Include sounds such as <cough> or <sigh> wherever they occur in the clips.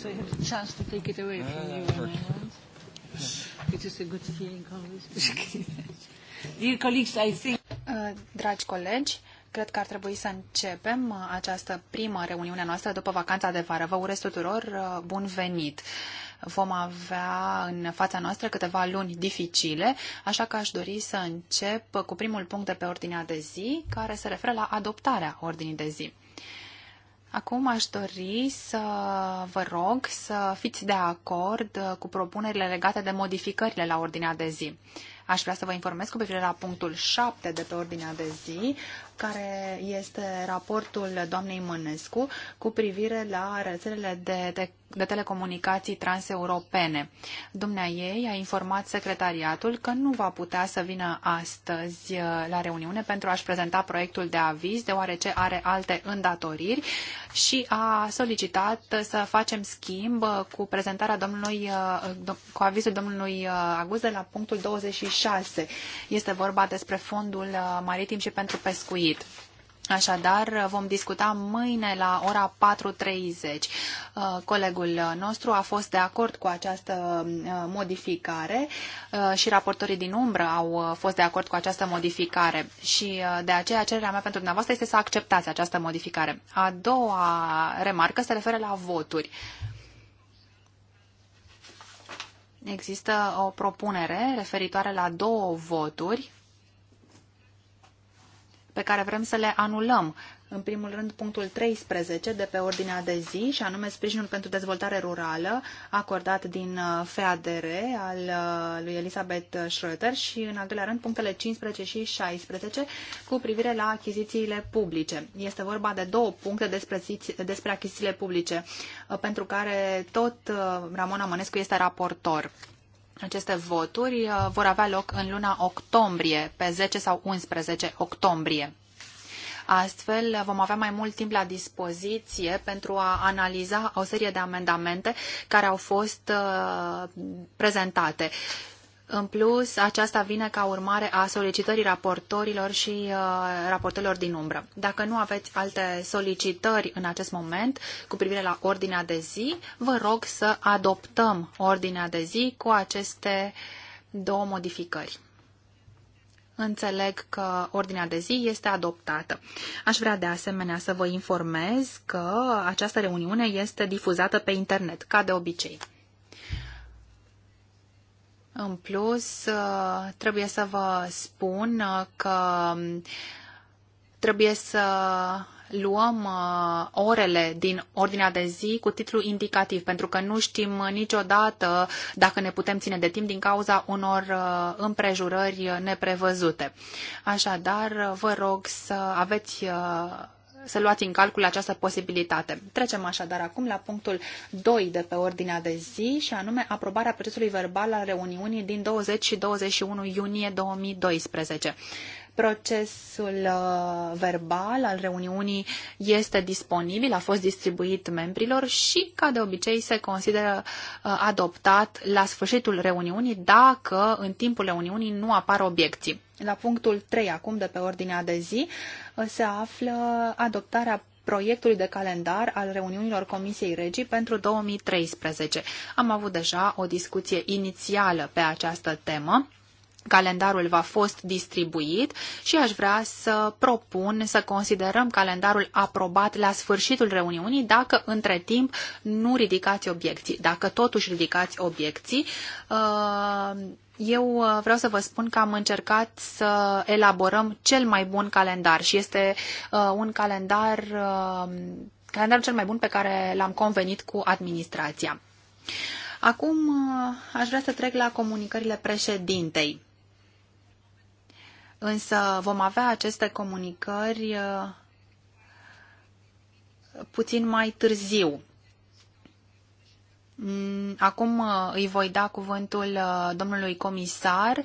So you have the chance to take it away from ah, you when I want. It is a good feeling always. <laughs> Dear colleagues, I think... Uh, dragi colegi, cred că ar trebui să începem uh, această primă reuniune noastră după vacanța de vară. Vă urez tuturor uh, bun venit! Vom avea în fața noastră câteva luni dificile, așa că aș dori să încep cu primul punct de pe ordinea de zi, care se referă la adoptarea ordinii de zi. Acum aș dori să vă rog să fiți de acord cu propunerile legate de modificările la ordinea de zi. Aș vrea să vă informez cu privire la punctul 7 de pe ordinea de zi, care este raportul doamnei Mănescu cu privire la rețelele de, de, de telecomunicații transeuropene. Dumnea ei a informat secretariatul că nu va putea să vină astăzi uh, la reuniune pentru a-și prezenta proiectul de aviz, deoarece are alte îndatoriri și a solicitat să facem schimb uh, cu prezentarea domnului, uh, cu avizul domnului Aguze la punctul 26. Este vorba despre fondul maritim și pentru pescuit sfârșit. Așadar, vom discuta mâine la ora 4.30. Uh, colegul nostru a fost de acord cu această uh, modificare uh, și raportorii din umbră au fost de acord cu această modificare și de aceea cererea mea pentru dumneavoastră este să acceptați această modificare. A doua remarcă se referă la voturi. Există o propunere referitoare la două voturi pe care vrem să le anulăm. În primul rând, punctul 13 de pe ordinea de zi, și anume sprijinul pentru dezvoltare rurală acordat din uh, FADR al uh, lui Elisabeth Schroeter și, în al doilea rând, punctele 15 și 16 cu privire la achizițiile publice. Este vorba de două puncte despre, despre achizițiile publice, uh, pentru care tot Ramona Mănescu este raportor. Aceste voturi uh, vor avea loc în luna octombrie, pe 10 sau 11 octombrie. Astfel, uh, vom avea mai mult timp la dispoziție pentru a analiza o serie de amendamente care au fost uh, prezentate în plus, aceasta vine ca urmare a solicitării raportorilor și uh, raportorilor din umbră. Dacă nu aveți alte solicitări în acest moment cu privire la ordinea de zi, vă rog să adoptăm ordinea de zi cu aceste două modificări. Înțeleg că ordinea de zi este adoptată. Aș vrea de asemenea să vă informez că această reuniune este difuzată pe internet, ca de obicei. În plus, uh, trebuie să vă spun uh, că um, trebuie să luăm uh, orele din ordinea de zi cu titlu indicativ, pentru că nu știm niciodată dacă ne putem ține de timp din cauza unor împrejurări neprevăzute. Așadar, vă rog să aveți să luați în calcul această posibilitate. Trecem așadar acum la punctul 2 de pe ordinea de zi și anume aprobarea procesului verbal al reuniunii din 20 și 21 iunie 2012. Procesul uh, verbal al reuniunii este disponibil, a fost distribuit membrilor și, ca de obicei, se consideră uh, adoptat la sfârșitul reuniunii dacă în timpul reuniunii nu apar obiecții. La punctul 3 acum de pe ordinea de zi uh, se află adoptarea proiectului de calendar al reuniunilor Comisiei Regii pentru 2013. Am avut deja o discuție inițială pe această temă Calendarul va fost distribuit și aș vrea să propun să considerăm calendarul aprobat la sfârșitul reuniunii dacă între timp nu ridicați obiecții. Dacă totuși ridicați obiecții, uh, eu uh, vreau să vă spun că am încercat să elaborăm cel mai bun calendar și este uh, un calendar, calendarul cel mai bun pe care l-am convenit cu administrația. Acum aș vrea să trec la comunicările președintei. Însă vom avea aceste comunicări uh, puțin mai târziu. Mm, acum uh, îi voi da cuvântul uh, domnului comisar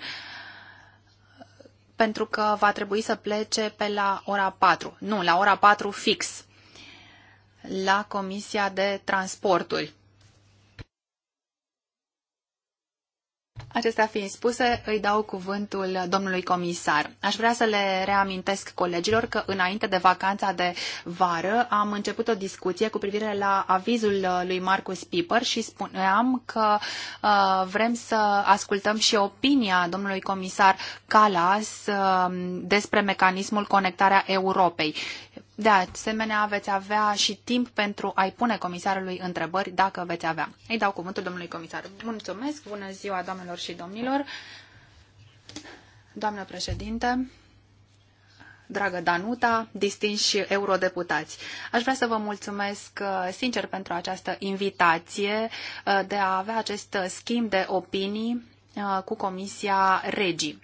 pentru că va trebui să plece pe la ora 4. Nu, la ora 4 fix la Comisia de Transporturi. Acestea fiind spuse, îi dau cuvântul domnului comisar. Aș vrea să le reamintesc colegilor că înainte de vacanța de vară am început o discuție cu privire la avizul lui Marcus Piper și spuneam că uh, vrem să ascultăm și opinia domnului comisar Calas uh, despre mecanismul conectarea Europei de asemenea, veți avea și timp pentru a-i pune comisarului întrebări dacă veți avea. Îi dau cuvântul domnului comisar. Mulțumesc, bună ziua doamnelor și domnilor. Doamnă președinte, dragă Danuta, distinși eurodeputați. Aș vrea să vă mulțumesc uh, sincer pentru această invitație uh, de a avea acest schimb de opinii uh, cu Comisia Regii.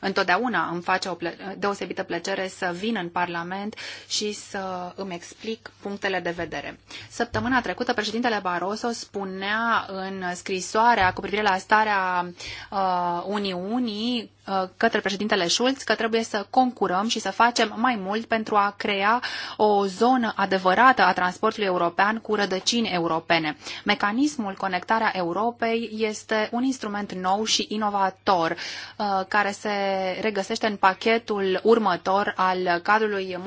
Întotdeauna îmi face o plă- deosebită plăcere să vin în Parlament și să îmi explic punctele de vedere. Săptămâna trecută, președintele Barroso spunea în scrisoarea cu privire la starea uh, Uniunii Uh, către președintele Schulz că trebuie să concurăm și să facem mai mult pentru a crea o zonă adevărată a transportului european cu rădăcini europene. Mecanismul Conectarea Europei este un instrument nou și inovator uh, care se regăsește în pachetul următor al cadrului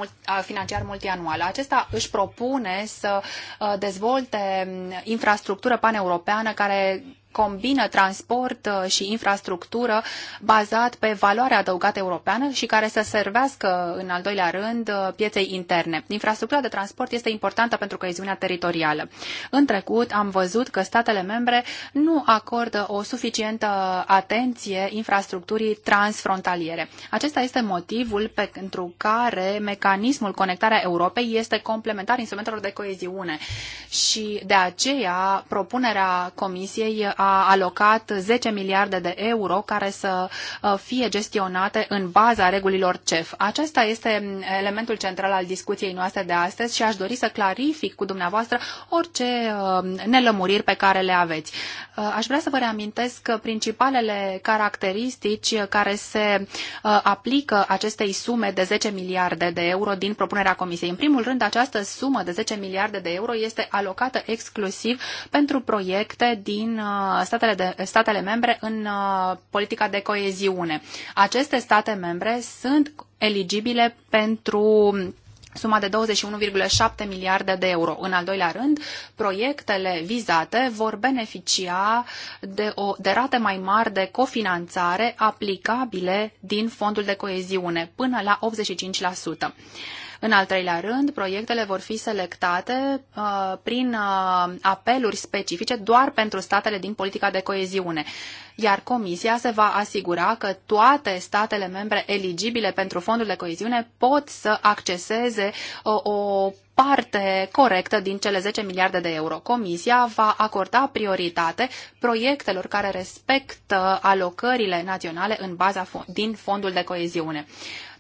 financiar multianual. Acesta își propune să uh, dezvolte um, infrastructură paneuropeană care combină transport uh, și infrastructură bazat pe valoarea adăugată europeană și care să servească, în al doilea rând, uh, pieței interne. Infrastructura de transport este importantă pentru coeziunea teritorială. În trecut am văzut că statele membre nu acordă o suficientă atenție infrastructurii transfrontaliere. Acesta este motivul pentru care mecanismul Conectarea Europei este complementar instrumentelor de coeziune și de aceea propunerea Comisiei a a alocat 10 miliarde de euro care să uh, fie gestionate în baza regulilor CEF. Acesta este mm, elementul central al discuției noastre de astăzi și aș dori să clarific cu dumneavoastră orice uh, nelămuriri pe care le aveți. Uh, aș vrea să vă reamintesc principalele caracteristici care se aplică acestei sume de 10 miliarde de euro din propunerea Comisiei. În primul rând, această sumă de 10 miliarde de euro este alocată exclusiv pentru proiecte din statele, de, statele membre în uh, politica de coeziune. Aceste state membre sunt eligibile pentru suma de 21,7 miliarde de euro. În al doilea rând, proiectele vizate vor beneficia de, o, de rate mai mari de cofinanțare aplicabile din fondul de coeziune, până la 85%. În al treilea rând, proiectele vor fi selectate uh, prin uh, apeluri specifice doar pentru statele din politica de coeziune, iar Comisia se va asigura că toate statele membre eligibile pentru fondul de coeziune pot să acceseze o, uh, o parte corectă din cele 10 miliarde de euro. Comisia va acorda prioritate proiectelor care respectă alocările naționale în baza din fondul de coeziune.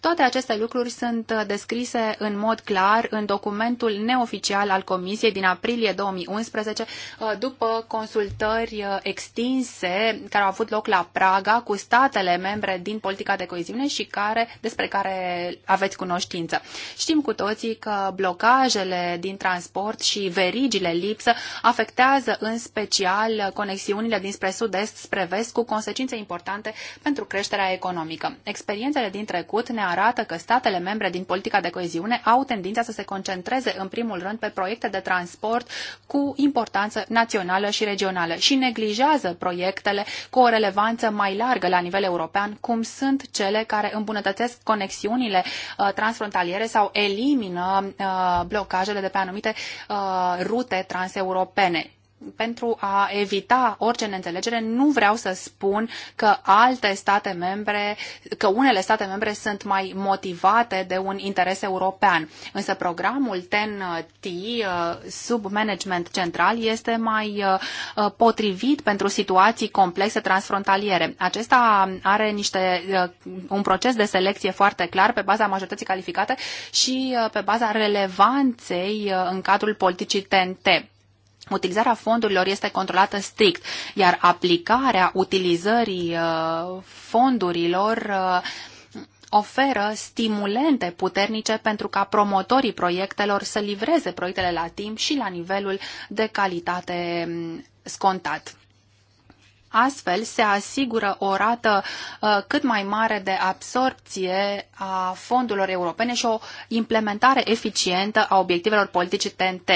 Toate aceste lucruri sunt uh, descrise în mod clar în documentul neoficial al Comisiei din aprilie 2011, uh, după consultări uh, extinse care au avut loc la Praga cu statele membre din politica de coeziune și care, despre care aveți cunoștință. Știm cu toții că blocajele din transport și verigile lipsă afectează în special conexiunile dinspre sud-est spre vest cu consecințe importante pentru creșterea economică. Experiențele din trecut ne arată arată că statele membre din politica de coeziune au tendința să se concentreze în primul rând pe proiecte de transport cu importanță națională și regională și neglijează proiectele cu o relevanță mai largă la nivel european, cum sunt cele care îmbunătățesc conexiunile uh, transfrontaliere sau elimină uh, blocajele de pe anumite uh, rute transeuropene pentru a evita orice neînțelegere, nu vreau să spun că alte state membre, că unele state membre sunt mai motivate de un interes european. Însă programul TEN-T uh, sub management central este mai uh, uh, potrivit pentru situații complexe transfrontaliere. Acesta are niște, un proces de selecție foarte clar pe baza majorității calificate și pe baza relevanței în cadrul politicii TNT. Utilizarea fondurilor este controlată strict, iar aplicarea utilizării uh, fondurilor uh, oferă stimulente puternice pentru ca promotorii proiectelor să livreze proiectele la timp și la nivelul de calitate mm, scontat. Astfel se asigură o rată uh, cât mai mare de absorpție a fondurilor europene și o implementare eficientă a obiectivelor politice TNT.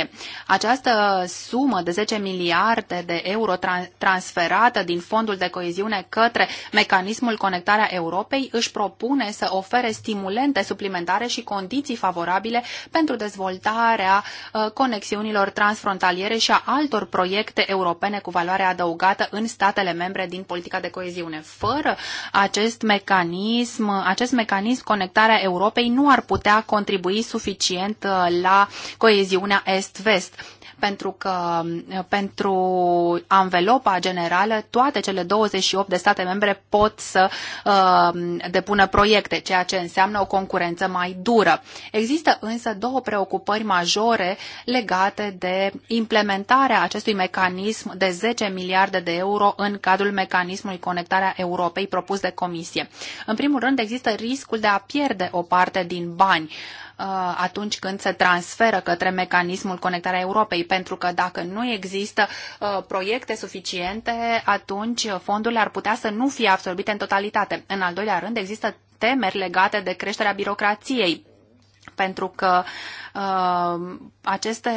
Această sumă de 10 miliarde de euro transferată din fondul de coeziune către mecanismul conectarea Europei își propune să ofere stimulente suplimentare și condiții favorabile pentru dezvoltarea uh, conexiunilor transfrontaliere și a altor proiecte europene cu valoare adăugată în statele statele membre din politica de coeziune. Fără acest mecanism, acest mecanism conectarea Europei nu ar putea contribui suficient uh, la coeziunea est-vest pentru că uh, pentru anvelopa generală toate cele 28 de state membre pot să uh, depună proiecte, ceea ce înseamnă o concurență mai dură. Există însă două preocupări majore legate de implementarea acestui mecanism de 10 miliarde de euro în cadrul mecanismului Conectarea Europei propus de Comisie. În primul rând, există riscul de a pierde o parte din bani. Uh, Uh, atunci când se transferă către mecanismul conectarea Europei, pentru că dacă nu există uh, proiecte suficiente, atunci fondurile ar putea să nu fie absorbite în totalitate. În al doilea rând, există temeri legate de creșterea birocrației pentru că uh, aceste,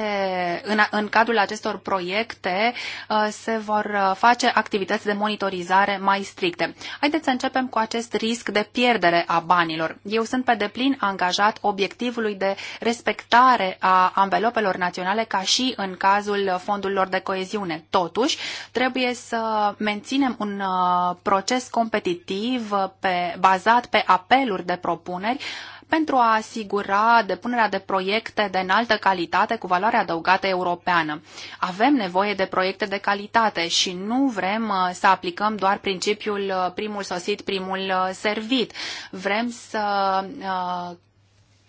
în, în cadrul acestor proiecte uh, se vor uh, face activități de monitorizare mai stricte. Haideți să începem cu acest risc de pierdere a banilor. Eu sunt pe deplin angajat obiectivului de respectare a anvelopelor naționale ca și în cazul fondurilor de coeziune. Totuși, trebuie să menținem un uh, proces competitiv uh, pe, bazat pe apeluri de propuneri pentru a asigura depunerea de proiecte de înaltă calitate cu valoare adăugată europeană. Avem nevoie de proiecte de calitate și nu vrem uh, să aplicăm doar principiul uh, primul sosit, primul uh, servit. Vrem să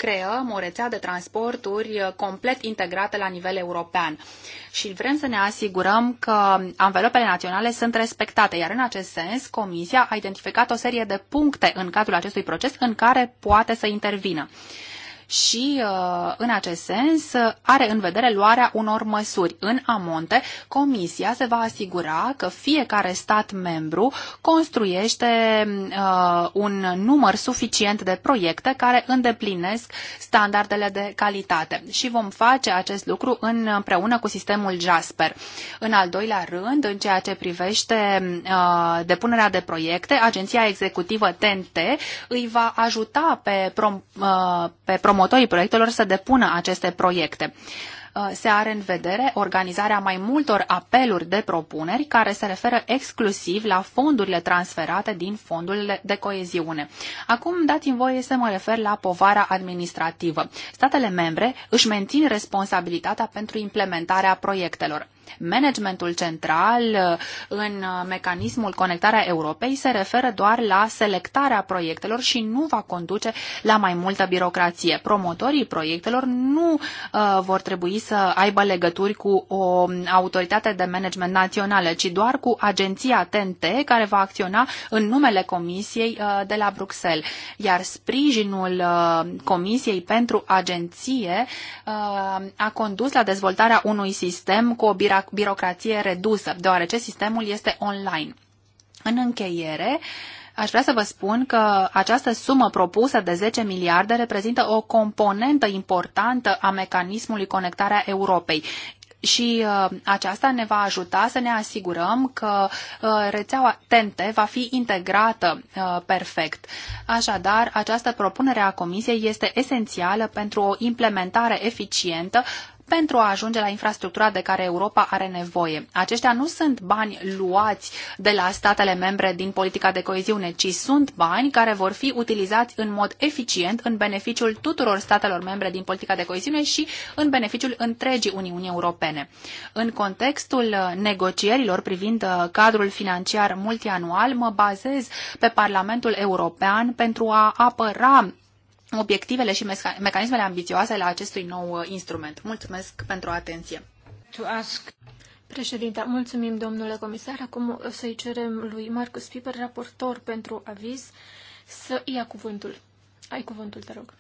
creăm o rețea de transporturi uh, complet integrată la nivel european. Și vrem să ne asigurăm că anvelopele naționale sunt respectate, iar în acest sens Comisia a identificat o serie de puncte în cadrul acestui proces în care poate să intervină și, uh, în acest sens, uh, are în vedere luarea unor măsuri. În amonte, Comisia se va asigura că fiecare stat membru construiește uh, un număr suficient de proiecte care îndeplinesc standardele de calitate și vom face acest lucru în, împreună cu sistemul Jasper. În al doilea rând, în ceea ce privește depunerea de proiecte, Agenția Executivă TNT îi va ajuta pe, prom, pe promovarea promotorii proiectelor să depună aceste proiecte uh, se are în vedere organizarea mai multor apeluri de propuneri care se referă exclusiv la fondurile transferate din fondurile de coeziune. Acum dați-mi voie să mă refer la povara administrativă. Statele membre își mențin responsabilitatea pentru implementarea proiectelor. Managementul central uh, în uh, mecanismul conectarea Europei se referă doar la selectarea proiectelor și nu va conduce la mai multă birocrație. Promotorii proiectelor nu uh, vor trebui să aibă legături cu o autoritate de management națională, ci doar cu agenția TNT care va acționa în numele Comisiei uh, de la Bruxelles. Iar sprijinul uh, Comisiei pentru agenție uh, a condus la dezvoltarea unui sistem cu o birocrație birocrație redusă, deoarece sistemul este online. În încheiere, aș vrea să vă spun că această sumă propusă de 10 miliarde reprezintă o componentă importantă a mecanismului conectarea Europei și uh, aceasta ne va ajuta să ne asigurăm că uh, rețeaua TNT va fi integrată uh, perfect. Așadar, această propunere a Comisiei este esențială pentru o implementare eficientă pentru a ajunge la infrastructura de care Europa are nevoie. Aceștia nu sunt bani luați de la statele membre din politica de coeziune, ci sunt bani care vor fi utilizați în mod eficient în beneficiul tuturor statelor membre din politica de coeziune și în beneficiul întregii Uniunii Europene. În contextul negocierilor privind uh, cadrul financiar multianual, mă bazez pe Parlamentul European pentru a apăra obiectivele și mecanismele ambițioase ale acestui nou uh, instrument. Mulțumesc pentru atenție. Președinte, mulțumim, domnule comisar. Acum o să-i cerem lui Marcus Piper, raportor pentru aviz, să ia cuvântul. Ai cuvântul, te rog.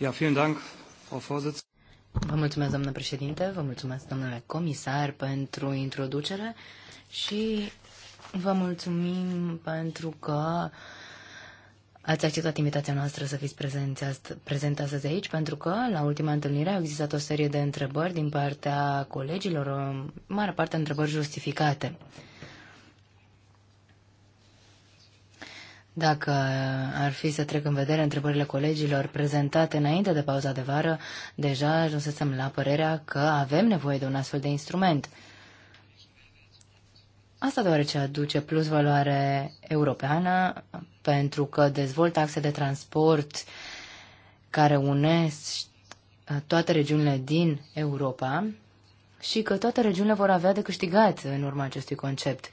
Ja, vielen Dank, Frau Vorsitz. Vă mulțumesc, doamnă președinte, vă mulțumesc, domnule comisar, pentru introducere și vă mulțumim pentru că uh, ați acceptat invitația noastră să fiți prezenți ast- prezent astăzi aici, pentru că la ultima întâlnire au existat o serie de întrebări din partea colegilor, o mare parte întrebări justificate. Dacă ar fi să trec în vedere întrebările colegilor prezentate înainte de pauza de vară, deja ajunsesem la părerea că avem nevoie de un astfel de instrument. Asta deoarece aduce plus valoare europeană, pentru că dezvoltă axe de transport care unesc uh, toate regiunile din Europa și că toate regiunile vor avea de câștigat în urma acestui concept.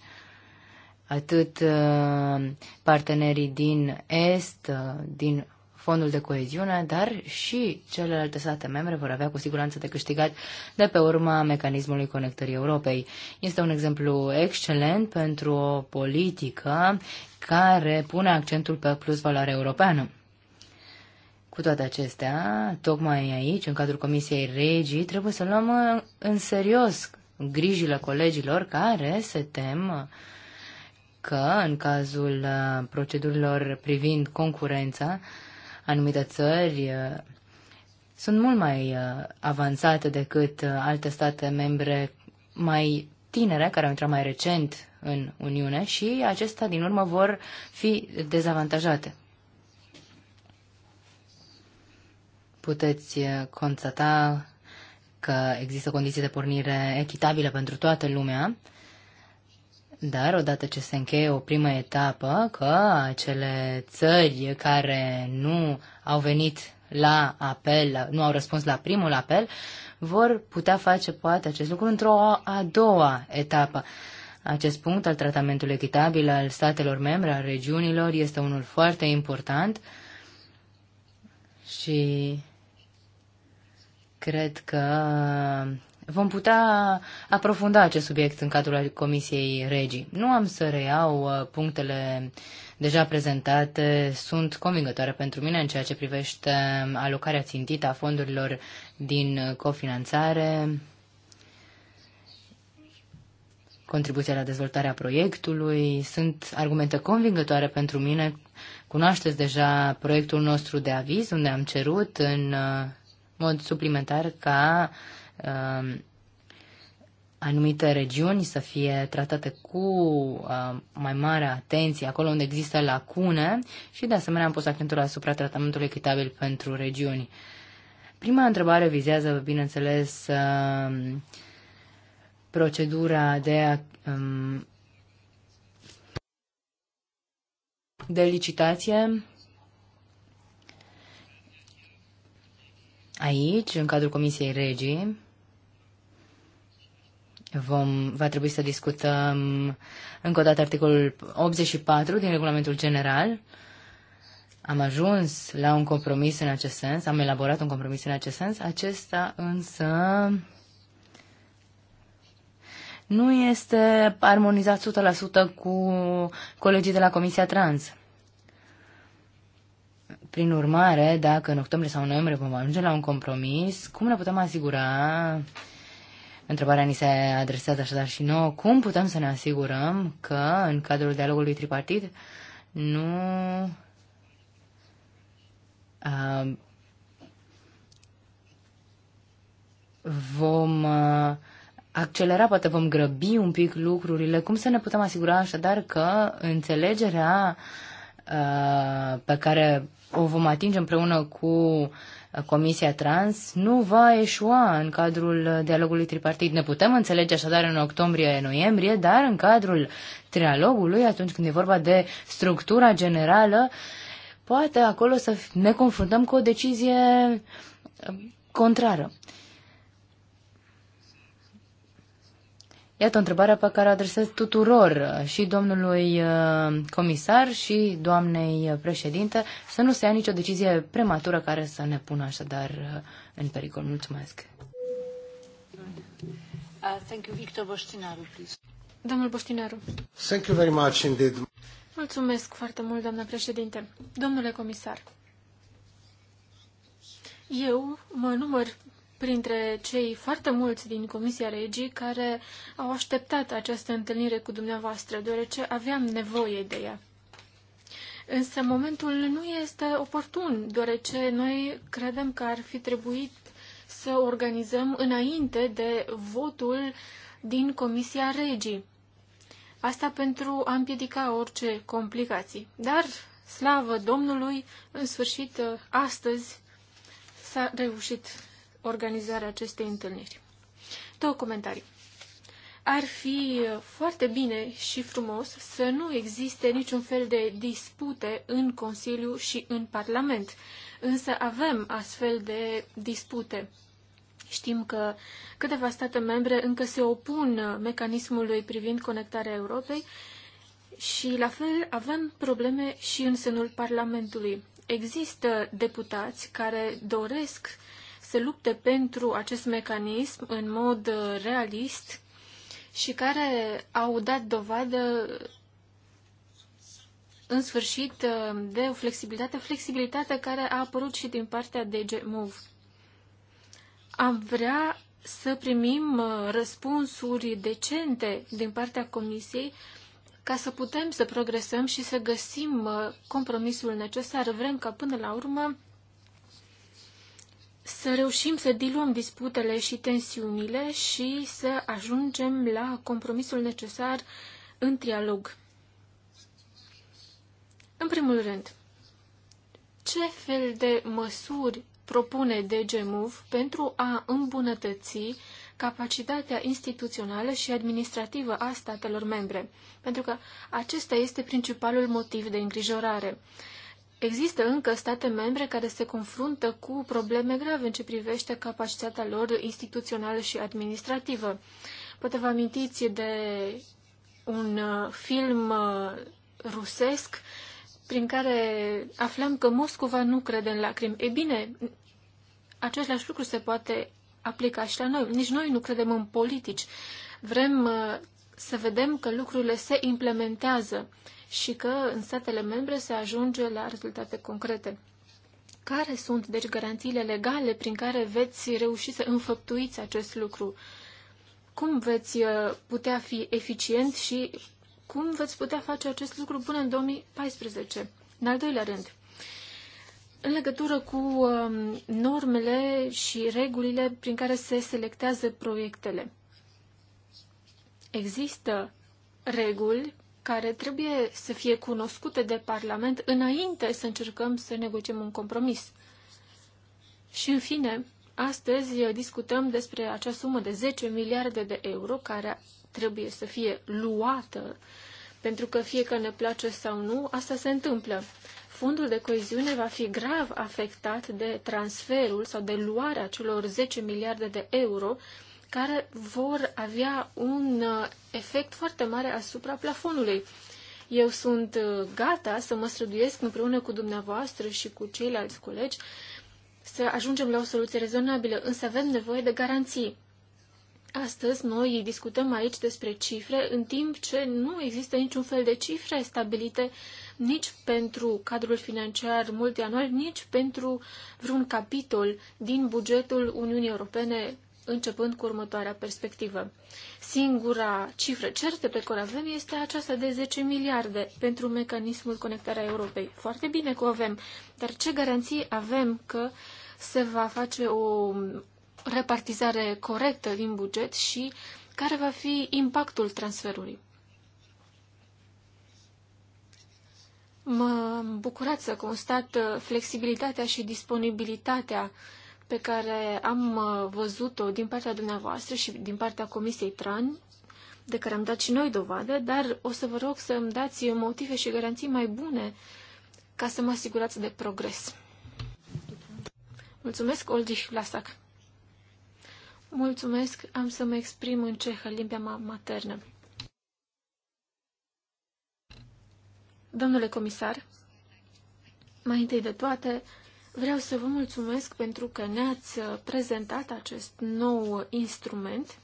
Atât uh, partenerii din Est, uh, din fondul de coeziune, dar și celelalte state membre vor avea cu siguranță de câștigat de pe urma mecanismului conectării Europei. Este un exemplu excelent pentru o politică care pune accentul pe plus valoare europeană. Cu toate acestea, tocmai aici, în cadrul Comisiei Regii, trebuie să luăm în serios grijile colegilor care se tem că, în cazul procedurilor privind concurența, Anumite țări uh, sunt mult mai uh, avansate decât uh, alte state membre mai tinere, care au intrat mai recent în Uniune și acestea, din urmă, vor fi dezavantajate. Puteți constata că există condiții de pornire echitabile pentru toată lumea dar odată ce se încheie o primă etapă, că acele țări care nu au venit la apel, nu au răspuns la primul apel, vor putea face poate acest lucru într-o a doua etapă. Acest punct al tratamentului echitabil al statelor membre, al regiunilor, este unul foarte important și cred că Vom putea aprofunda acest subiect în cadrul Comisiei Regii. Nu am să reiau uh, punctele deja prezentate, sunt convingătoare pentru mine în ceea ce privește um, alocarea țintită a fondurilor din cofinanțare, contribuția la dezvoltarea proiectului. Sunt argumente convingătoare pentru mine. Cunoașteți deja proiectul nostru de aviz, unde am cerut în uh, mod suplimentar ca uh, Um, anumite regiuni să fie tratate cu uh, mai mare atenție acolo unde există lacune și de asemenea am pus accentul asupra tratamentului echitabil pentru regiuni. Prima întrebare vizează, bineînțeles, uh, procedura de a, um, de licitație aici, în cadrul Comisiei Regii, Vom, va trebui să discutăm încă o dată articolul 84 din regulamentul general. Am ajuns la un compromis în acest sens, am elaborat un compromis în acest sens. Acesta însă nu este armonizat 100% cu colegii de la Comisia Trans. Prin urmare, dacă în octombrie sau în noiembrie vom ajunge la un compromis, cum ne putem asigura Întrebarea ni se adresează așadar și nouă. Cum putem să ne asigurăm că, în cadrul dialogului tripartit, nu uh, vom uh, accelera, poate vom grăbi un pic lucrurile. Cum să ne putem asigura așadar că înțelegerea uh, pe care o vom atinge împreună cu Comisia Trans nu va eșua în cadrul dialogului tripartit. Ne putem înțelege așadar în octombrie-noiembrie, dar în cadrul trialogului, atunci când e vorba de structura generală, poate acolo să ne confruntăm cu o decizie um, contrară. Iată o întrebare pe care o adresez tuturor, uh, și domnului uh, comisar și doamnei uh, președinte, să nu se ia nicio decizie prematură care să ne pună așadar în pericol. Mulțumesc. thank you, Victor please. Domnul Boștinaru. Thank you very much indeed. Mulțumesc foarte mult, doamna președinte. Domnule comisar, eu mă număr printre cei foarte mulți din Comisia Regii care au așteptat această întâlnire cu dumneavoastră, deoarece aveam nevoie de ea. Însă momentul nu este oportun, deoarece noi credem că ar fi trebuit să organizăm înainte de votul din Comisia Regii. Asta pentru a împiedica orice complicații. Dar, slavă Domnului, în sfârșit, astăzi s-a reușit organizarea acestei întâlniri. Două comentarii. Ar fi foarte bine și frumos să nu existe niciun fel de dispute în Consiliu și în Parlament, însă avem astfel de dispute. Știm că câteva state membre încă se opun mecanismului privind conectarea Europei și la fel avem probleme și în sânul Parlamentului. Există deputați care doresc se lupte pentru acest mecanism în mod uh, realist și care au dat dovadă în sfârșit uh, de o flexibilitate, flexibilitate care a apărut și din partea DG Move. Am vrea să primim uh, răspunsuri decente din partea Comisiei ca să putem să progresăm și să găsim compromisul necesar. Vrem ca până la urmă să reușim să diluăm disputele și tensiunile și să ajungem la compromisul necesar în trialog. În primul rând, ce fel de măsuri propune DG Move pentru a îmbunătăți capacitatea instituțională și administrativă a statelor membre, pentru că acesta este principalul motiv de îngrijorare. Există încă state membre care se confruntă cu probleme grave în ce privește capacitatea lor instituțională și administrativă. Poate vă amintiți de un uh, film uh, rusesc prin care aflam că Moscova nu crede în lacrimi. E bine, același lucru se poate aplica și la noi. Nici noi nu credem în politici. Vrem uh, să vedem că lucrurile se implementează și că în statele membre se ajunge la rezultate concrete. Care sunt, deci, garanțiile legale prin care veți reuși să înfăptuiți acest lucru? Cum veți uh, putea fi eficient și cum veți putea face acest lucru până în 2014? În al doilea rând, în legătură cu um, normele și regulile prin care se selectează proiectele, există reguli care trebuie să fie cunoscute de Parlament înainte să încercăm să negociem un compromis. Și, în fine, astăzi discutăm despre acea sumă de 10 miliarde de euro care trebuie să fie luată, pentru că fie că ne place sau nu, asta se întâmplă. Fondul de coeziune va fi grav afectat de transferul sau de luarea celor 10 miliarde de euro care vor avea un uh, efect foarte mare asupra plafonului. Eu sunt uh, gata să mă străduiesc împreună cu dumneavoastră și cu ceilalți colegi să ajungem la o soluție rezonabilă, însă avem nevoie de garanții. Astăzi noi discutăm aici despre cifre, în timp ce nu există niciun fel de cifre stabilite nici pentru cadrul financiar multianual, nici pentru vreun capitol din bugetul Uniunii Europene începând cu următoarea perspectivă. Singura cifră certă pe care avem este aceasta de 10 miliarde pentru mecanismul conectarea Europei. Foarte bine că o avem, dar ce garanții avem că se va face o repartizare corectă din buget și care va fi impactul transferului? Mă bucurat să constat flexibilitatea și disponibilitatea uh, pe care am uh, văzut-o din partea dumneavoastră și din partea Comisiei TRAN, de care am dat și noi dovadă, dar o să vă rog să îmi dați motive și garanții mai bune ca să mă asigurați de progres. Mulțumesc, Oldrich Lasac. Mulțumesc, am să mă exprim în cehă, limbia ma maternă. Domnule comisar, mai întâi de toate, Vreau să vă mulțumesc pentru că ne-ați uh, prezentat acest nou instrument.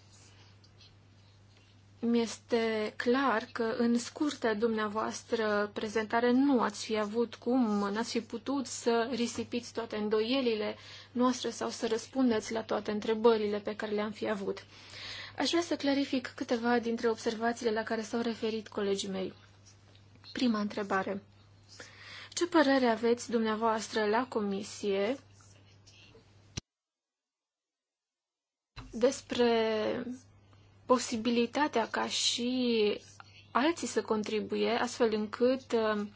Mi-este clar că în scurtă dumneavoastră prezentare nu ați fi avut cum, n-ați fi putut să risipiți toate îndoielile noastre sau să răspundeți la toate întrebările pe care le-am fi avut. Aș vrea să clarific câteva dintre observațiile la care s-au referit colegii mei. Prima întrebare. Ce părere aveți dumneavoastră la comisie despre posibilitatea ca și alții să contribuie, astfel încât uh,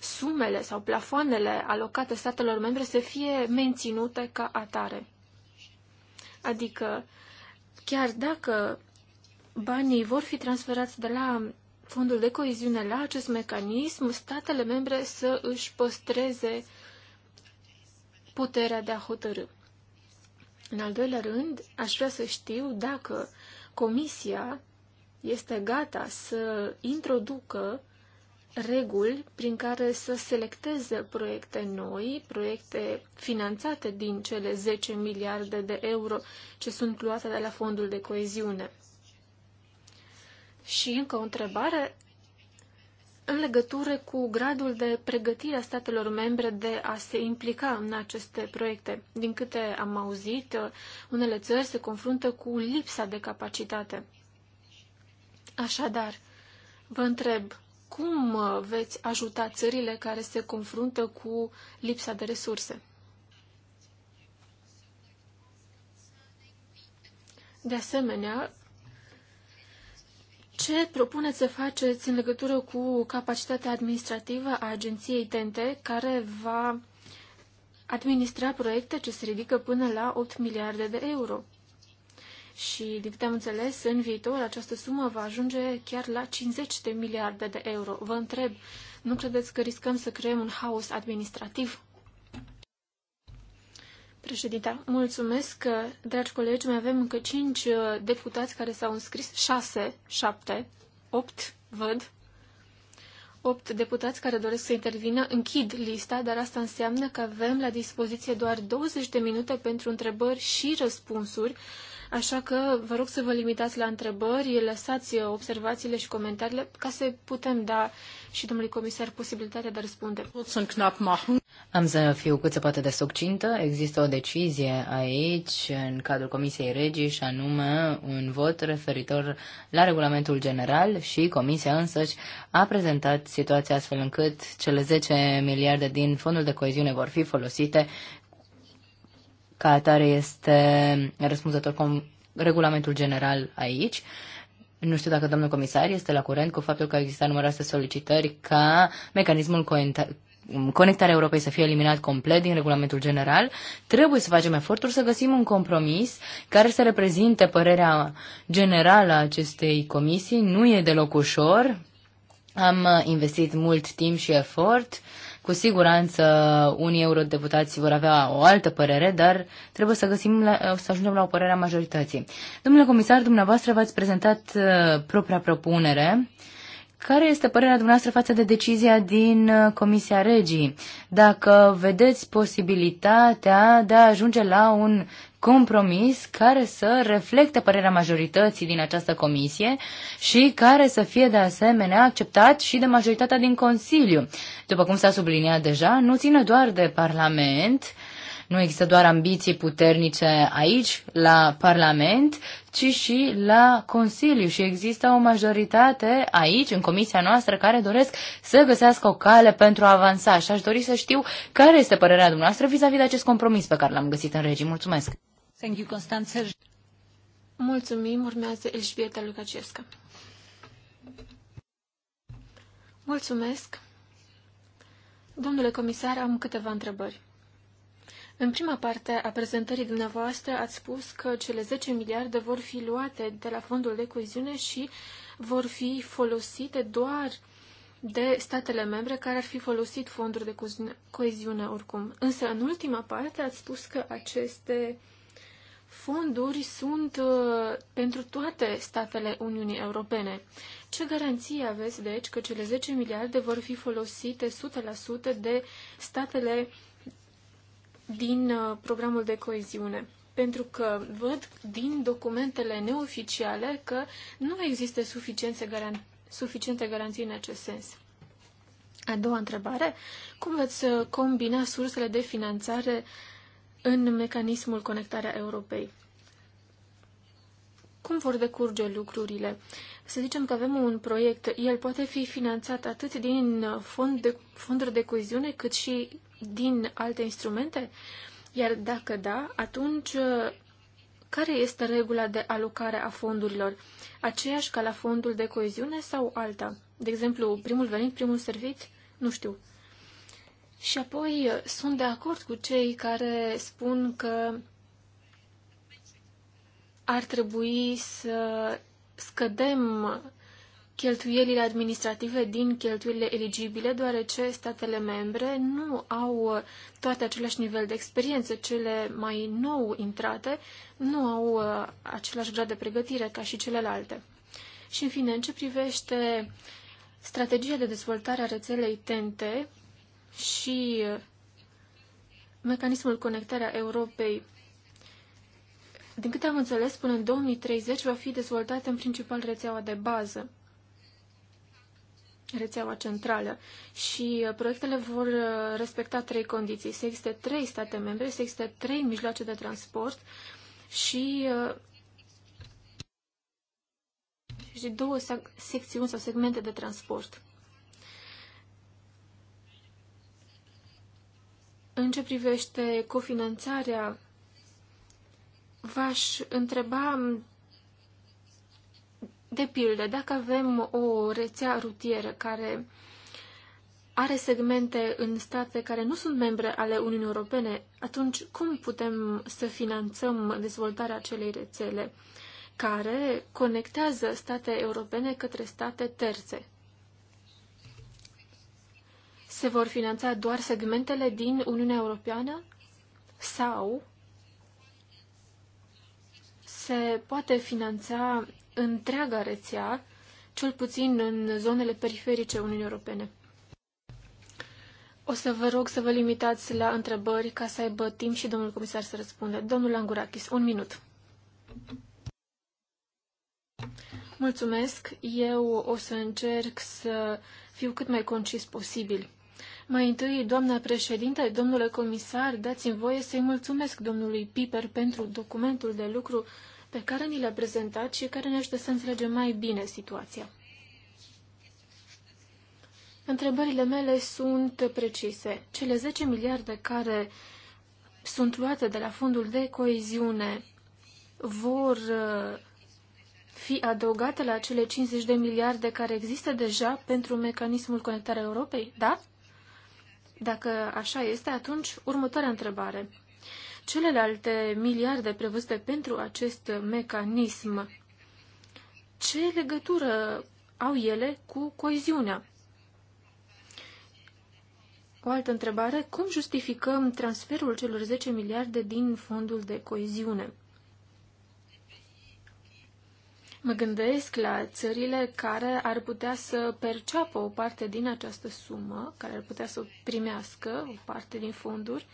sumele sau plafoanele alocate statelor membre să fie menținute ca atare. Adică, chiar dacă banii vor fi transferați de la fondul de coeziune la acest mecanism, statele membre să își păstreze puterea de a hotărâ. În al doilea rând, aș vrea să știu dacă Comisia este gata să introducă reguli prin care să selecteze proiecte noi, proiecte finanțate din cele 10 miliarde de euro ce sunt luate de la fondul de coeziune. Și încă o întrebare în legătură cu gradul de pregătire a statelor membre de a se implica în aceste proiecte. Din câte am auzit, unele țări se confruntă cu lipsa de capacitate. Așadar, vă întreb, cum veți ajuta țările care se confruntă cu lipsa de resurse? De asemenea, ce propuneți să faceți în legătură cu capacitatea administrativă a agenției TNT, care va administra proiecte ce se ridică până la 8 miliarde de euro? Și, din câte am înțeles, în viitor această sumă va ajunge chiar la 50 de miliarde de euro. Vă întreb, nu credeți că riscăm să creăm un haos administrativ? Președinta, mulțumesc, dragi colegi, mai avem încă cinci uh, deputați care s-au înscris, șase, șapte, opt, văd, opt deputați care doresc să intervină. Închid lista, dar asta înseamnă că avem la dispoziție doar 20 de minute pentru întrebări și răspunsuri Așa că vă rog să vă limitați la întrebări, lăsați observațiile și comentariile ca să putem da și domnului comisar posibilitatea de a răspunde. Am să fiu cât se poate de succintă. Există o decizie aici, în cadrul Comisiei Regii, și anume un vot referitor la regulamentul general și Comisia însăși a prezentat situația astfel încât cele 10 miliarde din fondul de coeziune vor fi folosite ca atare este răspunzător cu regulamentul general aici. Nu știu dacă domnul comisar este la curent cu faptul că există numeroase solicitări ca mecanismul conectarea Europei să fie eliminat complet din regulamentul general, trebuie să facem eforturi să găsim un compromis care să reprezinte părerea generală a acestei comisii. Nu e deloc ușor. Am investit mult timp și efort. Uh, cu siguranță unii eurodeputați vor avea o altă părere, dar trebuie să găsim la, să ajungem la o părere a majorității. Domnule comisar, dumneavoastră v-ați prezentat uh, propria propunere. Care este părerea dumneavoastră față de decizia din uh, Comisia Regii? Dacă vedeți posibilitatea de a ajunge la un compromis care să reflecte părerea majorității din această comisie și care să fie de asemenea acceptat și de majoritatea din Consiliu. După cum s-a subliniat deja, nu ține doar de Parlament, nu există doar ambiții puternice aici, la Parlament, ci și la Consiliu și există o majoritate aici, în comisia noastră, care doresc să găsească o cale pentru a avansa și aș dori să știu care este părerea dumneavoastră vis-a-vis -vis de acest compromis pe care l-am găsit în regim Mulțumesc! Thank you, Mulțumim. Urmează Elșvieta Lucacescă. Mulțumesc. Domnule comisar, am câteva întrebări. În prima parte a prezentării dumneavoastră ați spus că cele 10 miliarde vor fi luate de la fondul de coeziune și vor fi folosite doar de statele membre care ar fi folosit fonduri de coeziune oricum. Însă, în ultima parte, ați spus că aceste uh, fonduri sunt uh, pentru toate statele Uniunii Europene. Ce garanție aveți, deci, că cele 10 miliarde vor fi folosite 100% de statele din uh, programul de coeziune? Pentru că văd din documentele neoficiale că nu există suficiente, garan- suficiente garanții în acest sens. A doua întrebare, cum veți uh, combina sursele de finanțare uh, în mecanismul conectarea Europei. Cum vor decurge lucrurile? Să zicem că avem un proiect, el poate fi finanțat atât din fond de, fonduri de coeziune, cât și din alte instrumente? Iar dacă da, atunci care este regula de alocare a fondurilor? Aceeași ca la fondul de coeziune sau alta? De exemplu, primul venit, primul servit? Nu știu. Și apoi uh, sunt de acord cu cei care spun că ar trebui să scădem cheltuielile administrative din cheltuielile eligibile, deoarece statele membre nu au uh, toate același nivel de experiență. Cele mai nou intrate nu au uh, același grad de pregătire ca și celelalte. Și, în fine, în ce privește strategia de dezvoltare a rețelei TNT, și uh, mecanismul conectarea Europei. Din câte am înțeles, până în 2030 va fi dezvoltată în principal rețeaua de bază, rețeaua centrală. Și uh, proiectele vor uh, respecta trei condiții. Să existe trei state membre, să existe trei mijloace de transport și și două sec secțiuni sau segmente de transport. În ce privește cofinanțarea, v-aș întreba de pildă, dacă avem o rețea rutieră care are segmente în state care nu sunt membre ale Uniunii Europene, atunci cum putem să finanțăm dezvoltarea acelei rețele care conectează state europene către state terțe? Se vor finanța doar segmentele din Uniunea Europeană sau se poate finanța întreaga rețea, cel puțin în zonele periferice Uniunii Europene. O să vă rog să vă limitați la întrebări ca să aibă timp și domnul comisar să răspundă. Domnul Angurakis, un minut. Mulțumesc. Eu o să încerc să fiu cât mai concis posibil. Mai întâi, doamna președinte, domnule comisar, dați-mi voie să-i mulțumesc domnului Piper pentru documentul de lucru pe care ni l-a prezentat și care ne ajută să înțelegem mai bine situația. Întrebările mele sunt precise. Cele 10 miliarde care sunt luate de la fondul de coeziune vor uh, fi adăugate la cele 50 de miliarde care există deja pentru mecanismul conectarea Europei, da? Dacă așa este, atunci următoarea întrebare. Celelalte miliarde prevăzute pentru acest mecanism, ce legătură au ele cu coeziunea? O altă întrebare, cum justificăm transferul celor 10 miliarde din fondul de coeziune? Mă gândesc la țările care ar putea să perceapă o parte din această sumă, care ar putea să o primească, o parte din fonduri,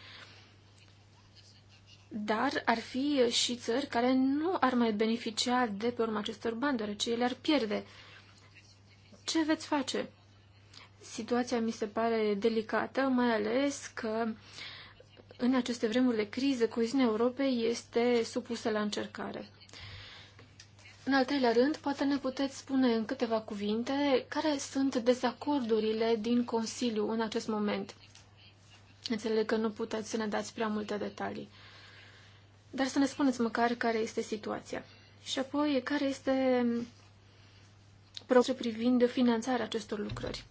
dar ar fi și țări care nu ar mai beneficia de pe urma acestor bani, deoarece ele ar pierde. Ce veți face? Situația mi se pare delicată, mai ales că în aceste vremuri de criză, coeziunea Europei este supusă la încercare. În al treilea rând, poate ne puteți spune în câteva cuvinte care sunt dezacordurile din Consiliu în acest moment. Înțeleg că nu puteți să ne dați prea multe detalii, dar să ne spuneți măcar care este situația. Și apoi, care este proiectul privind finanțarea acestor lucrări.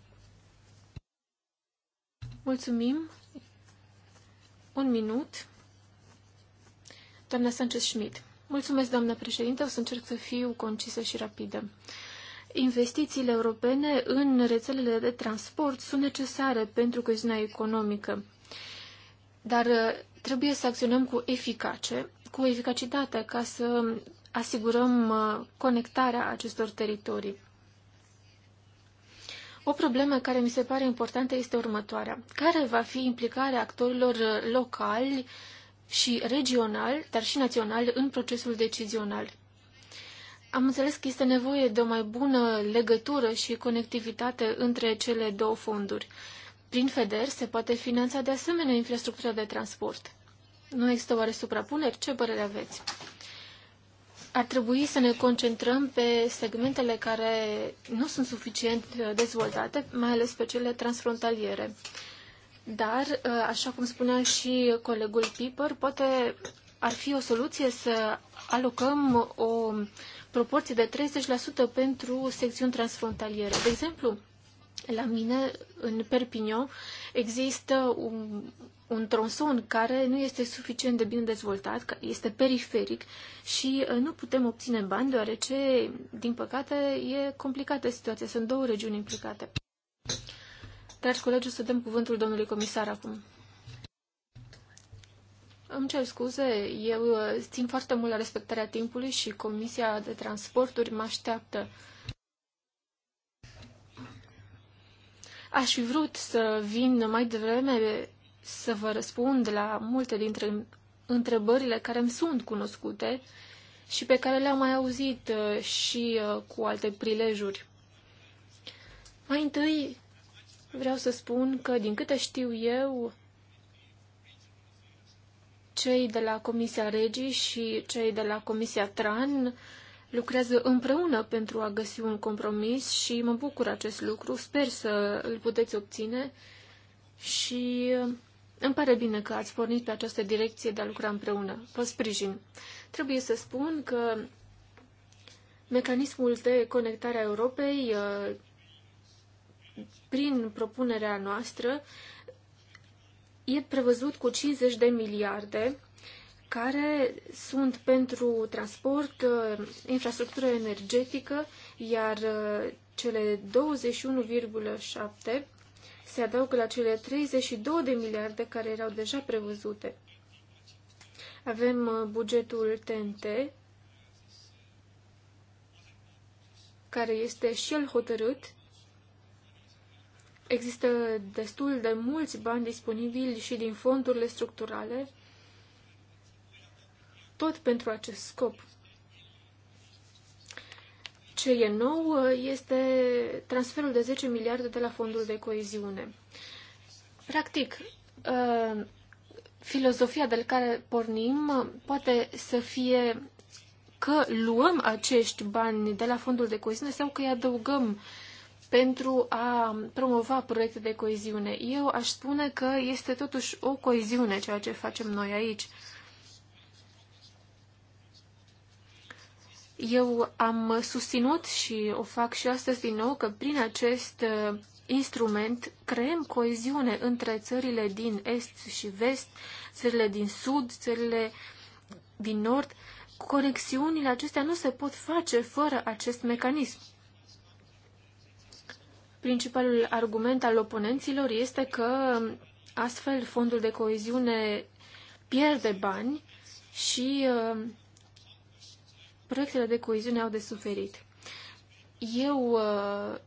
Mulțumim. Un minut. Doamna Sanchez Schmidt. Mulțumesc, doamnă președinte. O să încerc să fiu concisă și rapidă. Investițiile europene în rețelele de transport sunt necesare pentru coeziunea economică, dar uh, trebuie să acționăm cu eficace, cu eficacitate ca să asigurăm uh, conectarea acestor teritorii. O problemă care mi se pare importantă este următoarea. Care va fi implicarea actorilor uh, locali și regional, dar și național, în procesul decizional. Am înțeles că este nevoie de o mai bună legătură și conectivitate între cele două fonduri. Prin FEDER se poate finanța de asemenea infrastructura de transport. Nu există oare suprapuneri? Ce părere aveți? Ar trebui să ne concentrăm pe segmentele care nu sunt suficient dezvoltate, mai ales pe cele transfrontaliere. Dar, ă, așa cum spunea și colegul Piper, poate ar fi o soluție să alocăm o proporție de 30% pentru secțiuni transfrontaliere. De exemplu, la mine, în Perpignan, există un, un tronson care nu este suficient de bine dezvoltat, este periferic și ă, nu putem obține bani, deoarece, din păcate, e complicată situația. Sunt două regiuni implicate. Dragi colegi, să dăm cuvântul domnului comisar acum. Îmi cer scuze, eu uh, țin foarte mult la respectarea timpului și Comisia de Transporturi mă așteaptă. Aș fi vrut să vin mai devreme să vă răspund la multe dintre întrebările care îmi sunt cunoscute și pe care le-am mai auzit uh, și uh, cu alte prilejuri. Mai întâi, vreau să spun că, din câte știu eu, cei de la Comisia Regii și cei de la Comisia Tran lucrează împreună pentru a găsi un compromis și mă bucur acest lucru. Sper să îl puteți obține și îmi pare bine că ați pornit pe această direcție de a lucra împreună. Vă sprijin. Trebuie să spun că mecanismul de conectare a Europei prin propunerea noastră e prevăzut cu 50 de miliarde care sunt pentru transport, uh, infrastructură energetică, iar uh, cele 21,7 se adaugă la cele 32 de miliarde care erau deja prevăzute. Avem uh, bugetul TNT, care este și el hotărât Există destul de mulți bani disponibili și din fondurile structurale, tot pentru acest scop. Ce e nou este transferul de 10 miliarde de la fondul de coeziune. Practic, uh, filozofia de la care pornim poate să fie că luăm acești bani de la fondul de coeziune sau că îi adăugăm uh, pentru a promova proiecte de coeziune. Eu aș spune că este totuși o coeziune ceea ce facem noi aici. Eu am susținut și o fac și astăzi din nou că prin acest uh, instrument creăm coeziune între țările din est și vest, țările din sud, țările din nord. Conexiunile acestea nu se pot face fără acest mecanism. Principalul argument al oponenților este că astfel fondul de coeziune pierde bani și uh, proiectele de coeziune au de suferit. Eu uh,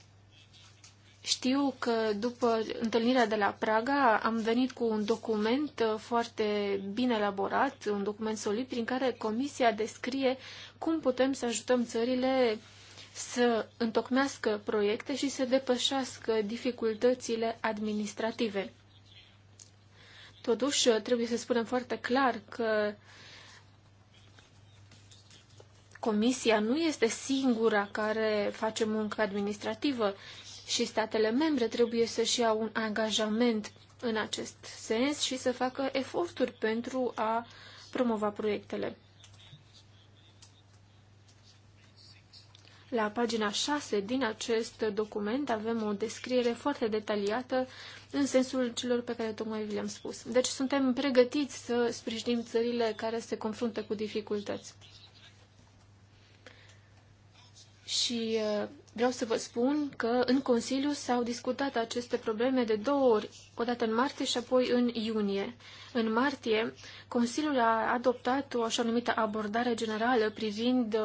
știu că după întâlnirea de la Praga am venit cu un document uh, foarte bine elaborat, un document solid prin care Comisia descrie cum putem să ajutăm țările să întocmească proiecte și să depășească dificultățile administrative. Totuși, trebuie să spunem foarte clar că Comisia nu este singura care face muncă administrativă și statele membre trebuie să-și iau un angajament în acest sens și să facă eforturi pentru a promova proiectele. La pagina 6 din acest document avem o descriere foarte detaliată în sensul celor pe care tocmai vi le-am spus. Deci suntem pregătiți să sprijinim țările care se confruntă cu dificultăți. Și uh, vreau să vă spun că în Consiliu s-au discutat aceste probleme de două ori, o dată în martie și apoi în iunie. În martie, Consiliul a adoptat o așa numită abordare generală privind uh,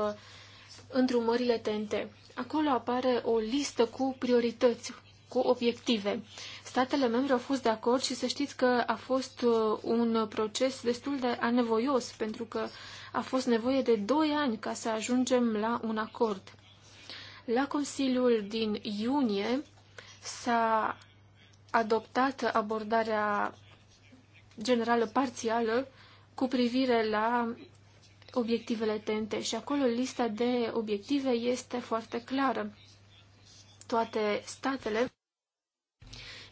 drumările TNT. Acolo apare o listă cu priorități, cu obiective. Statele membre au fost de acord și să știți că a fost uh, un proces destul de anevoios, pentru că a fost nevoie de 2 ani ca să ajungem la un acord. La Consiliul din iunie s-a adoptat abordarea generală parțială cu privire la obiectivele TNT și acolo lista de obiective este foarte clară. Toate statele,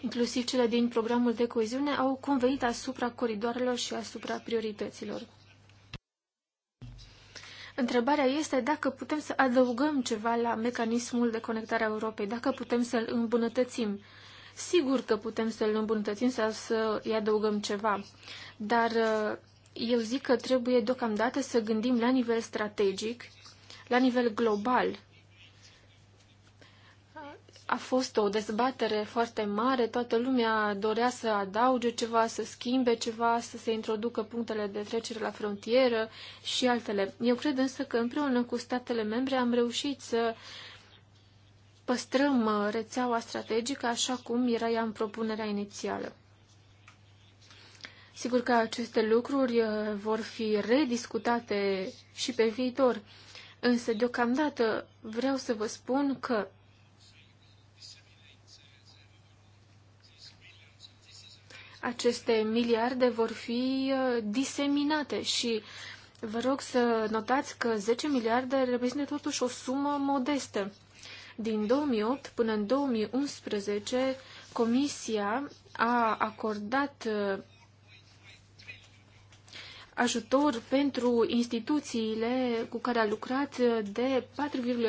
inclusiv cele din programul de coeziune, au convenit asupra coridoarelor și asupra priorităților. Întrebarea este dacă putem să adăugăm ceva la mecanismul de conectare a Europei, dacă putem să-l îmbunătățim. Sigur că putem să-l îmbunătățim sau să-i adăugăm ceva, dar eu zic că trebuie deocamdată să gândim la nivel strategic, la nivel global. A fost o dezbatere foarte mare, toată lumea dorea să adauge ceva, să schimbe ceva, să se introducă punctele de trecere la frontieră și altele. Eu cred însă că împreună cu statele membre am reușit să păstrăm rețeaua strategică așa cum era ea în propunerea inițială. Sigur că aceste lucruri uh, vor fi rediscutate și pe viitor, însă deocamdată vreau să vă spun că aceste miliarde vor fi uh, diseminate și vă rog să notați că 10 miliarde reprezintă totuși o sumă modestă. Din 2008 până în 2011, Comisia a acordat uh, ajutor pentru instituțiile cu care a lucrat de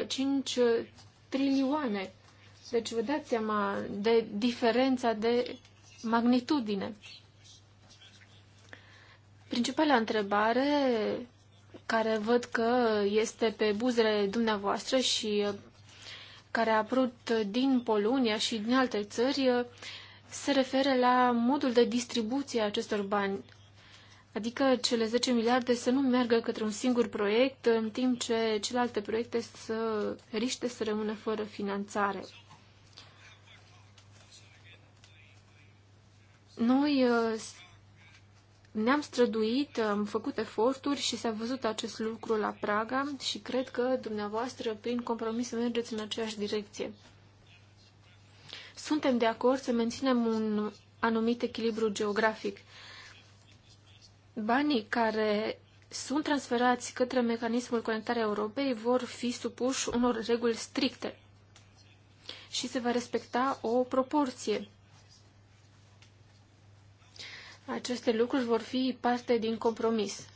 4,5 trilioane. Deci vă dați seama de diferența de magnitudine. Principala întrebare care văd că este pe buzele dumneavoastră și uh, care a apărut din Polonia și din alte țări uh, se referă la modul de distribuție a acestor bani. Adică cele 10 miliarde să nu meargă către un singur proiect, în timp ce celelalte proiecte să riște să rămână fără finanțare. Noi uh, ne-am străduit, am făcut eforturi și s-a văzut acest lucru la Praga și cred că dumneavoastră, prin compromis, mergeți în aceeași direcție. Suntem de acord să menținem un anumit echilibru geografic banii care sunt transferați către mecanismul conectarea Europei vor fi supuși unor reguli stricte și se va respecta o proporție. Aceste lucruri vor fi parte din compromis.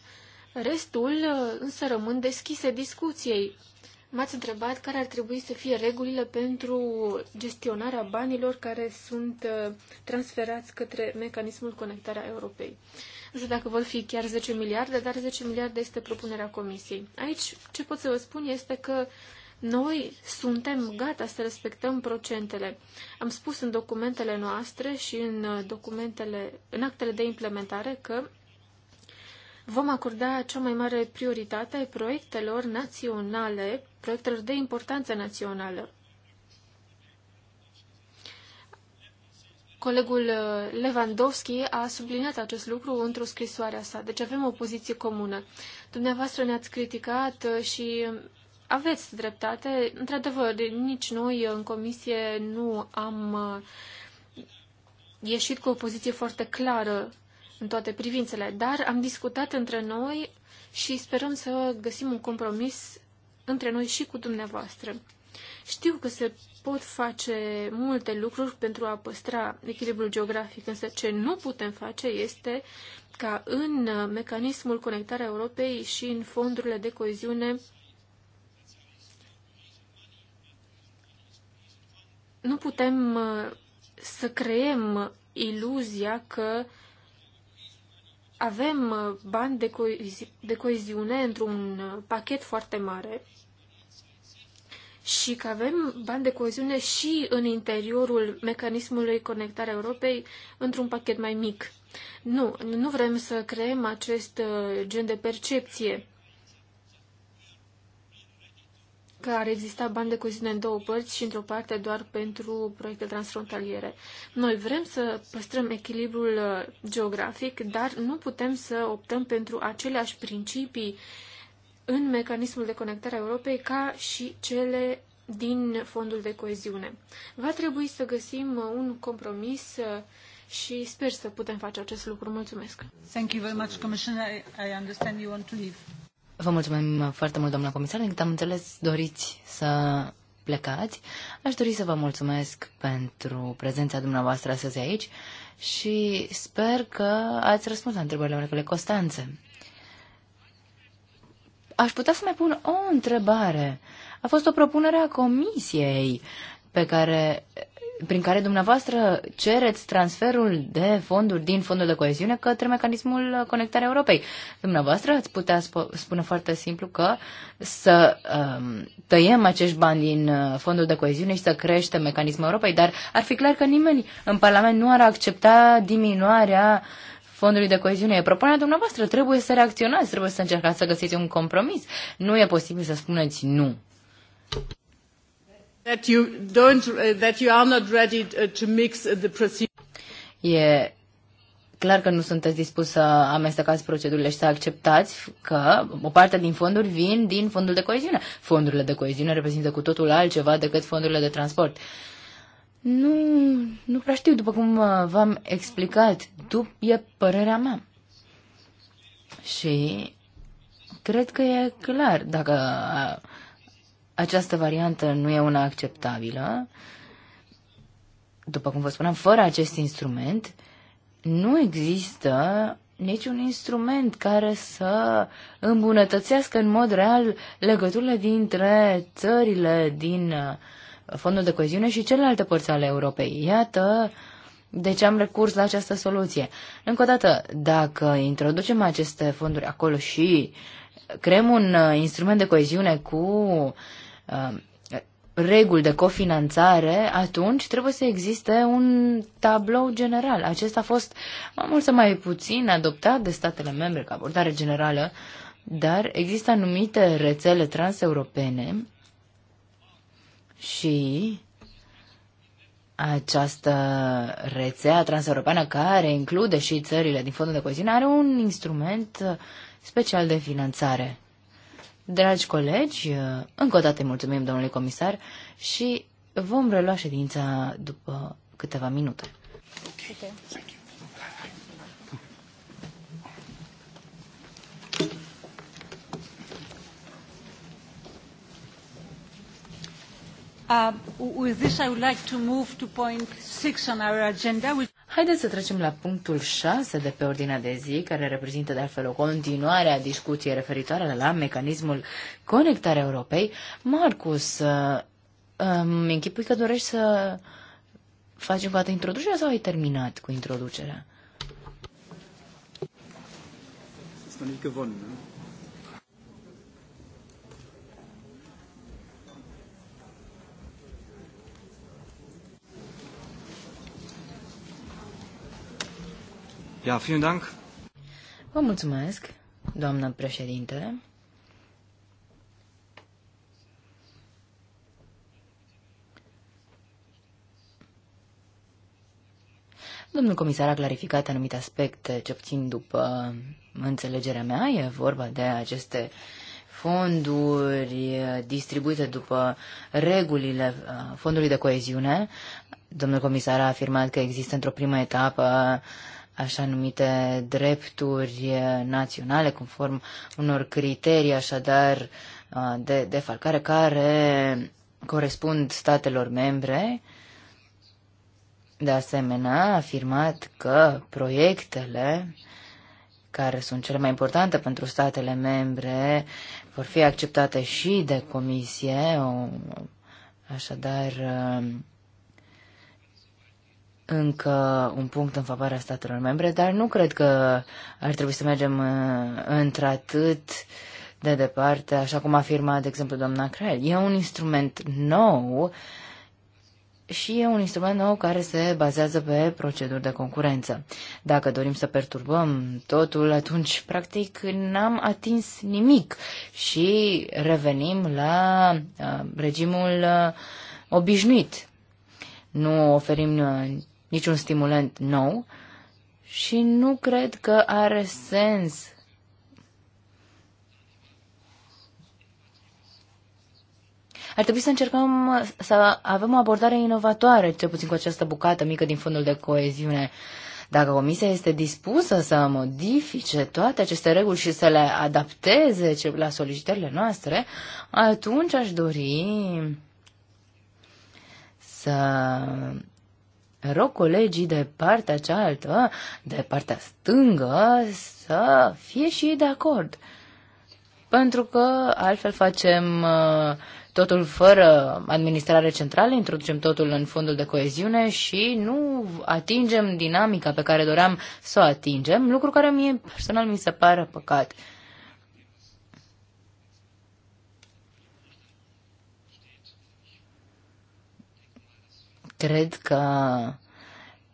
Restul însă rămân deschise discuției M-ați întrebat care ar trebui să fie regulile pentru gestionarea banilor care sunt uh, transferați către mecanismul conectarea Europei. Nu știu dacă vor fi chiar 10 miliarde, dar 10 miliarde este propunerea Comisiei. Aici ce pot să vă spun este că noi suntem gata să respectăm procentele. Am spus în documentele noastre și în uh, documentele, în actele de implementare că vom acorda cea mai mare prioritate proiectelor naționale, proiectelor de importanță națională. Colegul uh, Lewandowski a subliniat acest lucru într-o scrisoare a sa, deci avem o poziție comună. Dumneavoastră ne-ați criticat uh, și aveți dreptate. Într-adevăr, nici noi în comisie nu am uh, ieșit cu o poziție foarte clară în toate privințele, dar am discutat între noi și sperăm să găsim un compromis între noi și cu dumneavoastră. Știu că se pot face multe lucruri pentru a păstra echilibrul geografic, însă ce nu putem face este ca în mecanismul conectarea Europei și în fondurile de coeziune nu putem uh, să creem iluzia că uh, avem uh, bani de, coezi- de coeziune într-un uh, pachet foarte mare și că avem bani de coeziune și în interiorul mecanismului conectarea Europei într-un pachet mai mic. Nu, nu vrem să creăm acest uh, gen de percepție că ar exista bani de coziune în două părți și într-o parte doar pentru proiecte transfrontaliere. Noi vrem să păstrăm echilibrul uh, geografic, dar nu putem să optăm pentru aceleași principii în mecanismul de conectare a Europei ca și cele din fondul de coeziune. Va trebui să găsim uh, un compromis uh, și sper să putem face acest lucru. Mulțumesc. Thank you very much, Commissioner. I understand you want to leave. Vă mulțumim foarte mult, doamna comisar. încât am înțeles, doriți să plecați. Aș dori să vă mulțumesc pentru prezența dumneavoastră astăzi aici și sper că ați răspuns la întrebările oarecele Constanțe. Aș putea să mai pun o întrebare. A fost o propunere a comisiei pe care, prin care dumneavoastră cereți transferul de fonduri din fondul de coeziune către mecanismul conectarea Europei. Dumneavoastră ați putea spune foarte simplu că să um, tăiem acești bani din uh, fondul de coeziune și să crește mecanismul Europei, dar ar fi clar că nimeni în Parlament nu ar accepta diminuarea fondului de coeziune. E propunerea dumneavoastră. Trebuie să reacționați, trebuie să încercați să găsiți un compromis. Nu e posibil să spuneți nu. That you don't, uh, that you are not ready uh, to mix uh, the procedure. E clar că nu sunteți dispus să amestecați procedurile și să acceptați că o parte din fonduri vin din fondul de coeziune. Fondurile de coeziune reprezintă cu totul altceva decât fondurile de transport. Nu, nu prea știu, după cum v-am explicat, tu e părerea mea. Și cred că e clar, dacă această variantă nu e una acceptabilă. După cum vă spuneam, fără acest instrument nu există niciun instrument care să îmbunătățească în mod real legăturile dintre țările din uh, fondul de coeziune și celelalte părți ale Europei. Iată de ce am recurs la această soluție. Încă o dată, dacă introducem aceste fonduri acolo și creăm un uh, instrument de coeziune cu Um, reguli de cofinanțare, atunci trebuie să existe un tablou general. Acesta a fost mai mult sau mai puțin adoptat de statele membre ca abordare generală, dar există anumite rețele transeuropene și această rețea transeuropeană care include și țările din fondul de coeziune are un instrument special de finanțare. Dragi colegi, încă o dată mulțumim domnului comisar și vom relua ședința după câteva minute. Okay. Okay. Thank you. Uh, with this, I would like to move to point six on our agenda, which Haideți să trecem la punctul 6 de pe ordinea de zi, care reprezintă de altfel o continuare a discuției referitoare la mecanismul conectarea Europei. Marcus, uh, îmi închipui că dorești să faci o dată introducerea sau ai terminat cu introducerea? Ist noch că gewonnen, nu? Ja, vielen Dank. Vă mulțumesc, doamnă președinte. Domnul comisar a clarificat anumite aspecte, ce puțin după înțelegerea mea, e vorba de aceste fonduri distribuite după regulile uh, fondului de coeziune. Domnul comisar a afirmat că există într-o primă etapă uh, așa numite drepturi eh, naționale, conform unor criterii, așadar, eh, de defalcare care corespund statelor membre. De asemenea, a afirmat că proiectele care sunt cele mai importante pentru statele membre vor fi acceptate și de comisie, o, așadar eh, încă un punct în favoarea statelor membre, dar nu cred că ar trebui să mergem uh, într-atât de departe, așa cum afirma, de exemplu, doamna Creel. E un instrument nou și e un instrument nou care se bazează pe proceduri de concurență. Dacă dorim să perturbăm totul, atunci, practic, n-am atins nimic și revenim la uh, regimul uh, obișnuit. Nu oferim uh, niciun stimulant nou și nu cred că are sens ar trebui să încercăm să avem o abordare inovatoare, cel puțin cu această bucată mică din fondul de coeziune. Dacă comisia este dispusă să modifice toate aceste reguli și să le adapteze la solicitările noastre, atunci aș dori să rog colegii de partea cealaltă, de partea stângă, să fie și ei de acord. Pentru că altfel facem uh, totul fără administrare centrală, introducem totul în fondul de coeziune și nu atingem dinamica pe care doream să o atingem, lucru care mie personal mi se pare păcat. Cred că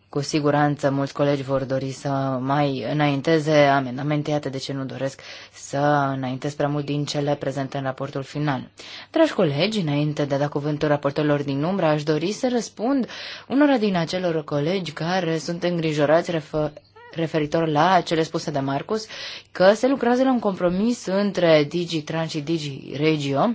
cu siguranță mulți colegi vor dori să mai înainteze amendamente, iată de ce nu doresc să înaintez prea mult din cele prezente în raportul final. Dragi colegi, înainte de a da cuvântul raportelor din umbră, aș dori să răspund unora din acelor colegi care sunt îngrijorați refă- referitor la cele spuse de Marcus, că se lucrează la un compromis între DigiTran și DigiRegio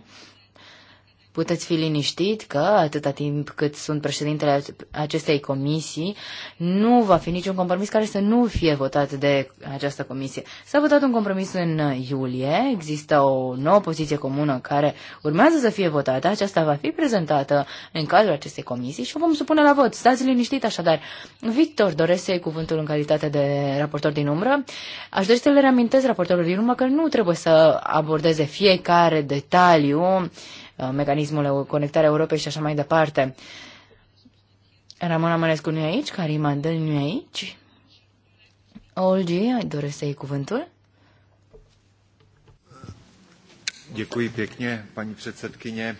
Puteți fi liniștit că, atâta timp cât sunt președintele acestei comisii, nu va fi niciun compromis care să nu fie votat de această comisie. S-a votat un compromis în iulie, există o nouă poziție comună care urmează să fie votată, aceasta va fi prezentată în cadrul acestei comisii și o vom supune la vot. Stați liniștit așadar. Victor, doresc să iei cuvântul în calitate de raportor din umbră. Aș dori să le reamintesc raportorului din urmă că nu trebuie să abordeze fiecare detaliu Uh, mecanismul Conectarea Europei și așa mai departe. Ramona Mănescu nu e aici, Karima Dăl nu e aici. Olgi, ai doresc să iei cuvântul? Děkuji pěkně, paní předsedkyně.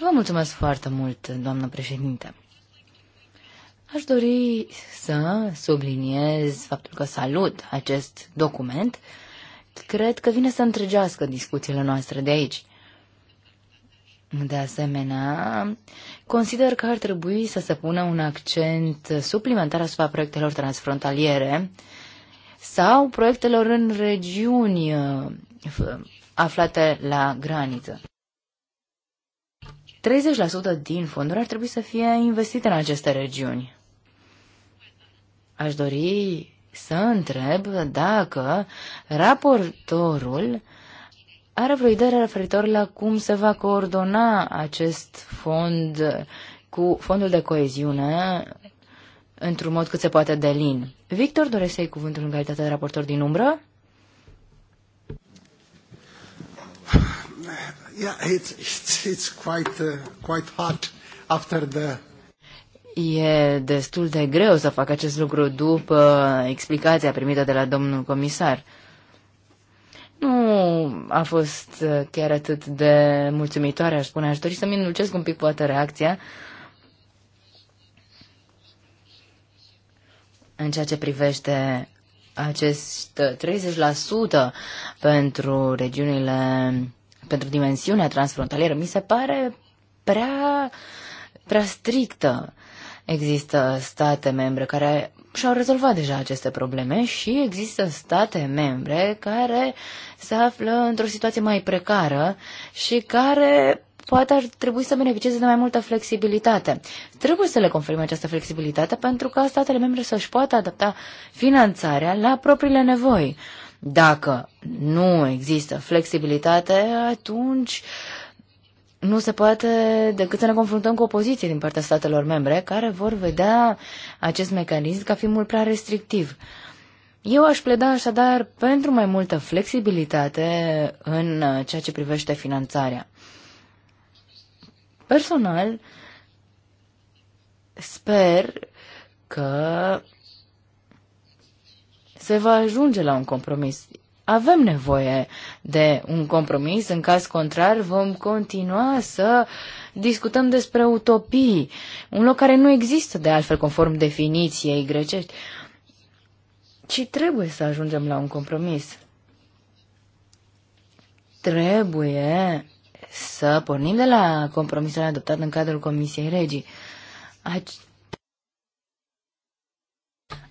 Vă mulțumesc foarte mult, doamnă președinte. Aș dori să subliniez faptul că salut acest document. Cred că vine să întregească discuțiile noastre de aici. De asemenea, consider că ar trebui să se pună un accent suplimentar asupra proiectelor transfrontaliere sau proiectelor în regiuni uh, aflate la graniță. 30% din fonduri ar trebui să fie investite în aceste regiuni. Aș dori să întreb dacă raportorul are vreo idee referitor la cum se va coordona acest fond cu fondul de coeziune într-un mod cât se poate de lin. Victor, doresc să cuvântul în calitate de raportor din umbră? Yeah, it's, it's, it's quite, uh, quite hard after the E destul de greu să fac acest lucru după explicația primită de la domnul comisar nu a fost uh, chiar atât de mulțumitoare, aș spune. Aș dori să-mi înlucesc un pic poate reacția în ceea ce privește acest 30% uh, pentru regiunile, pentru dimensiunea transfrontalieră, mi se pare prea, prea strictă. Există state membre care și-au rezolvat deja aceste probleme și există state membre care se află într-o situație mai precară și care poate ar trebui să beneficieze de mai multă flexibilitate. Trebuie să le confirme această flexibilitate pentru ca statele membre să-și poată adapta finanțarea la propriile nevoi. Dacă nu există flexibilitate, atunci uh, nu se poate decât să ne confruntăm cu opoziție din partea statelor membre, care vor vedea acest mecanism ca fiind mult prea restrictiv. Eu aș pleda așadar pentru mai multă flexibilitate în ceea ce privește finanțarea. Personal, sper că se va ajunge la un compromis avem nevoie de un compromis. În caz contrar, vom continua să discutăm despre utopii, un loc care nu există de altfel conform definiției grecești. Ci trebuie să ajungem la un compromis. Trebuie să pornim de la compromisul adoptat în cadrul Comisiei Regii.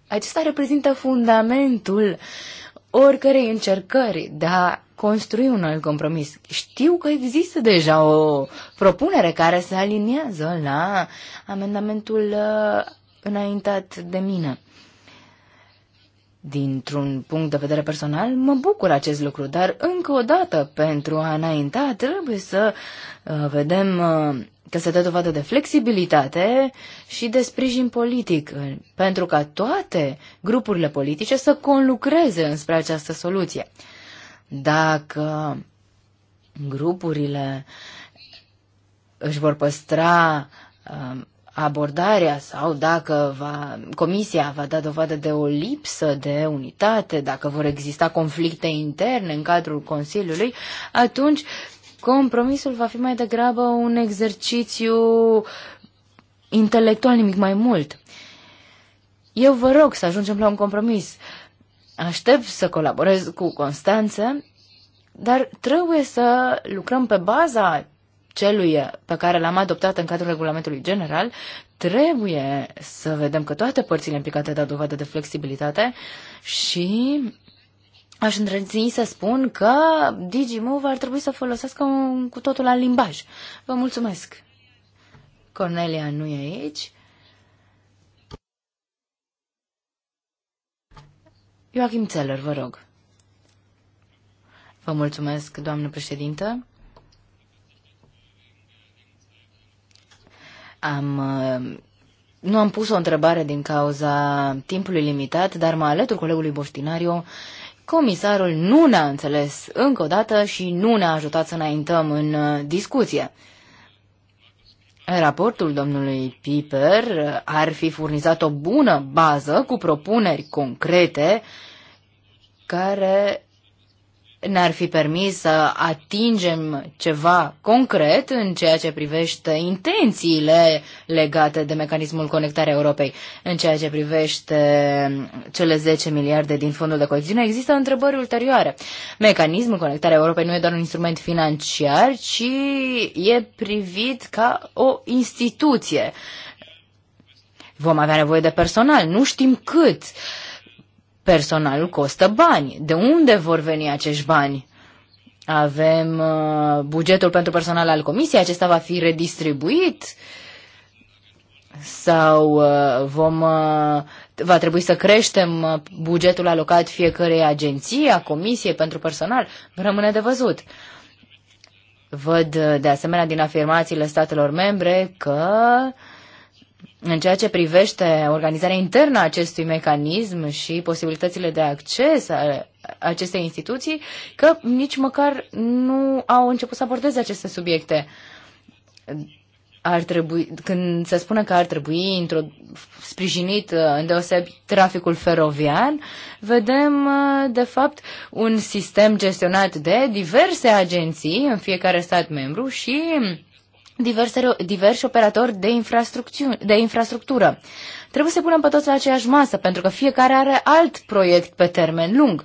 Acesta reprezintă fundamentul oricărei încercări de a construi un alt compromis. Știu că există deja o propunere care se aliniază la amendamentul uh, înaintat de mine. Dintr-un punct de vedere personal, mă bucur acest lucru, dar încă o dată, pentru a înainta, trebuie să uh, vedem uh, că se dă dovadă de flexibilitate și de sprijin politic, uh, pentru ca toate grupurile politice să conlucreze înspre această soluție. Dacă grupurile își vor păstra uh, abordarea sau dacă va, comisia va da dovadă de o lipsă de unitate, dacă vor exista conflicte interne în cadrul Consiliului, atunci compromisul va fi mai degrabă un exercițiu intelectual, nimic mai mult. Eu vă rog să ajungem la un compromis. Aștept să colaborez cu Constanță, dar trebuie să lucrăm pe baza celui pe care l-am adoptat în cadrul regulamentului general, trebuie să vedem că toate părțile implicate dau dovadă de flexibilitate și aș îndrăzni să spun că DigiMove ar trebui să folosească un, cu totul alt limbaj. Vă mulțumesc! Cornelia nu e aici. Joachim Zeller, vă rog. Vă mulțumesc, doamnă președintă. Am, uh, nu am pus o întrebare din cauza timpului limitat, dar mă alătur colegului Boștinariu. Comisarul nu ne-a înțeles încă o dată și nu ne-a ajutat să înaintăm în uh, discuție. Raportul domnului Piper ar fi furnizat o bună bază cu propuneri concrete care ne-ar fi permis să atingem ceva concret în ceea ce privește intențiile legate de mecanismul conectarea Europei. În ceea ce privește cele 10 miliarde din fondul de coeziune, există întrebări ulterioare. Mecanismul conectarea Europei nu e doar un instrument financiar, ci e privit ca o instituție. Vom avea nevoie de personal, nu știm cât. Uh, personalul costă bani. De unde vor veni acești bani? Avem uh, bugetul pentru personal al comisiei, acesta va fi redistribuit sau uh, vom, uh, va trebui să creștem uh, bugetul alocat fiecarei agenții, a comisiei pentru personal? Rămâne de văzut. Văd uh, de asemenea din afirmațiile statelor membre că uh, în ceea ce privește organizarea internă a acestui mecanism și posibilitățile de acces a acestei instituții, că nici măcar nu au început să abordeze aceste subiecte. Ar trebui, când se spune că ar trebui intro, sprijinit uh, îndeosebi traficul feroviar, vedem uh, de fapt un sistem gestionat de diverse agenții în fiecare stat membru și diverse, diversi operatori de, de infrastructură. Trebuie să punem pe toți la aceeași masă, pentru că fiecare are alt proiect pe termen lung.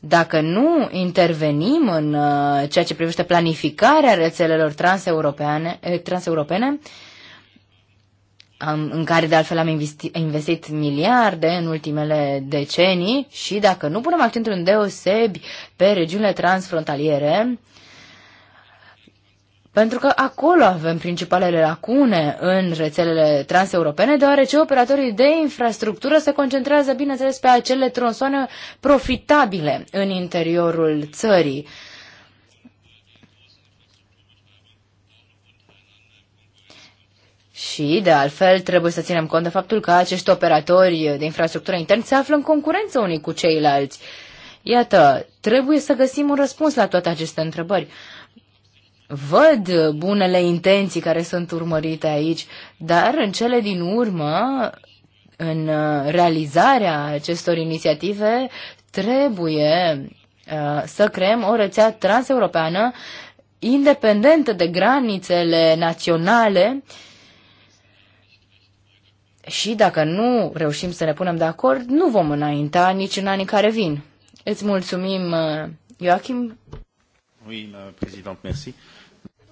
Dacă nu intervenim în uh, ceea ce privește planificarea rețelelor eh, transeuropene, transeuropene în care de altfel am investit, investit miliarde în ultimele decenii și dacă nu punem accentul deosebi pe regiunile transfrontaliere, pentru că acolo avem principalele lacune în rețelele transeuropene, deoarece operatorii de infrastructură se concentrează, bineînțeles, pe acele tronsoane profitabile în interiorul țării. Și, de altfel, trebuie să ținem cont de faptul că acești operatori de infrastructură intern se află în concurență unii cu ceilalți. Iată, trebuie să găsim un răspuns la toate aceste întrebări văd bunele intenții care sunt urmărite aici, dar în cele din urmă, în uh, realizarea acestor inițiative, trebuie uh, să creăm o rețea transeuropeană independentă de granițele naționale și dacă nu reușim să ne punem de acord, nu vom înainta nici în anii care vin. Îți mulțumim, uh, Joachim. Oui, présidente, merci.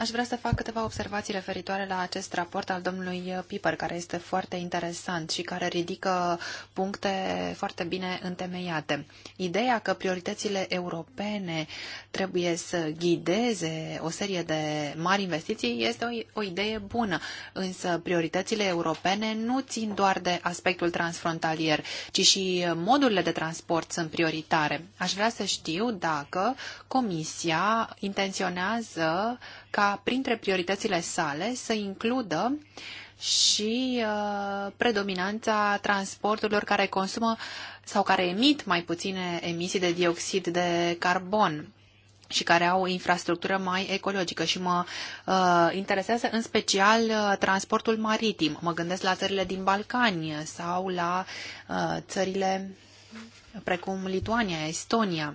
Aș vrea să fac câteva observații referitoare la acest raport al domnului Piper, care este foarte interesant și care ridică puncte foarte bine întemeiate. Ideea că prioritățile europene trebuie să ghideze o serie de mari investiții este o, o idee bună, însă prioritățile europene nu țin doar de aspectul transfrontalier, ci și modurile de transport sunt prioritare. Aș vrea să știu dacă Comisia intenționează ca printre prioritățile sale să includă și uh, predominanța transporturilor care consumă sau care emit mai puține emisii de dioxid de carbon și care au o infrastructură mai ecologică și mă uh, interesează în special uh, transportul maritim. Mă gândesc la țările din Balcani sau la uh, țările precum Lituania, Estonia.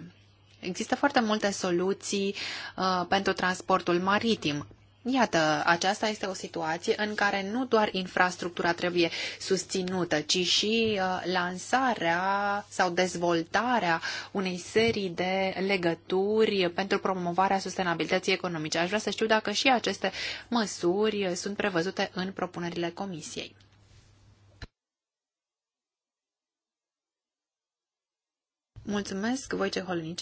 Există foarte multe soluții uh, pentru transportul maritim. Iată, aceasta este o situație în care nu doar infrastructura trebuie susținută, ci și uh, lansarea sau dezvoltarea unei serii de legături pentru promovarea sustenabilității economice. Aș vrea să știu dacă și aceste măsuri sunt prevăzute în propunerile Comisiei. Mulțumesc, Voice Holnici.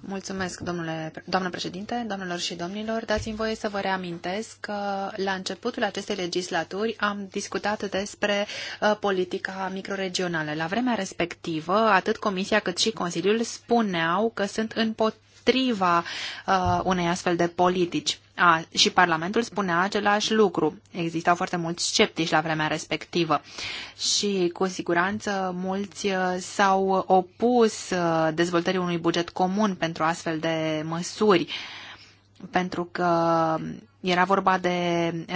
Mulțumesc, domnule, doamnă președinte, doamnelor și domnilor. Dați-mi voie să vă reamintesc că la începutul acestei legislaturi am discutat despre uh, politica microregională. La vremea respectivă, atât Comisia cât și Consiliul spuneau că sunt împotriva uh, unei astfel de politici. A, și Parlamentul spunea același lucru. Existau foarte mulți sceptici la vremea respectivă și cu siguranță mulți uh, s-au opus uh, dezvoltării unui buget comun pentru astfel de măsuri pentru că era vorba de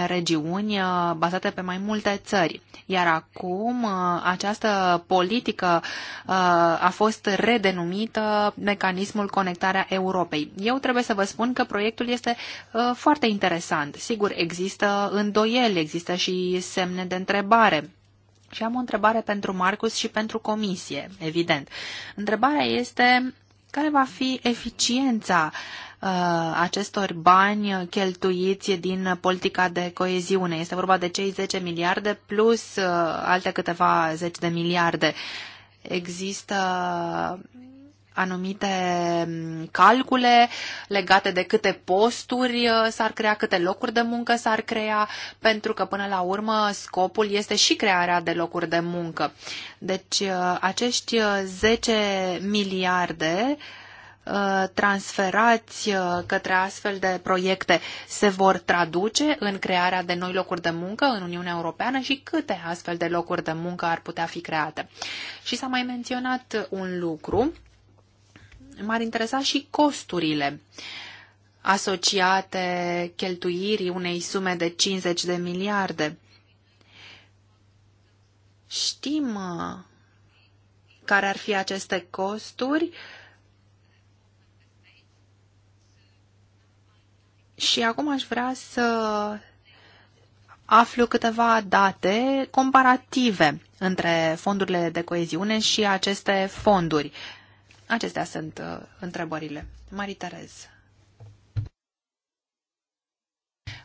regiuni uh, bazate pe mai multe țări. Iar acum uh, această politică uh, a fost redenumită mecanismul conectarea Europei. Eu trebuie să vă spun că proiectul este foarte interesant. Sigur, există îndoieli, există și semne de întrebare. Și am o întrebare pentru Marcus și pentru comisie, evident. Întrebarea este care va fi eficiența uh, Uh, acestor bani cheltuiți din politica de coeziune. Este vorba de cei 10 miliarde plus uh, alte câteva zeci de miliarde. Există anumite mm, calcule legate de câte posturi uh, s-ar crea, câte locuri de muncă s-ar crea, pentru că până la urmă scopul este și crearea de locuri de muncă. Deci acești 10 miliarde uh, Uh, transferați uh, către astfel de proiecte se vor traduce în crearea de noi locuri de muncă în Uniunea Europeană și câte astfel de locuri de muncă ar putea fi create. Și s-a mai menționat un lucru, m-ar interesa și costurile asociate cheltuirii unei sume de 50 de miliarde. Știm uh, care ar fi aceste costuri uh, Și acum aș vrea să aflu câteva date comparative între fondurile de coeziune și aceste fonduri. Acestea sunt uh, întrebările. Marie Terez.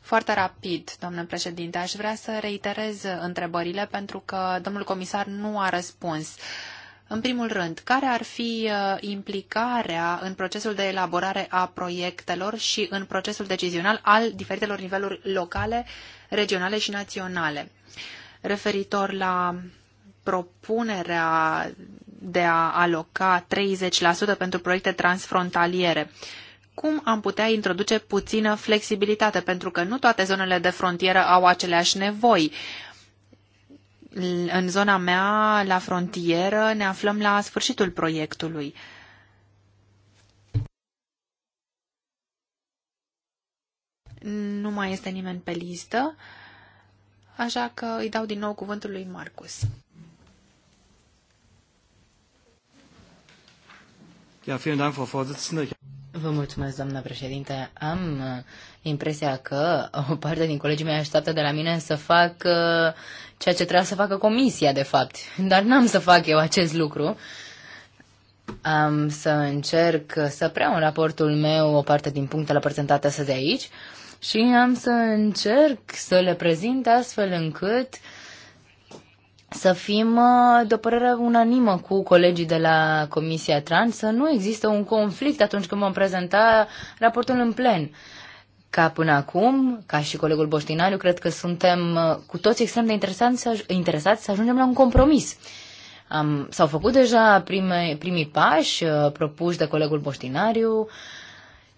Foarte rapid, domnule președinte, aș vrea să reiterez întrebările pentru că domnul comisar nu a răspuns. Uh, în primul rând, care ar fi uh, implicarea în procesul de elaborare a proiectelor și în procesul decizional al diferitelor niveluri locale, regionale și naționale? Referitor la propunerea de a aloca 30% pentru proiecte transfrontaliere, cum am putea introduce puțină flexibilitate, pentru că nu toate zonele de frontieră au aceleași nevoi. În zona mea, la frontieră, ne aflăm la sfârșitul proiectului. Nu mai este nimeni pe listă, așa că îi dau din nou cuvântul lui Marcus. Ja, vielen Dank, Frau Vorsitzende. Vă mulțumesc, doamnă președinte. Am uh, impresia că o parte din colegii mei așteaptă de la mine să fac uh, ceea ce trebuia să facă comisia, de fapt. Dar n-am să fac eu acest lucru. Am să încerc să preau în raportul meu o parte din punctele prezentate astăzi de aici și am să încerc să le prezint astfel încât uh, să fim uh, de o părere unanimă cu colegii de la Comisia Trans, să nu există un conflict atunci când vom prezenta raportul în plen. Ca până acum, ca și colegul Boștinariu, cred că suntem uh, cu toți extrem de interesați, să ajungem la un compromis. Am, s-au făcut deja prime, primii pași uh, propuși de colegul Boștinariu,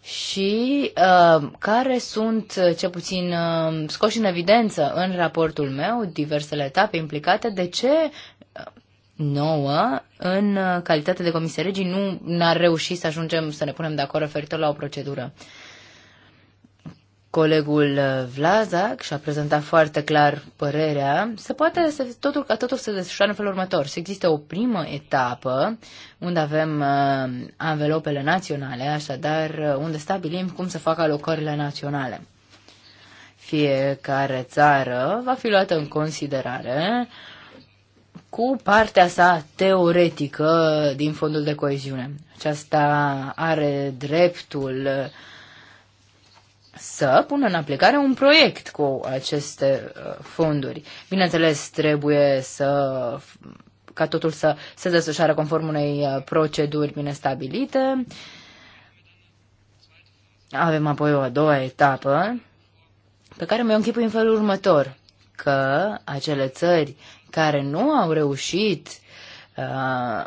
și uh, care sunt, uh, ce puțin uh, scoși în evidență în raportul meu, diversele etape implicate, de ce uh, nouă, în uh, calitate de comisie regii, nu n-ar reuși să ajungem să ne punem de acord referitor la o procedură. Uh, Colegul uh, Vlazac și-a prezentat foarte clar părerea, se poate să, totul, ca totul se desfășoare în felul următor. Să există o primă etapă unde avem uh, anvelopele naționale, așadar uh, unde stabilim cum să facă alocările naționale. Fiecare țară va fi luată în considerare cu partea sa teoretică din fondul de coeziune. Aceasta are dreptul uh, să pună în aplicare un proiect cu aceste uh, fonduri. Bineînțeles, trebuie să ca totul să se desfășoare conform unei uh, proceduri bine stabilite. Avem apoi o a doua etapă pe care mi-o închipui în felul următor, că acele țări care nu au reușit uh,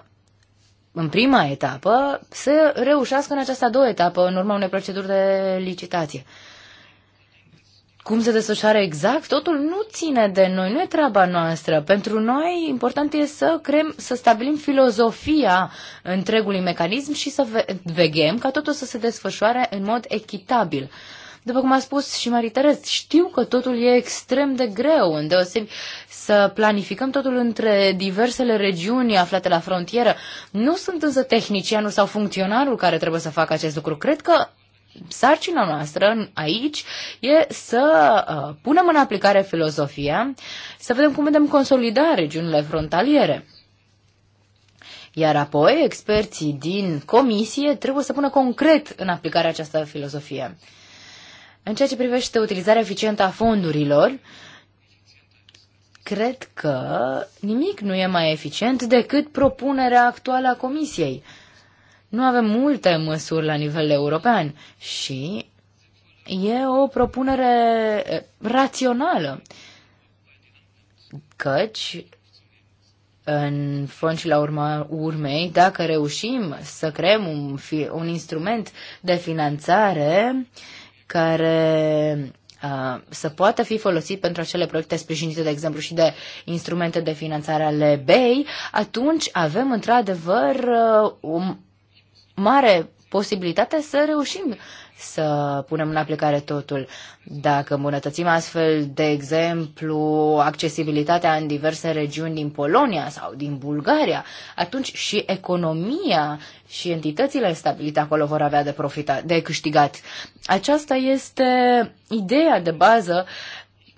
în prima etapă să reușească în această a doua etapă, în urma unei proceduri de licitație. Cum se desfășoară exact, totul nu ține de noi, nu e treaba noastră. Pentru noi important e să creăm, să stabilim filozofia întregului mecanism și să veghem ca totul să se desfășoare în mod echitabil. Uh, după cum a spus și Mariterez, știu că totul e extrem de greu, îndeosebi să planificăm totul între diversele regiuni aflate la frontieră. Nu sunt însă tehnicianul sau funcționarul care trebuie să facă acest lucru. Cred că sarcina noastră aici e să uh, punem în aplicare filozofia, să vedem cum putem consolida regiunile frontaliere. Iar apoi, experții din comisie trebuie să pună concret în aplicare această filozofie. În ceea ce privește utilizarea eficientă a fondurilor, cred că nimic nu e mai eficient decât propunerea actuală a Comisiei. Nu avem multe măsuri la nivel european și e o propunere eh, rațională, căci în fond și la urma urmei, dacă reușim să creăm un, un instrument de finanțare uh, care uh, să poată fi folosit pentru acele proiecte sprijinite, de exemplu, și de instrumente de finanțare ale BEI, atunci avem, într-adevăr, o uh, mare posibilitatea să reușim să punem în aplicare totul. Dacă îmbunătățim astfel, de exemplu, accesibilitatea în diverse regiuni din Polonia sau din Bulgaria, atunci și economia și entitățile stabilite acolo vor avea de profitat, de câștigat. Aceasta este ideea de bază.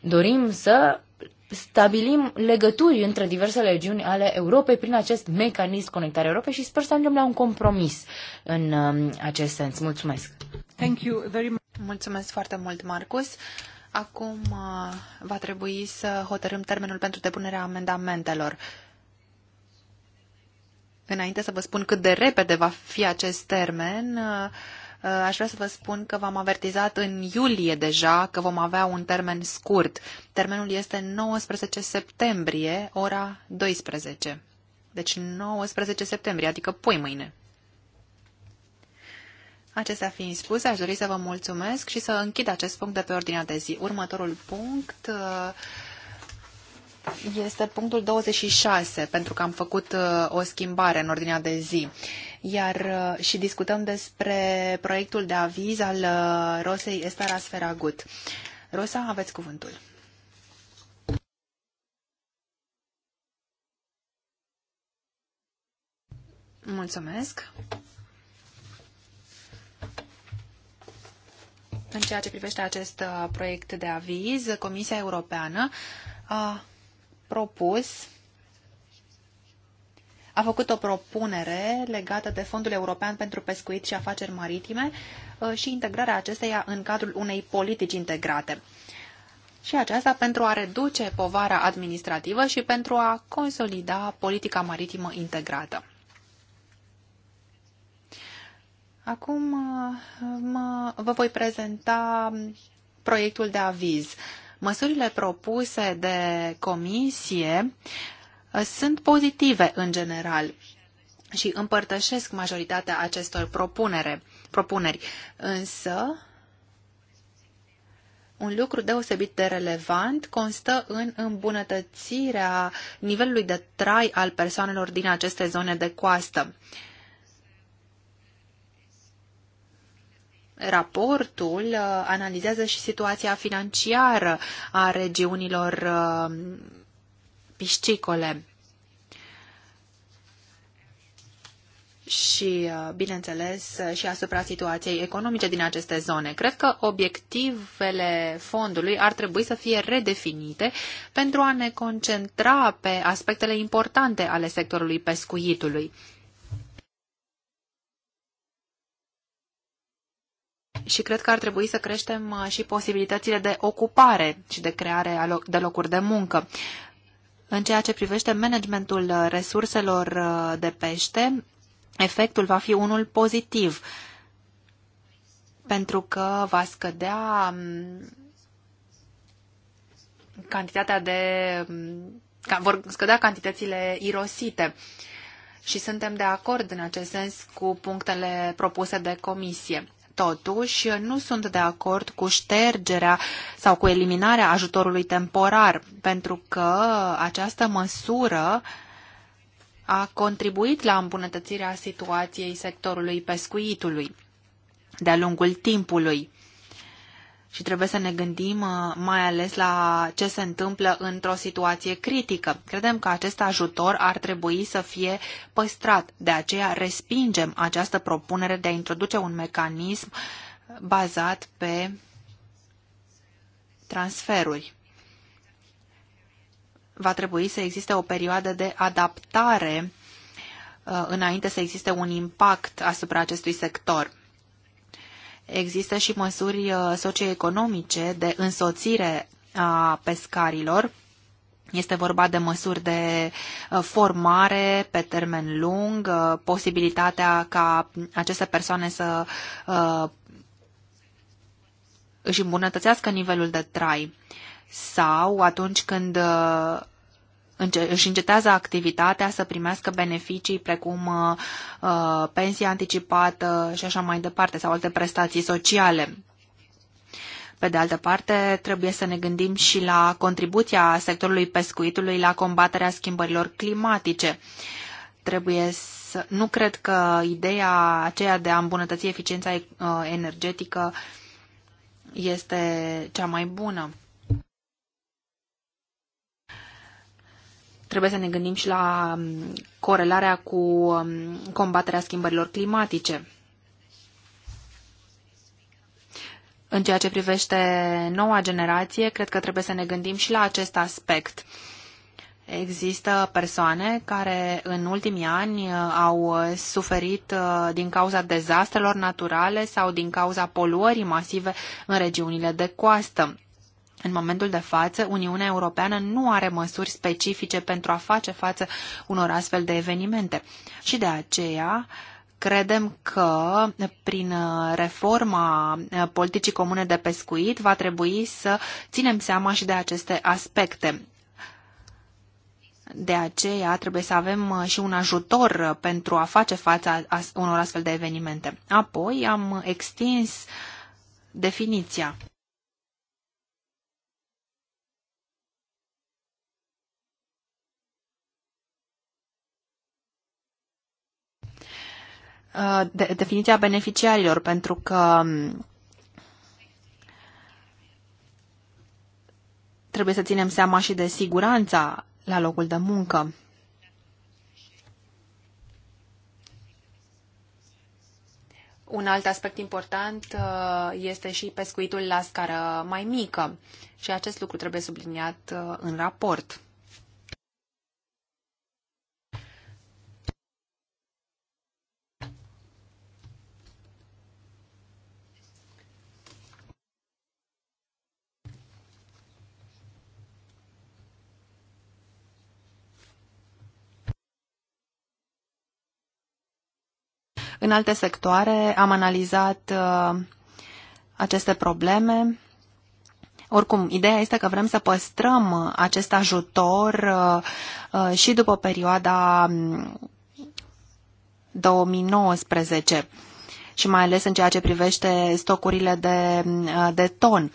Dorim să stabilim legături între diversele regiuni ale Europei prin acest mecanism conectare Europei și sper să ajungem la un compromis în um, acest sens. Mulțumesc! Thank you very much. Mulțumesc foarte mult, Marcus! Acum uh, va trebui să hotărâm termenul pentru depunerea amendamentelor. Înainte să vă spun cât de repede va fi acest termen, uh, Uh, aș vrea să vă spun că v-am avertizat în iulie deja că vom avea un termen scurt. Termenul este 19 septembrie, ora 12. Deci 19 septembrie, adică poi mâine. Acestea fiind spuse, aș dori să vă mulțumesc și să închid acest punct de pe ordinea de zi. Următorul punct uh, este punctul 26, pentru că am făcut uh, o schimbare în ordinea de zi. Iar uh, și discutăm despre proiectul de aviz al uh, Rosei Estara Sferagut. Rosa, aveți cuvântul. Mulțumesc. În ceea ce privește acest proiect de aviz, Comisia Europeană a propus a făcut o propunere legată de Fondul European pentru Pescuit și Afaceri Maritime uh, și integrarea acesteia în cadrul unei politici integrate. Și aceasta pentru a reduce povara administrativă și pentru a consolida politica maritimă integrată. Acum uh, mă, vă voi prezenta proiectul de aviz. Măsurile propuse de comisie uh, sunt pozitive în general și împărtășesc majoritatea acestor propunere, propuneri. Însă, un lucru deosebit de relevant constă în îmbunătățirea nivelului de trai al persoanelor din aceste zone de coastă. Uh, Raportul uh, analizează și situația financiară a regiunilor uh, piscicole. și, uh, bineînțeles, și asupra situației economice din aceste zone. Cred că obiectivele fondului ar trebui să fie redefinite pentru a ne concentra pe aspectele importante ale sectorului pescuitului. și cred că ar trebui să creștem uh, și posibilitățile de ocupare și de creare de locuri de muncă. În ceea ce privește managementul uh, resurselor uh, de pește, efectul va fi unul pozitiv, pentru că va scădea um, cantitatea de um, vor scădea cantitățile irosite. Și suntem de acord în acest sens cu punctele propuse de comisie. Totuși, nu sunt de acord cu ștergerea sau cu eliminarea ajutorului temporar, pentru că această măsură a contribuit la îmbunătățirea situației sectorului pescuitului de-a lungul timpului și trebuie să ne gândim uh, mai ales la ce se întâmplă într-o situație critică. Credem că acest ajutor ar trebui să fie păstrat. De aceea respingem această propunere de a introduce un mecanism bazat pe transferuri. Va trebui să existe o perioadă de adaptare uh, înainte să existe un impact asupra acestui sector. Există și măsuri uh, socioeconomice de însoțire a pescarilor. Este vorba de măsuri de uh, formare pe termen lung, uh, posibilitatea ca aceste persoane să își îmbunătățească nivelul de trai sau atunci când își încetează activitatea să primească beneficii precum uh, uh pensia anticipată și așa mai departe sau alte prestații sociale. Pe de altă parte, trebuie să ne gândim și la contribuția sectorului pescuitului la combaterea schimbărilor climatice. Trebuie să... Nu cred că ideea aceea de a îmbunătăți eficiența uh, energetică este cea mai bună. Trebuie să ne gândim și la um, corelarea cu um, combaterea schimbărilor climatice. În ceea ce privește noua generație, cred că trebuie să ne gândim și la acest aspect. Există persoane care în ultimii ani uh, au uh, suferit uh, din cauza dezastrelor naturale sau din cauza poluării masive în regiunile de coastă. În momentul de față, Uniunea Europeană nu are măsuri specifice pentru a face față unor astfel de evenimente și de aceea credem că prin reforma politicii comune de pescuit va trebui să ținem seama și de aceste aspecte. De aceea trebuie să avem și un ajutor pentru a face față unor astfel de evenimente. Apoi am extins definiția. Uh, de, definiția beneficiarilor, pentru că um, trebuie să ținem seama și de siguranța la locul de muncă. Un alt aspect important uh, este și pescuitul la scară mai mică și acest lucru trebuie subliniat uh, în raport. În alte sectoare am analizat uh, aceste probleme. Oricum, ideea este că vrem să păstrăm acest ajutor uh, uh, și după perioada 2019 um, și mai ales în ceea ce privește stocurile de, de ton.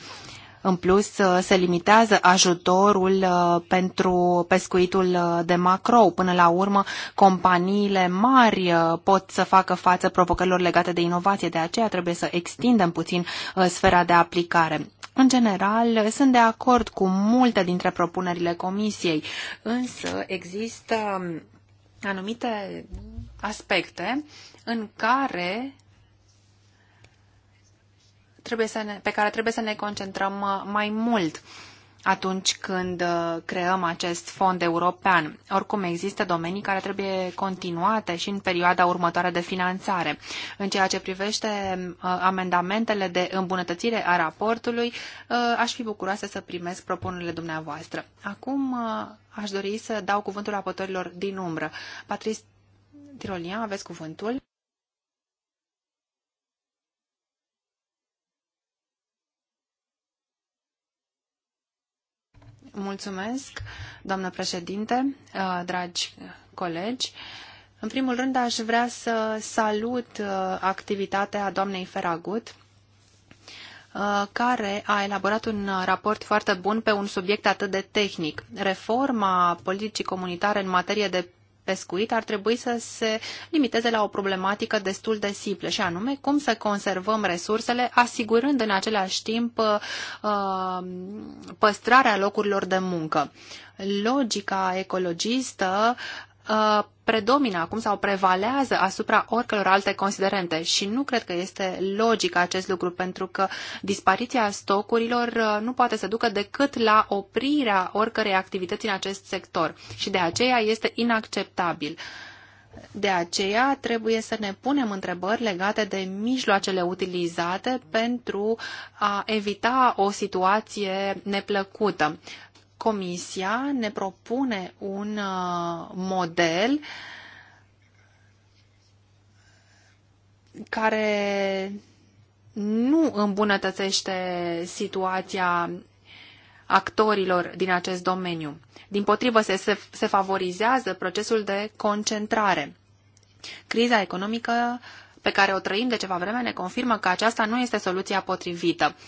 În plus, uh, se limitează ajutorul uh, pentru pescuitul uh, de macro. Până la urmă, companiile mari pot să facă față provocărilor legate de inovație, de aceea trebuie să extindem puțin sfera de aplicare. În general, sunt de acord cu multe dintre propunerile comisiei, însă există um, anumite aspecte în care trebuie să ne, pe care trebuie să ne concentrăm uh, mai mult atunci când uh, creăm acest fond european. Oricum, există domenii care trebuie continuate și în perioada următoare de finanțare. În ceea ce privește uh, amendamentele de îmbunătățire a raportului, aș fi bucuroasă să primesc propunerile dumneavoastră. Acum aș dori să dau cuvântul apătorilor din umbră. Patrice Tirolian, aveți cuvântul. Mulțumesc, doamnă președinte, uh, dragi colegi. În primul rând, aș vrea să salut uh, activitatea doamnei Feragut, uh, care a elaborat un raport foarte bun pe un subiect atât de tehnic. Reforma politicii comunitare în materie de pescuit ar trebui să se limiteze la o problematică destul de simplă, și anume cum să conservăm resursele, asigurând în același timp uh, păstrarea locurilor de muncă logica ecologistă Uh, predomină acum sau prevalează asupra oricălor alte considerente și nu cred că este logic acest lucru pentru că dispariția stocurilor uh, nu poate să ducă decât la oprirea oricărei activități în acest sector și de aceea este inacceptabil. De aceea trebuie să ne punem întrebări legate de mijloacele utilizate pentru a evita o situație neplăcută. Comisia ne propune un uh, model care nu îmbunătățește situația actorilor din acest domeniu. Din potrivă, se, se, se favorizează procesul de concentrare. Criza economică pe care o trăim de ceva vreme ne confirmă că aceasta nu este soluția potrivită. Uh,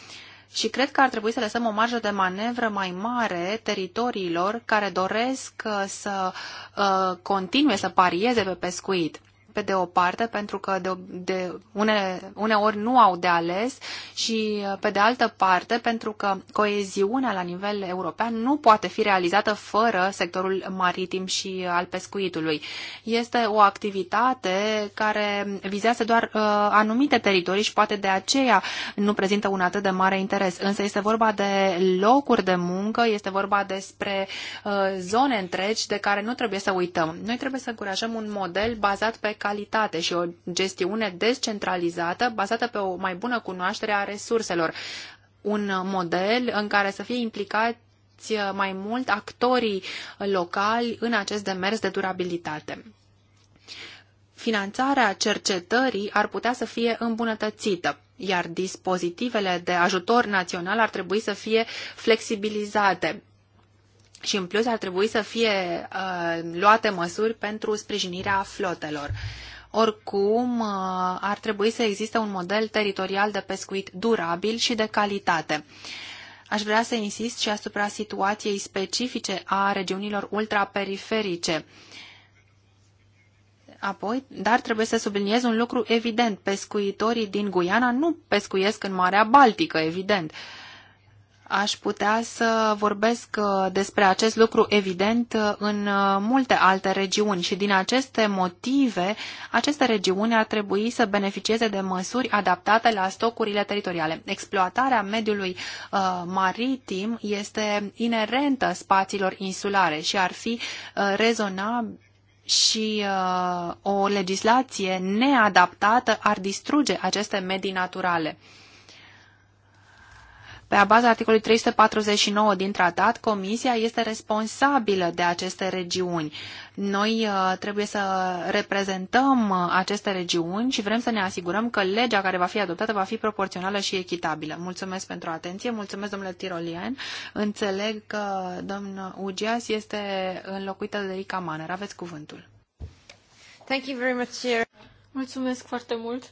și cred că ar trebui să lăsăm o marjă de manevră mai mare teritoriilor care doresc uh, să uh, continue să parieze pe pescuit pe de o parte, pentru că de, de une, uneori nu au de ales și uh, pe de altă parte, pentru că coeziunea la nivel european nu poate fi realizată fără sectorul maritim și uh, al pescuitului. Este o activitate care vizează doar uh, anumite teritorii și poate de aceea nu prezintă un atât de mare interes. Însă este vorba de locuri de muncă, este vorba despre uh, zone întregi de care nu trebuie să uităm. Noi trebuie să încurajăm un model bazat pe calitate și o gestiune descentralizată bazată pe o mai bună cunoaștere a resurselor. Un model în care să fie implicat uh, mai mult actorii locali în acest demers de durabilitate. Finanțarea cercetării ar putea să fie îmbunătățită, iar dispozitivele de ajutor național ar trebui să fie flexibilizate și în plus ar trebui să fie uh, luate măsuri pentru sprijinirea flotelor. Oricum, uh, ar trebui să existe un model teritorial de pescuit durabil și de calitate. Aș vrea să insist și asupra situației specifice a regiunilor ultraperiferice. Apoi, dar trebuie să subliniez un lucru evident. Pescuitorii din Guiana nu pescuiesc în Marea Baltică, evident. Uh, aș putea să vorbesc uh, despre acest lucru evident uh, în uh, multe alte regiuni și din aceste motive, aceste regiuni ar trebui să beneficieze de măsuri adaptate la stocurile teritoriale. Exploatarea mediului maritim este inerentă spațiilor insulare și ar fi rezonabil și uh, o legislație neadaptată ar distruge aceste medii naturale. Pe baza articolului 349 din tratat, Comisia este responsabilă de aceste regiuni. Noi uh, trebuie să reprezentăm uh, aceste regiuni și vrem să ne asigurăm că legea care va fi adoptată va fi proporțională și echitabilă. Mulțumesc pentru atenție, mulțumesc domnule Tirolien. Înțeleg că domnul Ugias este înlocuită de Rica Maner. Aveți cuvântul. Thank you very much, Mulțumesc foarte mult.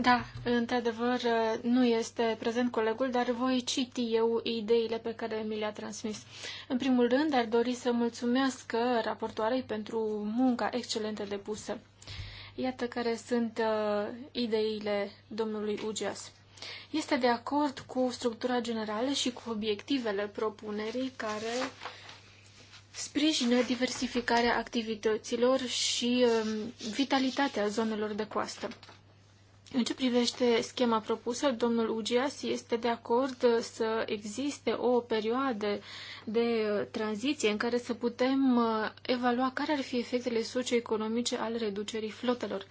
Da, într-adevăr, nu este prezent colegul, dar voi citi eu ideile pe care mi le-a transmis. În primul rând, ar dori să mulțumesc raportoarei pentru munca excelentă depusă. Iată care sunt uh, ideile domnului Ugeas. Este de acord cu structura generală și cu obiectivele propunerii care sprijină diversificarea activităților și uh, vitalitatea zonelor de coastă. În ce privește schema propusă, domnul Ugias este de acord să existe o perioadă de uh, tranziție în care să putem uh, evalua care ar fi efectele socioeconomice ale reducerii flotelor.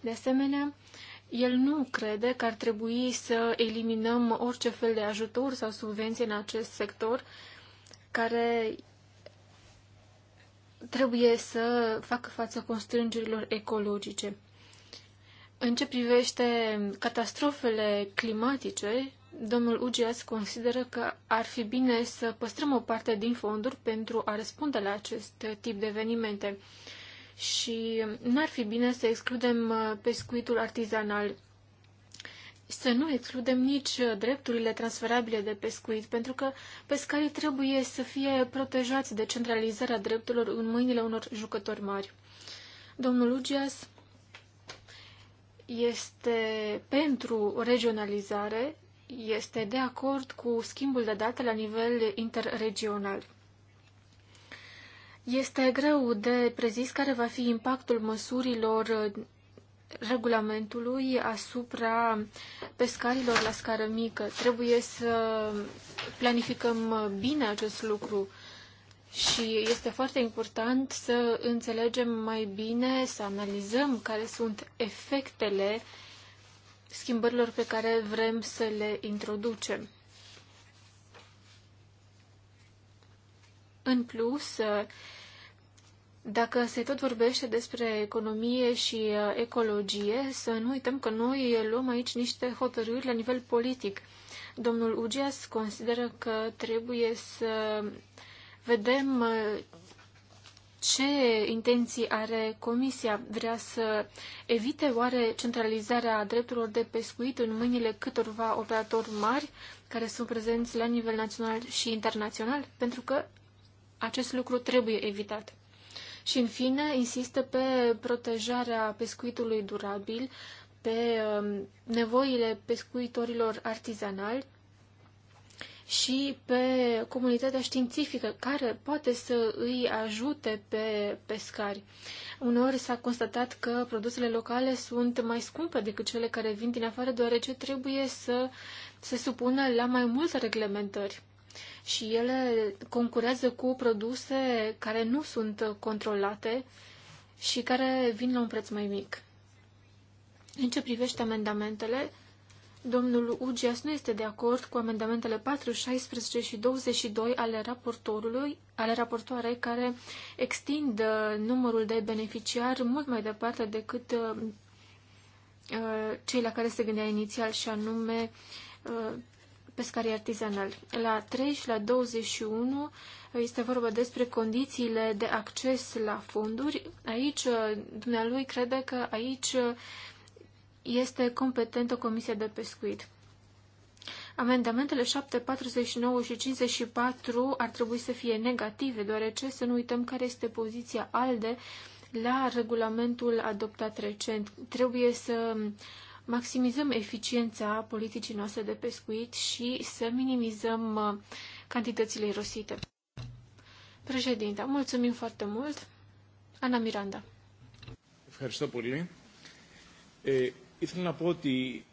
De asemenea, el nu crede că ar trebui să eliminăm orice fel de ajutor sau subvenție în acest sector care trebuie să facă față constrângerilor ecologice. În ce privește catastrofele climatice, domnul UGS consideră că ar fi bine să păstrăm o parte din fonduri pentru a răspunde la acest tip de evenimente și n-ar fi bine să excludem uh, pescuitul artizanal. Să nu excludem nici uh, drepturile transferabile de pescuit, pentru că pescarii trebuie să fie protejați de centralizarea drepturilor în mâinile unor jucători mari. Domnul Ugias este pentru regionalizare, este de acord cu schimbul de date la nivel interregional. Este greu de prezis care va fi impactul măsurilor regulamentului asupra pescarilor la scară mică. Trebuie să planificăm bine acest lucru și este foarte important să înțelegem mai bine, să analizăm care sunt efectele schimbărilor pe care vrem să le introducem. În plus, dacă se tot vorbește despre economie și uh, ecologie, să nu uităm că noi luăm aici niște hotărâri la nivel politic. Domnul Ugeas consideră că trebuie să vedem uh, ce intenții are Comisia? Vrea să evite oare centralizarea drepturilor de pescuit în mâinile câtorva operatori mari care sunt prezenți la nivel național și internațional? Pentru că acest lucru trebuie evitat. Și, în fine, insistă pe protejarea pescuitului durabil, pe um, nevoile pescuitorilor artizanali și pe comunitatea științifică care poate să îi ajute pe pescari. Uneori s-a constatat că produsele locale sunt mai scumpe decât cele care vin din afară, deoarece trebuie să se supună la mai multe reglementări. Și ele concurează cu produse care nu sunt controlate și care vin la un preț mai mic. În ce privește amendamentele, Domnul Ugias nu este de acord cu amendamentele 4, 16 și 22 ale raportorului, ale raportoarei care extind uh, numărul de beneficiari mult mai departe decât uh, uh, cei la care se gândea inițial și anume pescarii artizanali. La 3 și la 21 este vorba despre condițiile de acces la fonduri. Aici, dumnealui crede că aici este competentă Comisia de Pescuit. Amendamentele 7, 49 și 54 ar trebui să fie negative, deoarece să nu uităm care este poziția ALDE la regulamentul adoptat recent. Trebuie să maximizăm eficiența politicii noastre de pescuit și să minimizăm uh, cantitățile irosite. Președinte, mulțumim foarte mult. Ana Miranda. Ευχαριστώ Ήθελα να πω ότι...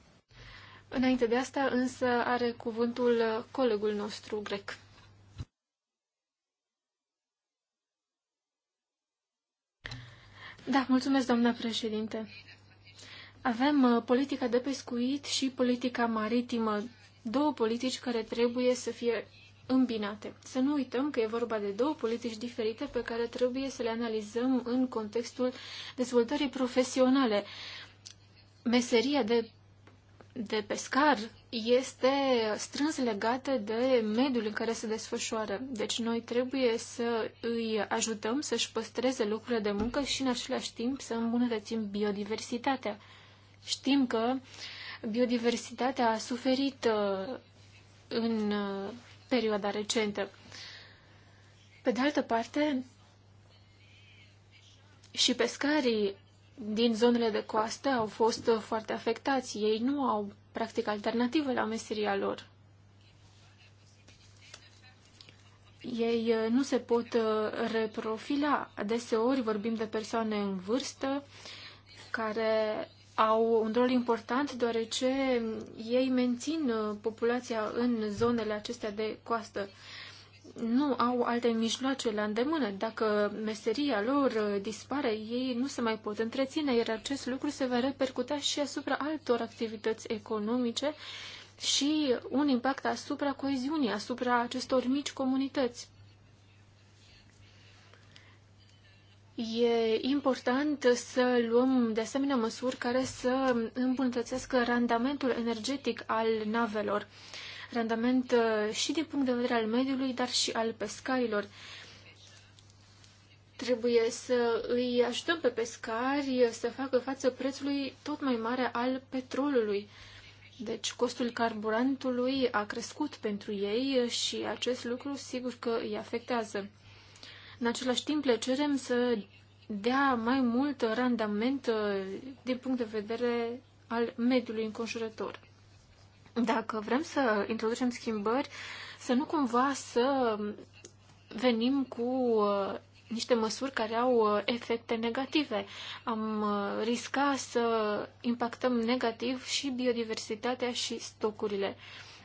Înainte de asta, însă, are cuvântul colegul nostru grec. Da, mulțumesc, doamna președinte. Avem uh, politica de pescuit și politica maritimă, două politici care trebuie să fie îmbinate. Să nu uităm că e vorba de două politici diferite pe care trebuie să le analizăm în contextul dezvoltării profesionale meseria de, de pescar este strâns legată de mediul în care se desfășoară. Deci noi trebuie să îi ajutăm să-și păstreze lucrurile de muncă și în același timp să îmbunătățim biodiversitatea. Știm că biodiversitatea a suferit uh, în uh, perioada recentă. Pe de altă parte, și pescarii din zonele de coastă au fost uh, foarte afectați. Ei nu au practic alternativă la meseria lor. Ei uh, nu se pot uh, reprofila. Adeseori vorbim de persoane în vârstă care au un rol important deoarece ei mențin populația în zonele acestea de coastă nu au alte mijloace la îndemână. Dacă meseria lor uh, dispare, ei nu se mai pot întreține, iar acest lucru se va repercuta și asupra altor activități economice și un impact asupra coeziunii, asupra acestor mici comunități. E important să luăm de asemenea măsuri care să îmbunătățească randamentul energetic al navelor randament uh, și din punct de vedere al mediului, dar și al pescarilor. Trebuie să îi ajutăm pe pescari să facă față prețului tot mai mare al petrolului. Deci costul carburantului a crescut pentru ei și acest lucru sigur că îi afectează. În același timp le cerem să dea mai mult randament uh, din punct de vedere al mediului înconjurător. Dacă vrem să introducem schimbări, să nu cumva să venim cu uh, niște măsuri care au uh, efecte negative. Am uh, risca să impactăm negativ și biodiversitatea și stocurile.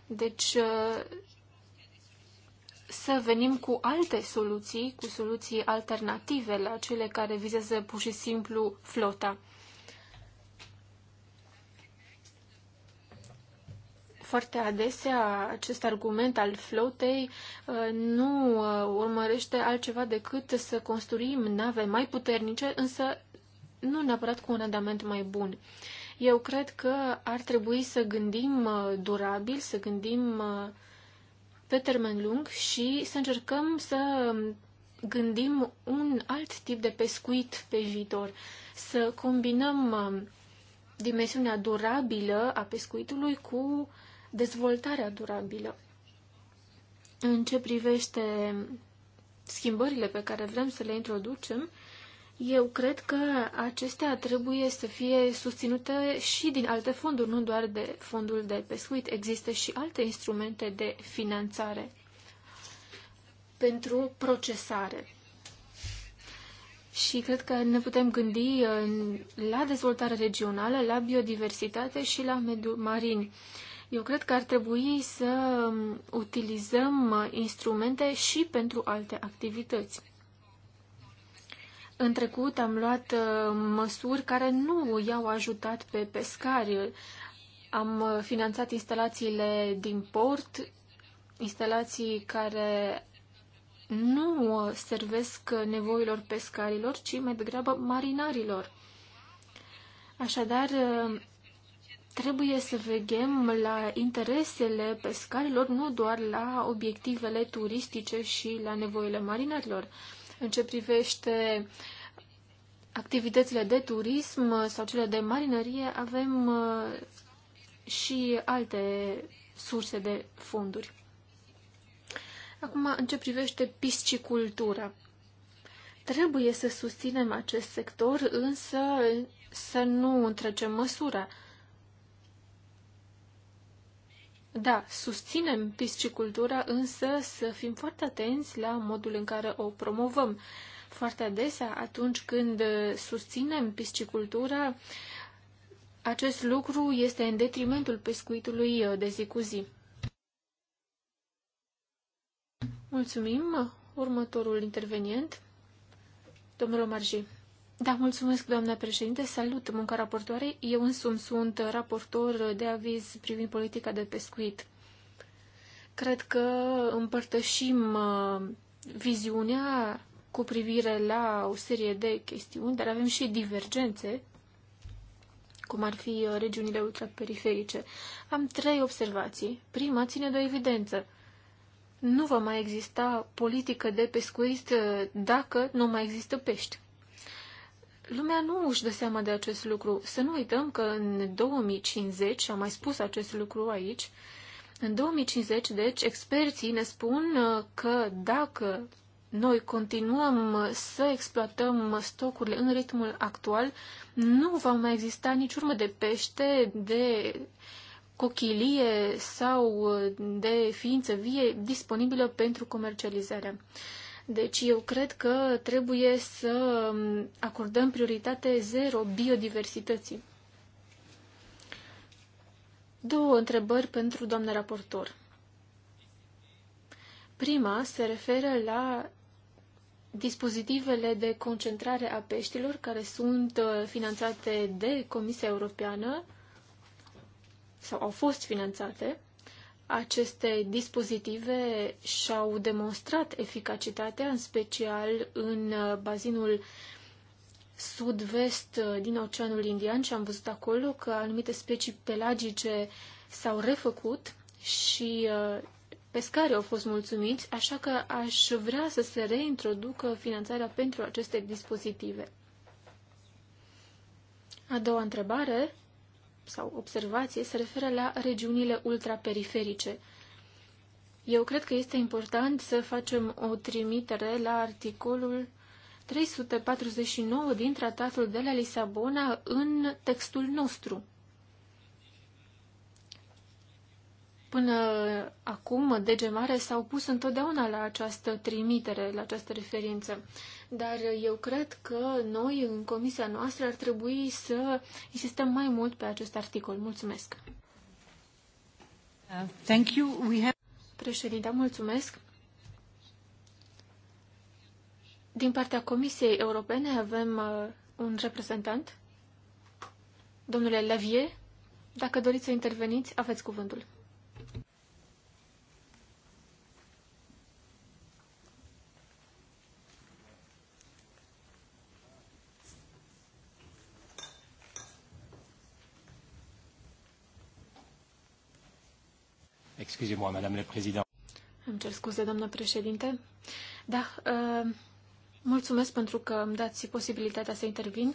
Deci să venim cu alte soluții, cu soluții alternative la cele care vizează pur și simplu flota. Foarte adesea acest argument al flotei uh, nu uh, urmărește altceva decât să construim nave mai puternice, însă nu neapărat cu un randament mai bun. Eu cred că ar trebui să gândim uh, durabil, să gândim pe termen lung și să încercăm să um, gândim un alt tip de pescuit pe viitor, să combinăm um, dimensiunea durabilă a pescuitului cu dezvoltarea durabilă. În ce privește schimbările pe care vrem să le introducem, eu cred că acestea trebuie să fie susținute și din alte fonduri, nu doar de fondul de pescuit. Există și alte instrumente de finanțare pentru procesare. Și cred că ne putem gândi uh, la dezvoltare regională, la biodiversitate și la mediul marin. Eu cred că ar trebui să um, utilizăm uh, instrumente și pentru alte activități. În trecut am luat uh, măsuri care nu i-au ajutat pe pescari. Am uh, finanțat instalațiile din port, instalații care nu servesc nevoilor pescarilor, ci mai degrabă marinarilor. Așadar, Trebuie să vegem la interesele pescarilor, nu doar la obiectivele turistice și la nevoile marinarilor. În ce privește activitățile de turism sau cele de marinărie, avem uh, și alte surse de fonduri. Acum, în ce privește piscicultura, trebuie să susținem acest sector, însă să nu întrecem măsura. Da, susținem piscicultura, însă să fim foarte atenți la modul în care o promovăm. Foarte adesea, atunci când susținem piscicultura, acest lucru este în detrimentul pescuitului uh, de zi cu zi. Mulțumim. Următorul intervenient, domnul Marji. Da, mulțumesc, doamna președinte. Salut, munca raportoare. Eu însumi sunt raportor de aviz privind politica de pescuit. Cred că împărtășim uh, viziunea cu privire la o serie de chestiuni, dar avem și divergențe, cum ar fi uh, regiunile ultraperiferice. Am trei observații. Prima ține de o evidență. Nu va mai exista politică de pescuit uh, dacă nu mai există pești lumea nu își dă seama de acest lucru. Să nu uităm că în 2050, și am mai spus acest lucru aici, în 2050, deci, experții ne spun uh, că dacă noi continuăm uh, să exploatăm stocurile în ritmul actual, nu va mai exista nici urmă de pește, de cochilie sau uh, de ființă vie disponibilă pentru comercializare. Deci eu cred că trebuie să um, acordăm prioritate zero biodiversității. Două întrebări pentru doamna raportor. Prima se referă la dispozitivele de concentrare a peștilor care sunt uh, finanțate de Comisia Europeană sau au fost finanțate aceste dispozitive și-au demonstrat eficacitatea, în special în uh, bazinul sud-vest uh, din Oceanul Indian și am văzut acolo că anumite specii pelagice s-au refăcut și uh, pescarii au fost mulțumiți, așa că aș vrea să se reintroducă finanțarea pentru aceste dispozitive. A doua întrebare sau observație se referă la regiunile ultraperiferice. Eu cred că este important să facem o trimitere la articolul 349 din Tratatul de la Lisabona în textul nostru. Până acum, Dege Mare s-au pus întotdeauna la această trimitere, la această referință. Dar eu cred că noi, în comisia noastră, ar trebui să insistăm mai mult pe acest articol. Mulțumesc! Uh, thank you. We have... Președinte, mulțumesc! Din partea Comisiei Europene avem uh, un reprezentant. Domnule Lavier, dacă doriți să interveniți, aveți cuvântul. Excusez-moi, Madame la Présidente. Îmi cer scuze, doamnă președinte. Da, uh, mulțumesc pentru că îmi dați posibilitatea să intervin.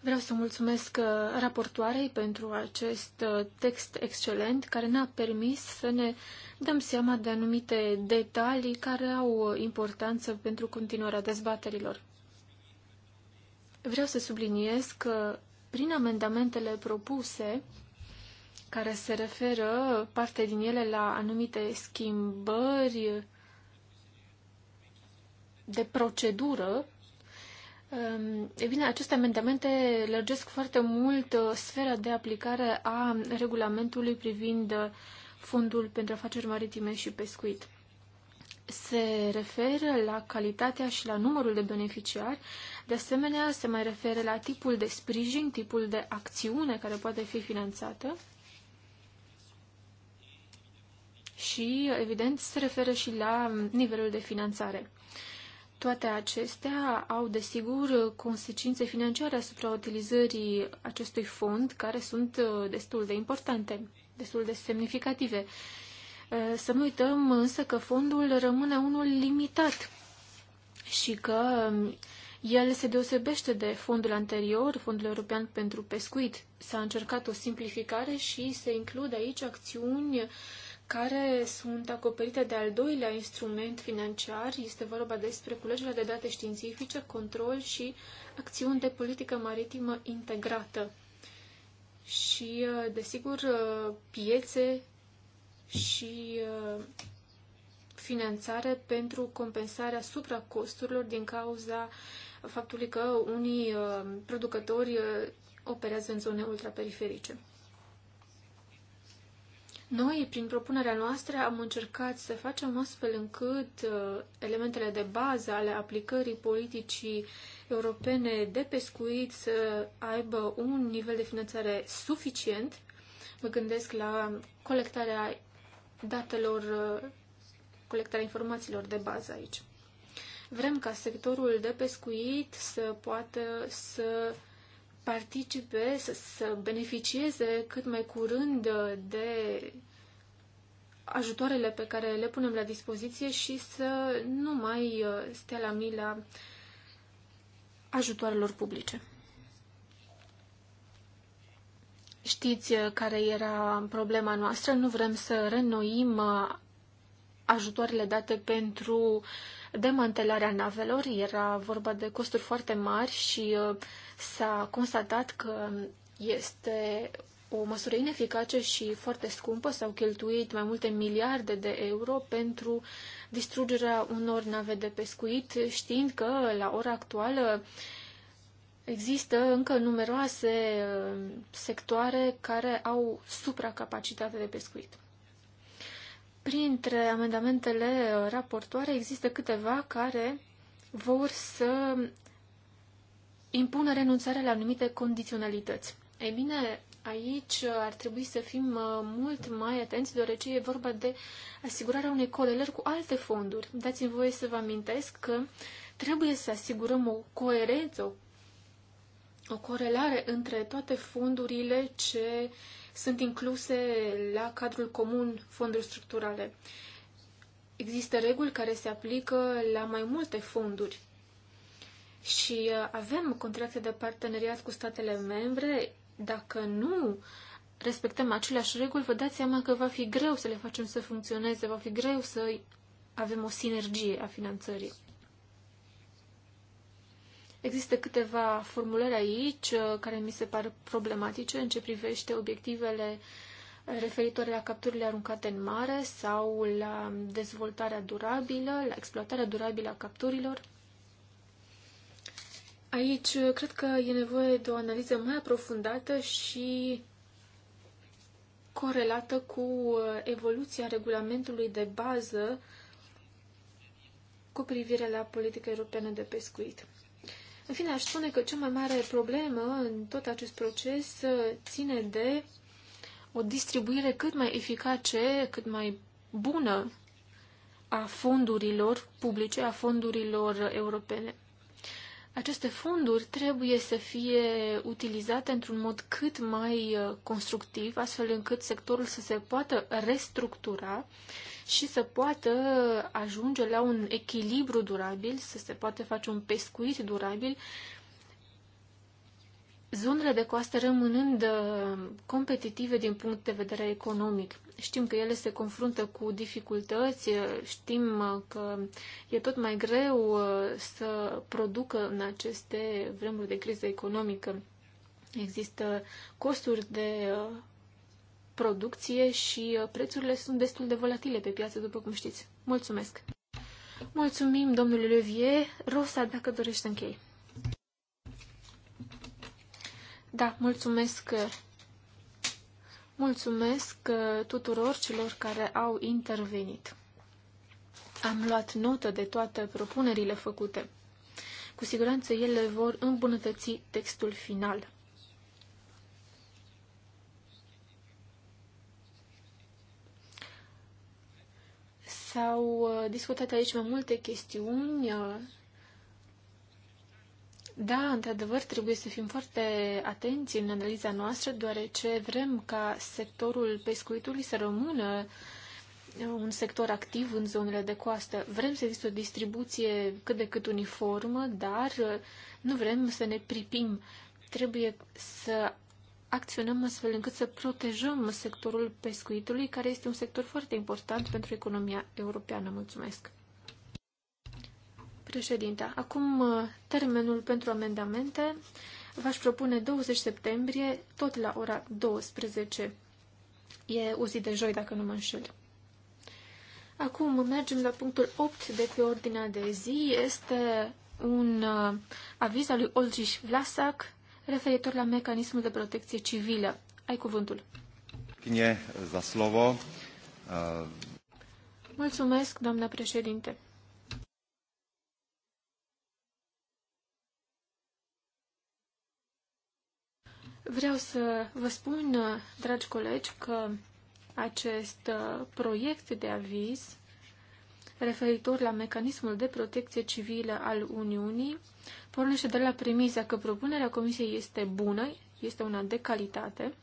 Vreau să mulțumesc uh, raportoarei pentru acest uh, text excelent care ne-a permis să ne dăm seama de anumite detalii care au uh, importanță pentru continuarea dezbaterilor. Vreau să subliniez că prin amendamentele propuse, care se referă parte din ele la anumite schimbări de procedură, ehm, e bine, aceste amendamente lărgesc foarte mult uh, sfera de aplicare a regulamentului privind uh, Fondul pentru Afaceri Maritime și Pescuit. Se referă la calitatea și la numărul de beneficiari, de asemenea se mai referă la tipul de sprijin, tipul de acțiune care poate fi finanțată, și, evident, se referă și la nivelul de finanțare. Toate acestea au, desigur, consecințe financiare asupra utilizării acestui fond, care sunt uh, destul de importante, destul de semnificative. Uh, să nu uităm însă că fondul rămâne unul limitat și că um, el se deosebește de fondul anterior, Fondul European pentru Pescuit. S-a încercat o simplificare și se includ aici acțiuni care sunt acoperite de al doilea instrument financiar. Este vorba despre culegerea de date științifice, control și acțiuni de politică maritimă integrată. Și, uh, desigur, uh, piețe și uh, finanțare pentru compensarea supracosturilor din cauza faptului că unii producători operează în zone ultraperiferice. Noi, prin propunerea noastră, am încercat să facem astfel încât uh, elementele de bază ale aplicării politicii europene de pescuit să aibă un nivel de finanțare suficient. Mă gândesc la colectarea datelor, uh, colectarea informațiilor de bază aici. Vrem ca sectorul de pescuit să poată să participe, să, să beneficieze cât mai curând de ajutoarele pe care le punem la dispoziție și să nu mai uh, stea la mila ajutoarelor publice. Știți uh, care era problema noastră? Nu vrem să renoim uh, ajutoarele date pentru demantelarea navelor. Era vorba de costuri foarte mari și uh, s-a constatat că este o măsură ineficace și foarte scumpă. S-au cheltuit mai multe miliarde de euro pentru distrugerea unor nave de pescuit, știind că la ora actuală există încă numeroase uh, sectoare care au supracapacitate de pescuit. Printre amendamentele uh, raportoare există câteva care vor să impună renunțarea la anumite condiționalități. Ei bine, aici uh, ar trebui să fim uh, mult mai atenți, deoarece e vorba de asigurarea unei corelări cu alte fonduri. Dați-mi voie să vă amintesc că trebuie să asigurăm o coerență, o corelare între toate fondurile ce sunt incluse la cadrul comun fonduri structurale. Există reguli care se aplică la mai multe fonduri și uh, avem contracte de parteneriat cu statele membre. Dacă nu respectăm aceleași reguli, vă dați seama că va fi greu să le facem să funcționeze, va fi greu să avem o sinergie a finanțării. Există câteva formulări aici uh, care mi se par problematice în ce privește obiectivele referitoare la capturile aruncate în mare sau la dezvoltarea durabilă, la exploatarea durabilă a capturilor. Aici uh, cred că e nevoie de o analiză mai aprofundată și corelată cu uh, evoluția regulamentului de bază cu privire la politica europeană de pescuit. În fine, aș spune că cea mai mare problemă în tot acest proces uh, ține de o distribuire cât mai eficace, cât mai bună a fondurilor publice, a fondurilor europene. Aceste fonduri trebuie să fie utilizate într-un mod cât mai uh, constructiv, astfel încât sectorul să se poată restructura și să poată ajunge la un echilibru durabil, să se poate face un pescuit durabil, zonele de coastă rămânând uh, competitive din punct de vedere economic. Știm că ele se confruntă cu dificultăți, uh, știm uh, că e tot mai greu să producă în aceste vremuri de criză economică. Există costuri de producție și uh, prețurile sunt destul de volatile pe piață, după cum știți. Mulțumesc! Mulțumim, domnule Levier. Rosa, dacă dorești, închei. Da, mulțumesc uh, Mulțumesc uh, tuturor celor care au intervenit. Am luat notă de toate propunerile făcute. Cu siguranță ele vor îmbunătăți textul final. S-au uh, discutat aici mai multe chestiuni. Da, într-adevăr, trebuie să fim foarte atenți în analiza noastră, deoarece vrem ca sectorul pescuitului să rămână uh, un sector activ în zonele de coastă. Vrem să există o distribuție cât de cât uniformă, dar uh, nu vrem să ne pripim. Trebuie să acționăm astfel încât să protejăm sectorul pescuitului, care este un sector foarte important pentru economia europeană. Mulțumesc! Președinte, acum uh, termenul pentru amendamente v-aș propune 20 septembrie, tot la ora 12. E o zi de joi, dacă nu mă înșel. Acum mergem la punctul 8 de pe ordinea de zi. Este un uh, aviz al lui Olgiș Vlasac referitor la mecanismul de protecție civilă. Ai cuvântul. Mulțumesc, doamna președinte. Vreau să vă spun, dragi colegi, că acest uh, proiect de aviz referitor la mecanismul de protecție civilă al Uniunii Pornește de la premisa că propunerea comisiei este bună, este una de calitate.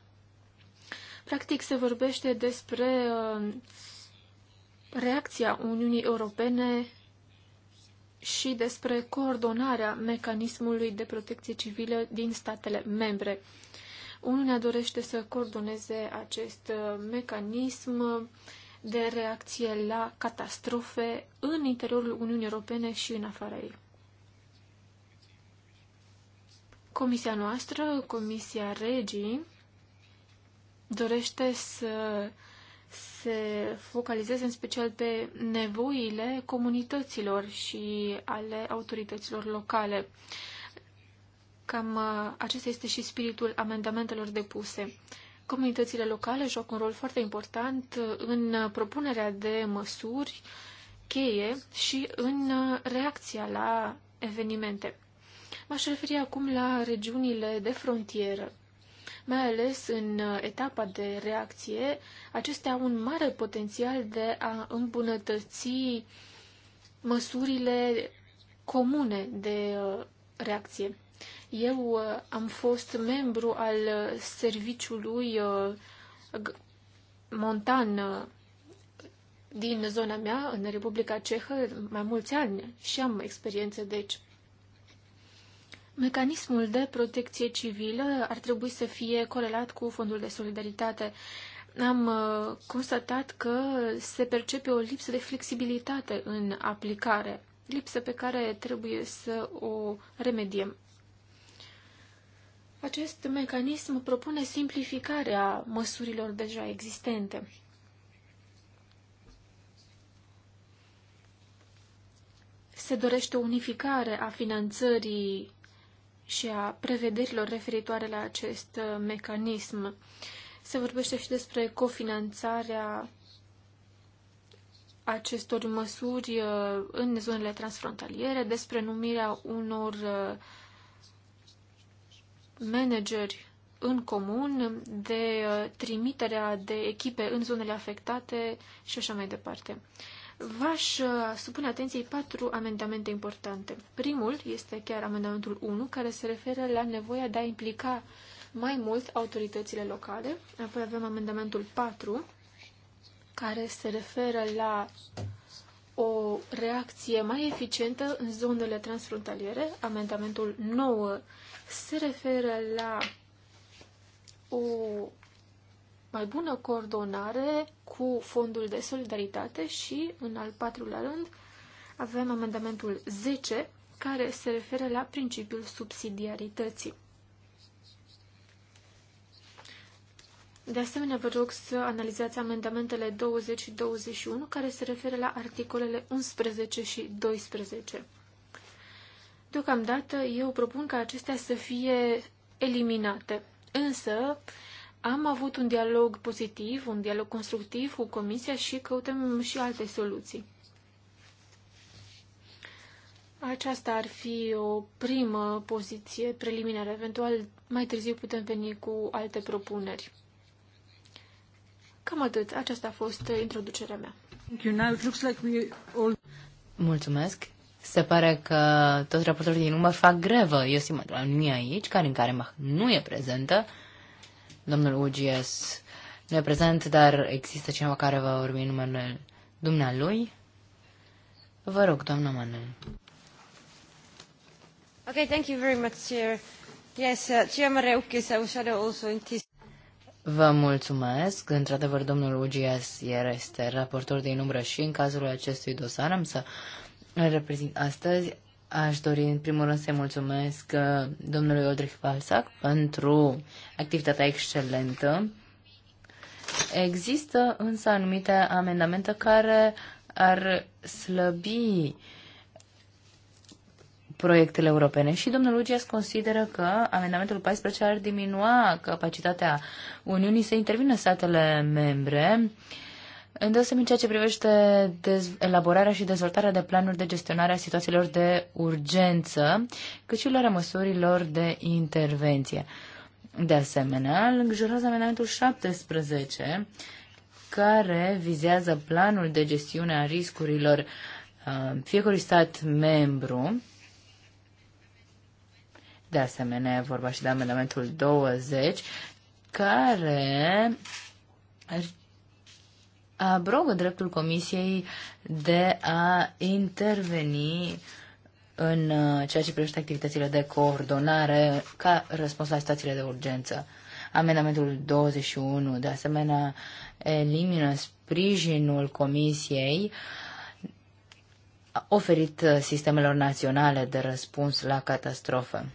Practic se vorbește despre uh, reacția Uniunii Europene și despre coordonarea mecanismului de protecție civilă din statele membre. Uniunea dorește să coordoneze acest uh, mecanism de reacție la catastrofe în interiorul Uniunii Europene și în afara ei. Comisia noastră, Comisia Regii, dorește să se focalizeze în special pe nevoile comunităților și ale autorităților locale. Cam uh, acesta este și spiritul amendamentelor depuse. Comunitățile locale joacă un rol foarte important în propunerea de măsuri cheie și în uh, reacția la evenimente. M-aș referi acum la regiunile de frontieră. Mai ales în uh, etapa de reacție, acestea au un mare potențial de a îmbunătăți măsurile comune de uh, reacție. Eu uh, am fost membru al serviciului montan din zona mea, în Republica Cehă, mai mulți ani și am experiență, deci. Mecanismul de protecție civilă ar trebui să fie corelat cu Fondul de Solidaritate. Am uh, constatat că se percepe o lipsă de flexibilitate în aplicare, lipsă pe care trebuie să o remediem. Acest mecanism propune simplificarea măsurilor deja existente. Se dorește unificare a finanțării și a prevederilor referitoare la acest uh, mecanism. Se vorbește și despre cofinanțarea acestor măsuri uh, în zonele transfrontaliere, despre numirea unor uh, manageri în comun, de trimiterea de echipe în zonele afectate și așa mai departe. V-aș uh, supune atenției patru amendamente importante. Primul este chiar amendamentul 1, care se referă la nevoia de a implica mai mult autoritățile locale. Apoi avem amendamentul 4, care se referă la o reacție mai eficientă în zonele transfrontaliere. Amendamentul 9 se referă la o mai bună coordonare cu Fondul de Solidaritate și, în al patrulea rând, avem amendamentul 10, care se referă la principiul subsidiarității. De asemenea, vă rog să analizați amendamentele 20 și 21, care se referă la articolele 11 și 12. Deocamdată, eu propun ca acestea să fie eliminate, însă am avut un dialog pozitiv, un dialog constructiv cu Comisia și căutăm și alte soluții. Aceasta ar fi o primă poziție preliminară. Eventual, mai târziu putem veni cu alte propuneri. Cam atât. Aceasta a fost introducerea mea. Mulțumesc. Se pare că toți raportorii din număr fac grevă. Eu simt la e aici, care în care nu e prezentă. Domnul UGS nu e prezent, dar există cineva care va urmi numele dumnealui. Vă rog, doamna Manel. Okay, thank you very much, Chair. Yes, uh, Chairman a I also in this. Vă mulțumesc. Într-adevăr, domnul Ugias este raportor din umbră și în cazul acestui dosar am să îl reprezint astăzi. Aș dori în primul rând să-i mulțumesc uh, domnului Oldrich Balsac pentru activitatea excelentă. Există însă anumite amendamente care ar slăbi proiectele europene și domnul Lugias consideră că amendamentul 14 ar diminua capacitatea Uniunii să intervină statele membre uh, Îndeosebit în ceea ce privește elaborarea și dezvoltarea de planuri de gestionare a situațiilor de urgență, cât și luarea măsurilor de intervenție. De asemenea, îngrijorează amendamentul 17, care vizează planul de gestiune a riscurilor uh, fiecărui stat membru. De asemenea, e vorba și de amendamentul 20, care abrogă dreptul Comisiei de a interveni în uh, ceea ce privește activitățile de coordonare ca răspuns la situațiile de urgență. Amendamentul 21, de asemenea, elimină sprijinul Comisiei oferit sistemelor naționale de răspuns la catastrofă.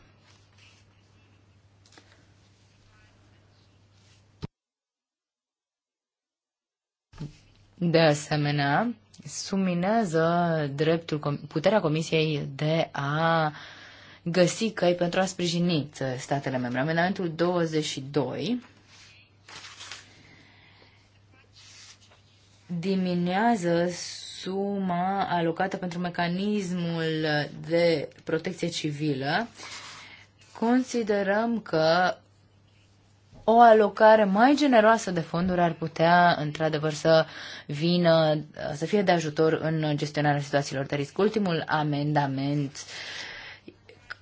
De asemenea, suminează dreptul, puterea Comisiei de a găsi căi pentru a sprijini statele membre. Amendamentul 22 diminuează suma alocată pentru mecanismul de protecție civilă. Considerăm că o alocare mai generoasă de fonduri ar putea, într-adevăr, să vină, să fie de ajutor în gestionarea situațiilor de risc. Ultimul amendament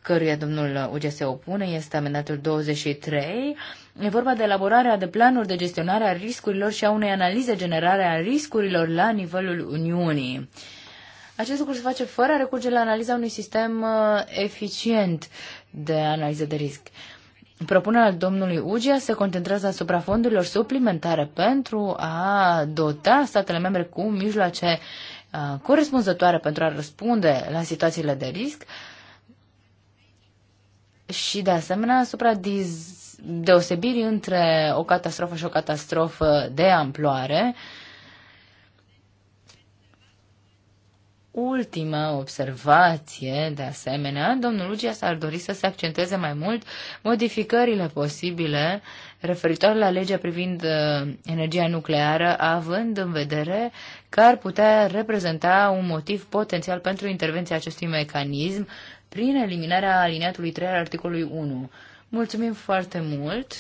căruia domnul UGE se opune este amendatul 23. E vorba de elaborarea de planuri de gestionare a riscurilor și a unei analize generale a riscurilor la nivelul Uniunii. Acest lucru se face fără a recurge la analiza unui sistem uh, eficient de analiză de risc. Propunerea domnului Ugia se concentrează asupra fondurilor suplimentare pentru a dota statele membre cu mijloace uh, corespunzătoare pentru a răspunde la situațiile de risc și, de asemenea, asupra deosebirii între o catastrofă și o catastrofă de amploare uh, Ultima observație, de asemenea, domnul s ar dori să se accenteze mai mult modificările posibile referitoare la legea privind uh, energia nucleară, având în vedere că ar putea reprezenta un motiv potențial pentru intervenția acestui mecanism prin eliminarea aliniatului 3 al articolului 1. Mulțumim foarte mult!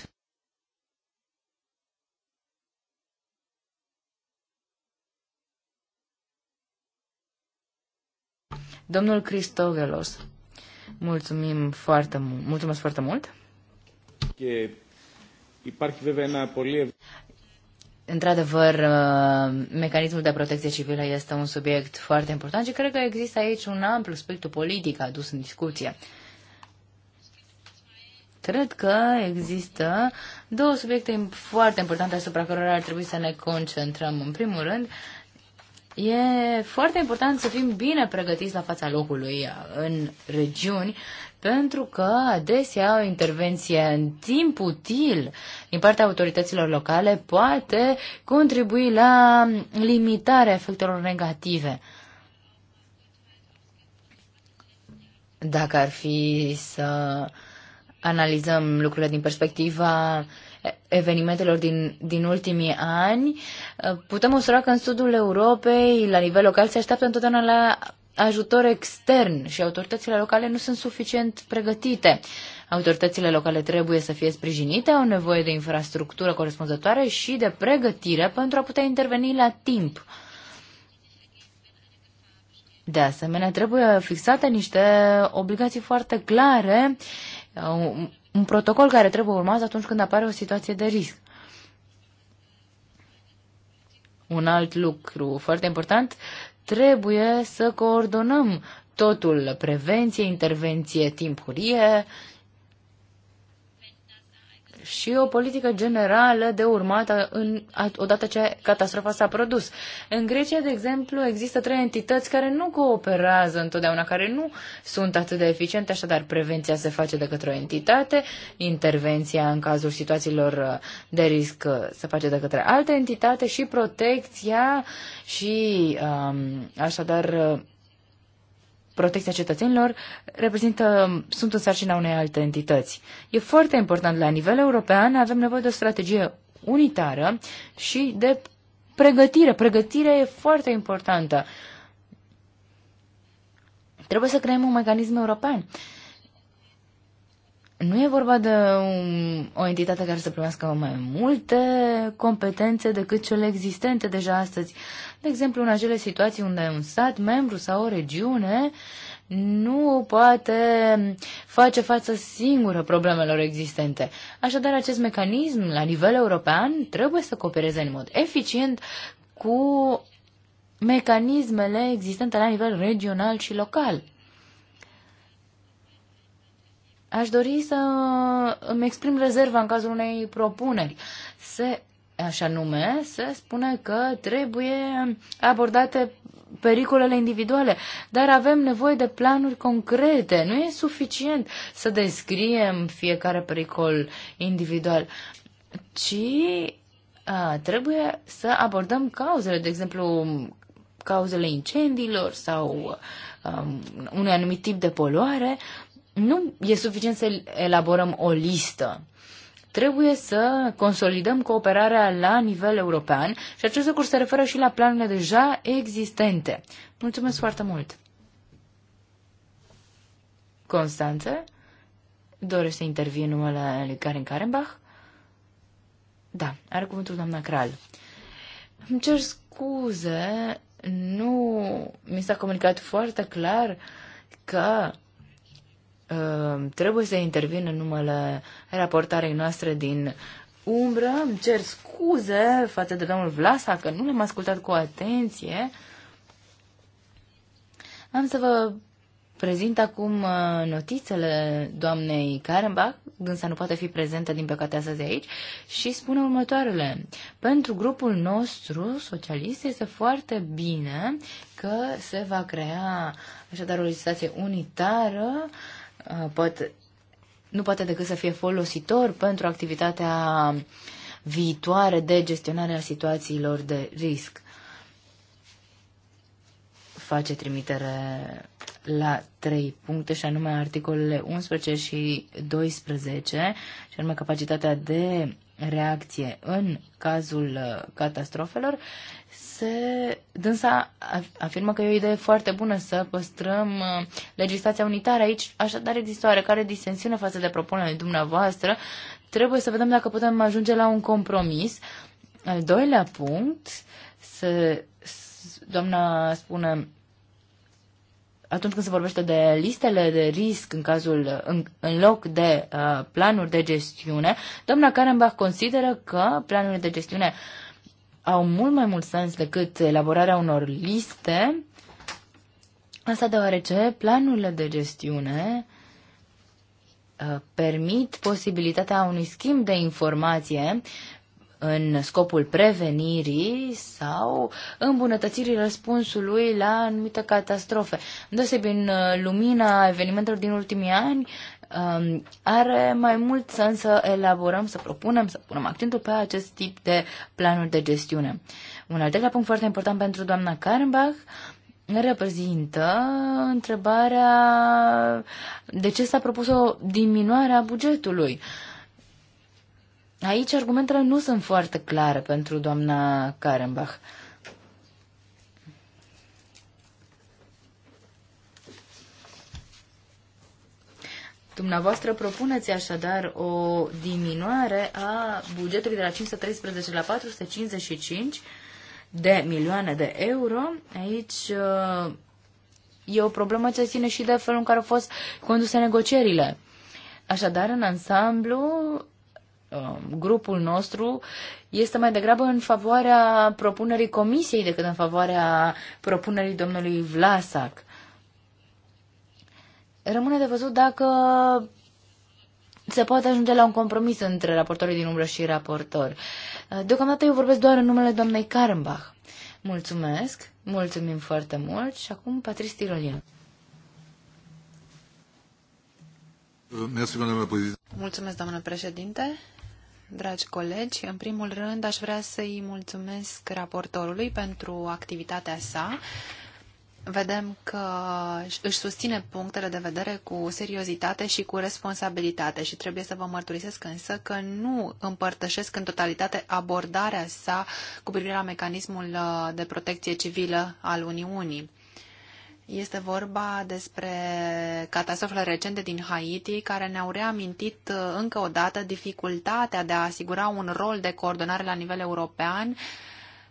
Domnul Cristovelos, mulțumim foarte mult, mulțumesc foarte mult. Într-adevăr, uh, mecanismul de protecție civilă este un subiect foarte important și cred că există aici un amplu spectru politic adus în discuție. Cred că există două subiecte foarte importante asupra cărora ar trebui să ne concentrăm. În primul rând, uh, E foarte important să fim bine pregătiți la fața locului în regiuni, pentru că adesea o intervenție în timp util din partea autorităților locale poate contribui la limitarea efectelor negative. Dacă ar fi să analizăm lucrurile din perspectiva uh, evenimentelor din, din ultimii ani, putem măsura că în sudul Europei, la nivel local, se așteaptă întotdeauna la ajutor extern și autoritățile locale nu sunt suficient pregătite. Autoritățile locale trebuie să fie sprijinite, au nevoie de infrastructură corespunzătoare și de pregătire pentru a putea interveni la timp. De asemenea, trebuie fixate niște obligații foarte clare un protocol care trebuie urmat atunci când apare o situație de risc. Un alt lucru foarte important, trebuie să coordonăm totul, prevenție, intervenție timpurie și o politică generală de urmată în, odată ce catastrofa s-a produs. În Grecia, de exemplu, există trei entități care nu cooperează întotdeauna, care nu sunt atât de eficiente, așadar prevenția se face de către o entitate, intervenția în cazul situațiilor uh, de risc uh, se face de către altă entitate și protecția și um, așadar uh, protecția cetățenilor reprezintă, sunt în sarcina unei alte entități. E foarte important la nivel european, avem nevoie de o strategie unitară și de pregătire. Pregătirea e foarte importantă. Trebuie să creăm un mecanism european. Uh, nu e vorba de um, o entitate care să primească mai multe competențe decât cele existente deja astăzi. De exemplu, în acele situații unde un stat membru sau o regiune nu poate face față singură problemelor existente. Așadar, acest mecanism la nivel european trebuie să coopereze în mod eficient cu mecanismele existente la nivel regional și local. Aș dori să îmi exprim rezerva în cazul unei propuneri. Se, așa nume, se spune că trebuie abordate pericolele individuale, dar avem nevoie de planuri concrete. Nu e suficient să descriem fiecare pericol individual, ci a, trebuie să abordăm cauzele, de exemplu, cauzele incendiilor sau um, unui anumit tip de poluare nu e suficient să elaborăm o listă. Trebuie să consolidăm cooperarea la nivel european și acest lucru se referă și la planurile deja existente. Mulțumesc foarte mult! Constanță dorește să intervie numele lui Karen Karenbach? Da, are cuvântul doamna Kral. Îmi cer scuze, nu mi s-a comunicat foarte clar că Ehm, trebuie să intervin în numele raportarei noastre din umbră. Îmi cer scuze față de domnul Vlasa că nu l-am ascultat cu atenție. Am să vă prezint acum uh, notițele doamnei Karenbach, însă nu poate fi prezentă din păcate astăzi aici, și spune următoarele. Pentru grupul nostru socialist este foarte bine că se va crea așadar o legislație unitară uh, Uh, pot, nu poate decât să fie folositor pentru activitatea viitoare de gestionare a situațiilor de risc. Face trimitere la trei puncte, și anume articolele 11 și 12, și anume capacitatea de reacție în cazul uh, catastrofelor, se dânsa afirmă că e o idee foarte bună să păstrăm uh, legislația unitară aici, așadar există oarecare disensiune față de propunerea dumneavoastră. Trebuie să vedem dacă putem ajunge la un compromis. Al doilea punct, se, doamna spune atunci când se vorbește de listele de risc în cazul în, în loc de uh, planuri de gestiune, doamna Karenbach consideră că planurile de gestiune au mult mai mult sens decât elaborarea unor liste. Asta deoarece planurile de gestiune uh, permit posibilitatea unui schimb de informație în scopul prevenirii sau îmbunătățirii răspunsului la anumite catastrofe. Deosebi în uh, lumina evenimentelor din ultimii ani, um, are mai mult sens să elaborăm, să propunem, să punem accentul pe acest tip de planuri de gestiune. Un al doilea punct foarte important pentru doamna Karenbach reprezintă întrebarea de ce s-a propus o diminuare a bugetului. Uh, Aici argumentele nu sunt foarte clare pentru doamna Karenbach. Dumneavoastră propuneți așadar o diminuare a bugetului de la 513 la 455 de milioane de euro. Aici uh, e o problemă ce ține și de felul în care au fost conduse negocierile. Așadar, în ansamblu, Um, grupul nostru este mai degrabă în favoarea propunerii comisiei decât în favoarea propunerii domnului Vlasac. Rămâne de văzut dacă se poate ajunge la un compromis între raportorii din umbră și raportor. Uh, deocamdată eu vorbesc doar în numele doamnei Karmbach. Mulțumesc, mulțumim foarte mult și acum Patrice Tirolien. Euh, Mulțumesc, doamnă președinte dragi colegi. În primul rând, aș vrea să-i mulțumesc raportorului pentru activitatea sa. Vedem că își susține punctele de vedere cu seriozitate și cu responsabilitate și trebuie să vă mărturisesc însă că nu împărtășesc în totalitate abordarea sa cu privire la mecanismul uh, de protecție civilă al Uniunii este vorba despre catastrofele recente din Haiti, care ne-au reamintit uh, încă o dată dificultatea de a asigura un rol de coordonare la nivel european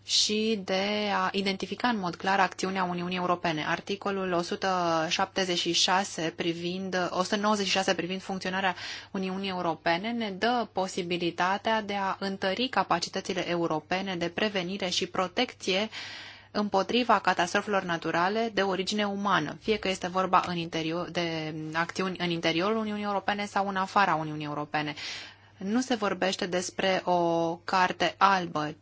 și de a identifica în mod clar acțiunea Uniunii Europene. Articolul 176 privind, 196 privind funcționarea Uniunii Europene ne dă posibilitatea de a întări capacitățile europene de prevenire și protecție uh, împotriva catastrofelor naturale de origine umană, fie că este vorba în interior, de acțiuni în interiorul Uniunii Europene sau în afara Uniunii Europene. Nu se vorbește despre o carte albă,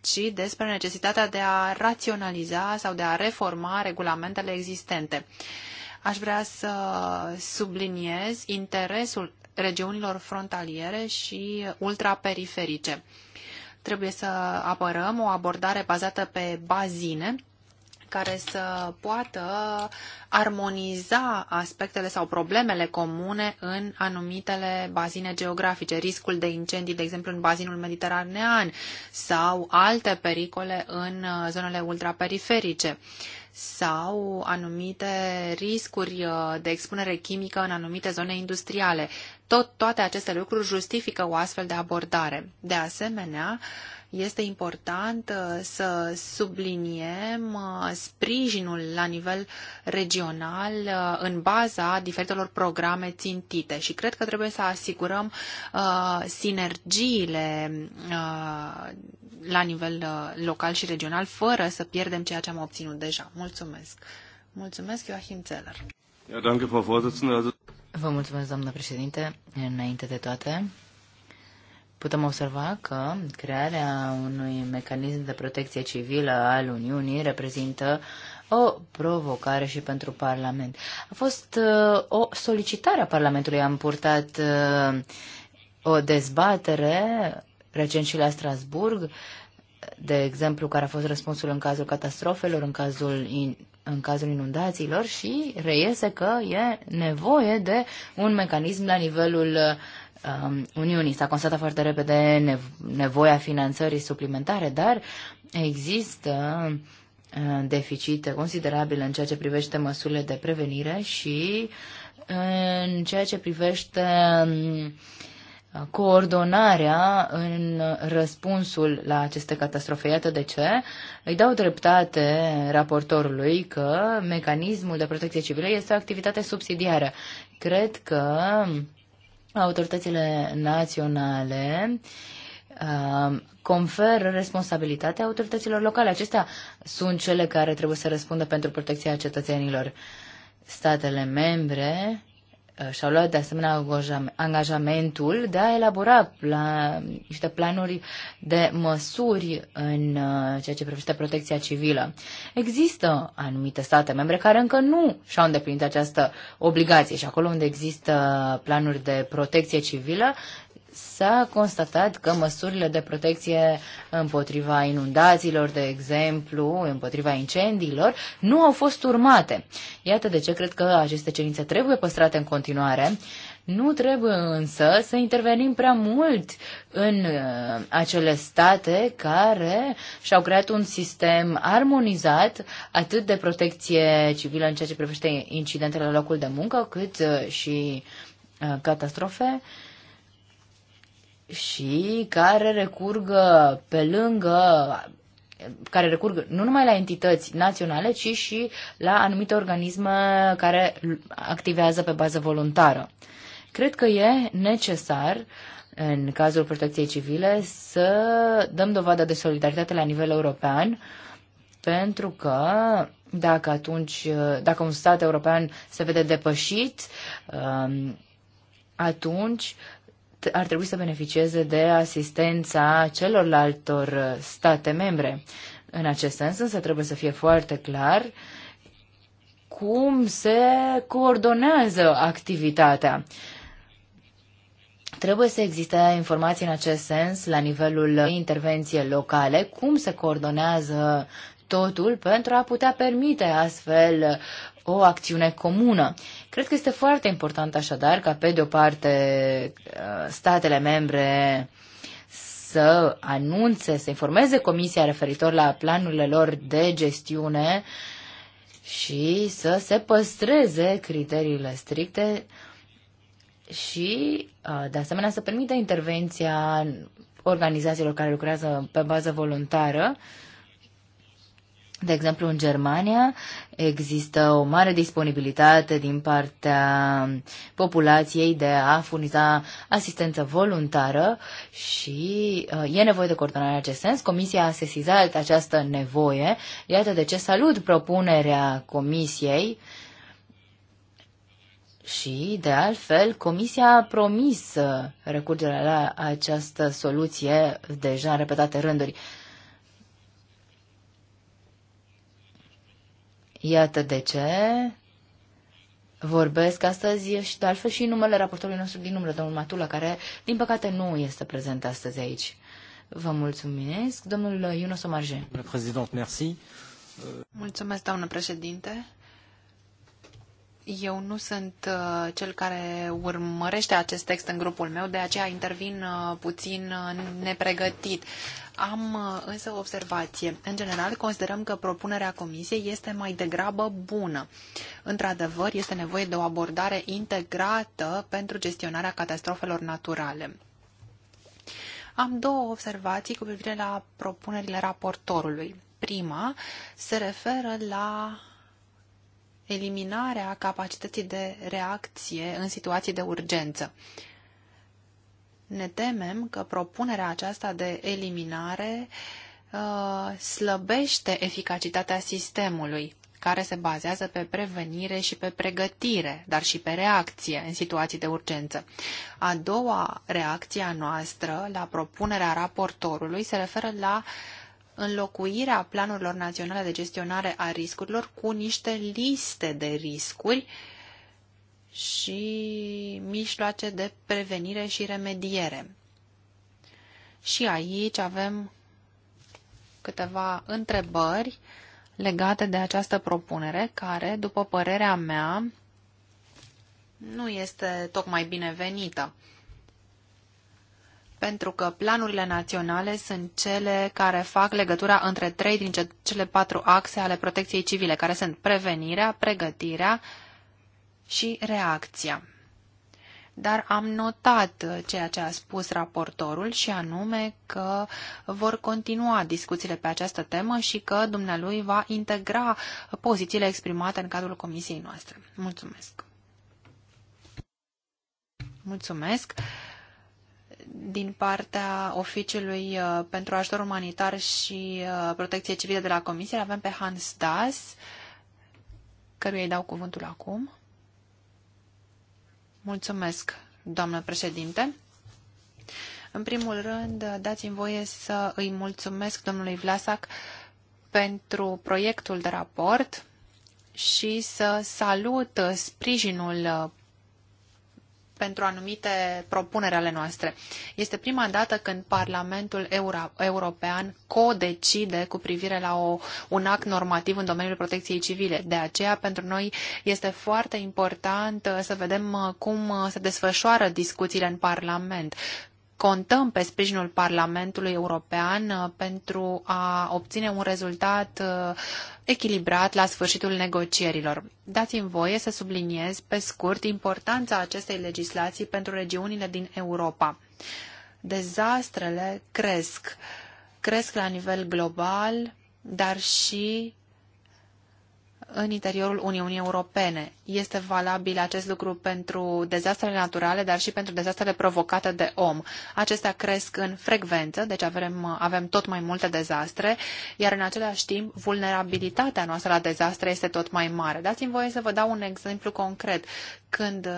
ci despre necesitatea de a raționaliza sau de a reforma regulamentele existente. Aș vrea să subliniez interesul regiunilor frontaliere și ultraperiferice. Trebuie să apărăm o abordare bazată pe bazine care să poată armoniza aspectele sau problemele comune în anumitele bazine geografice, riscul de incendii, de exemplu, în bazinul mediteranean sau alte pericole în zonele ultraperiferice sau anumite riscuri de expunere chimică în anumite zone industriale. Tot, toate aceste lucruri justifică o astfel de abordare. De asemenea, este important uh, să subliniem uh, sprijinul la nivel regional uh, în baza diferitelor programe țintite și cred că trebuie să asigurăm sinergiile la nivel local și regional fără să pierdem ceea ce am obținut deja. Mulțumesc! Mulțumesc, Joachim Zeller! Ja, danke, Frau Vă mulțumesc, doamnă președinte. Înainte de toate, putem observa că crearea unui mecanism de protecție civilă al Uniunii reprezintă o provocare și pentru Parlament. A fost uh, o solicitare a Parlamentului. Am purtat uh, o dezbatere recent și la Strasburg, de exemplu, care a fost răspunsul în cazul catastrofelor, în cazul in- în cazul inundațiilor și reiese că e nevoie de un mecanism la nivelul um, Uniunii. S-a constatat foarte repede nevoia finanțării suplimentare, dar există uh, deficite considerabile în ceea ce privește măsurile de prevenire și uh, în ceea ce privește um, coordonarea în răspunsul la aceste catastrofe. Iată de ce îi dau dreptate raportorului că mecanismul de protecție civilă este o activitate subsidiară. Cred că autoritățile naționale uh, conferă responsabilitatea autorităților locale. Acestea sunt cele care trebuie să răspundă pentru protecția cetățenilor. Statele membre Uh, și-au luat de asemenea angajamentul de a elabora plan, niște planuri de măsuri în uh, ceea ce privește protecția civilă. Există anumite state membre care încă nu și-au îndeplinit această obligație și acolo unde există planuri de protecție civilă, s-a constatat că măsurile de protecție împotriva inundațiilor, de exemplu, împotriva incendiilor, nu au fost urmate. Iată de ce cred că aceste cerințe trebuie păstrate în continuare. Nu trebuie însă să intervenim prea mult în uh, acele state care și-au creat un sistem armonizat atât de protecție civilă în ceea ce privește incidentele la locul de muncă, cât uh, și uh, catastrofe uh, și care recurgă pe lângă care recurg nu numai la entități naționale, ci și la anumite organisme care activează pe bază voluntară. Cred că e necesar, în cazul protecției civile, să dăm dovadă de solidaritate la nivel european, pentru că dacă atunci, dacă un stat european se vede depășit, um, atunci ar trebui să beneficieze de asistența celorlaltor state membre. În acest sens, însă, trebuie să fie foarte clar cum se coordonează activitatea. Trebuie să existe informații în acest sens la nivelul intervenției locale, cum se coordonează totul pentru a putea permite astfel o acțiune comună. Cred că este foarte important așadar ca pe de o parte uh, statele membre să anunțe, să informeze Comisia referitor la planurile lor de gestiune și să se păstreze criteriile stricte și, uh, de asemenea, să permită intervenția organizațiilor care lucrează pe bază voluntară uh, de exemplu, în Germania există o mare disponibilitate din partea populației de a furniza asistență voluntară și uh, e nevoie de coordonare în acest sens. Comisia a sesizat această nevoie. Iată de ce salut propunerea Comisiei și, de altfel, Comisia a promis uh, recurgerea la această soluție deja în repetate rânduri. Iată de ce vorbesc astăzi și de altfel și numele raportorului nostru din numele domnul Matula, care din păcate nu este prezent astăzi aici. Vă mulțumesc. Domnul Iunos Omarje. Mulțumesc, doamnă președinte. Eu nu sunt uh, cel care urmărește acest text în grupul meu, de aceea intervin uh, puțin uh, nepregătit. Am însă o observație. În general, considerăm că propunerea comisiei este mai degrabă bună. Într-adevăr, este nevoie de o abordare integrată pentru gestionarea catastrofelor naturale. Am două observații cu privire la propunerile raportorului. Prima se referă la eliminarea capacității de reacție în situații de urgență. Ne temem că propunerea aceasta de eliminare uh, slăbește eficacitatea sistemului, care se bazează pe prevenire și pe pregătire, dar și pe reacție în situații de urgență. A doua reacție a noastră la propunerea raportorului se referă la uh, înlocuirea planurilor naționale de gestionare a riscurilor cu niște liste de riscuri și mijloace de prevenire și remediere. Și aici avem câteva întrebări legate de această propunere, care, după părerea mea, nu este tocmai binevenită pentru că planurile naționale sunt cele care fac legătura între trei din cele patru axe ale protecției civile, care sunt prevenirea, pregătirea și reacția. Dar am notat ceea ce a spus raportorul și anume că vor continua discuțiile pe această temă și că dumnealui va integra pozițiile exprimate în cadrul comisiei noastre. Mulțumesc! Mulțumesc! din partea Oficiului uh, pentru Ajutor Umanitar și uh, Protecție Civilă de la Comisie. Avem pe Hans Das, căruia îi dau cuvântul acum. Mulțumesc, doamnă președinte. În primul rând, dați-mi voie să îi mulțumesc domnului Vlasac pentru proiectul de raport și să salut sprijinul pentru anumite propuneri ale noastre. Este prima dată când Parlamentul Euro- European decide cu privire la o, un act normativ în domeniul protecției civile. De aceea, pentru noi este foarte important să vedem cum se desfășoară discuțiile în Parlament, contăm pe sprijinul Parlamentului European uh, pentru a obține un rezultat uh, echilibrat la sfârșitul negocierilor. Dați-mi voie să subliniez pe scurt importanța acestei legislații pentru regiunile din Europa. Dezastrele cresc. Cresc la nivel global, dar și în interiorul Uniunii Europene. Este valabil acest lucru pentru dezastrele naturale, dar și pentru dezastrele provocate de om. Acestea cresc în frecvență, deci avem, avem tot mai multe dezastre, iar în același timp vulnerabilitatea noastră la dezastre este tot mai mare. Dați-mi voie să vă dau un exemplu concret. Când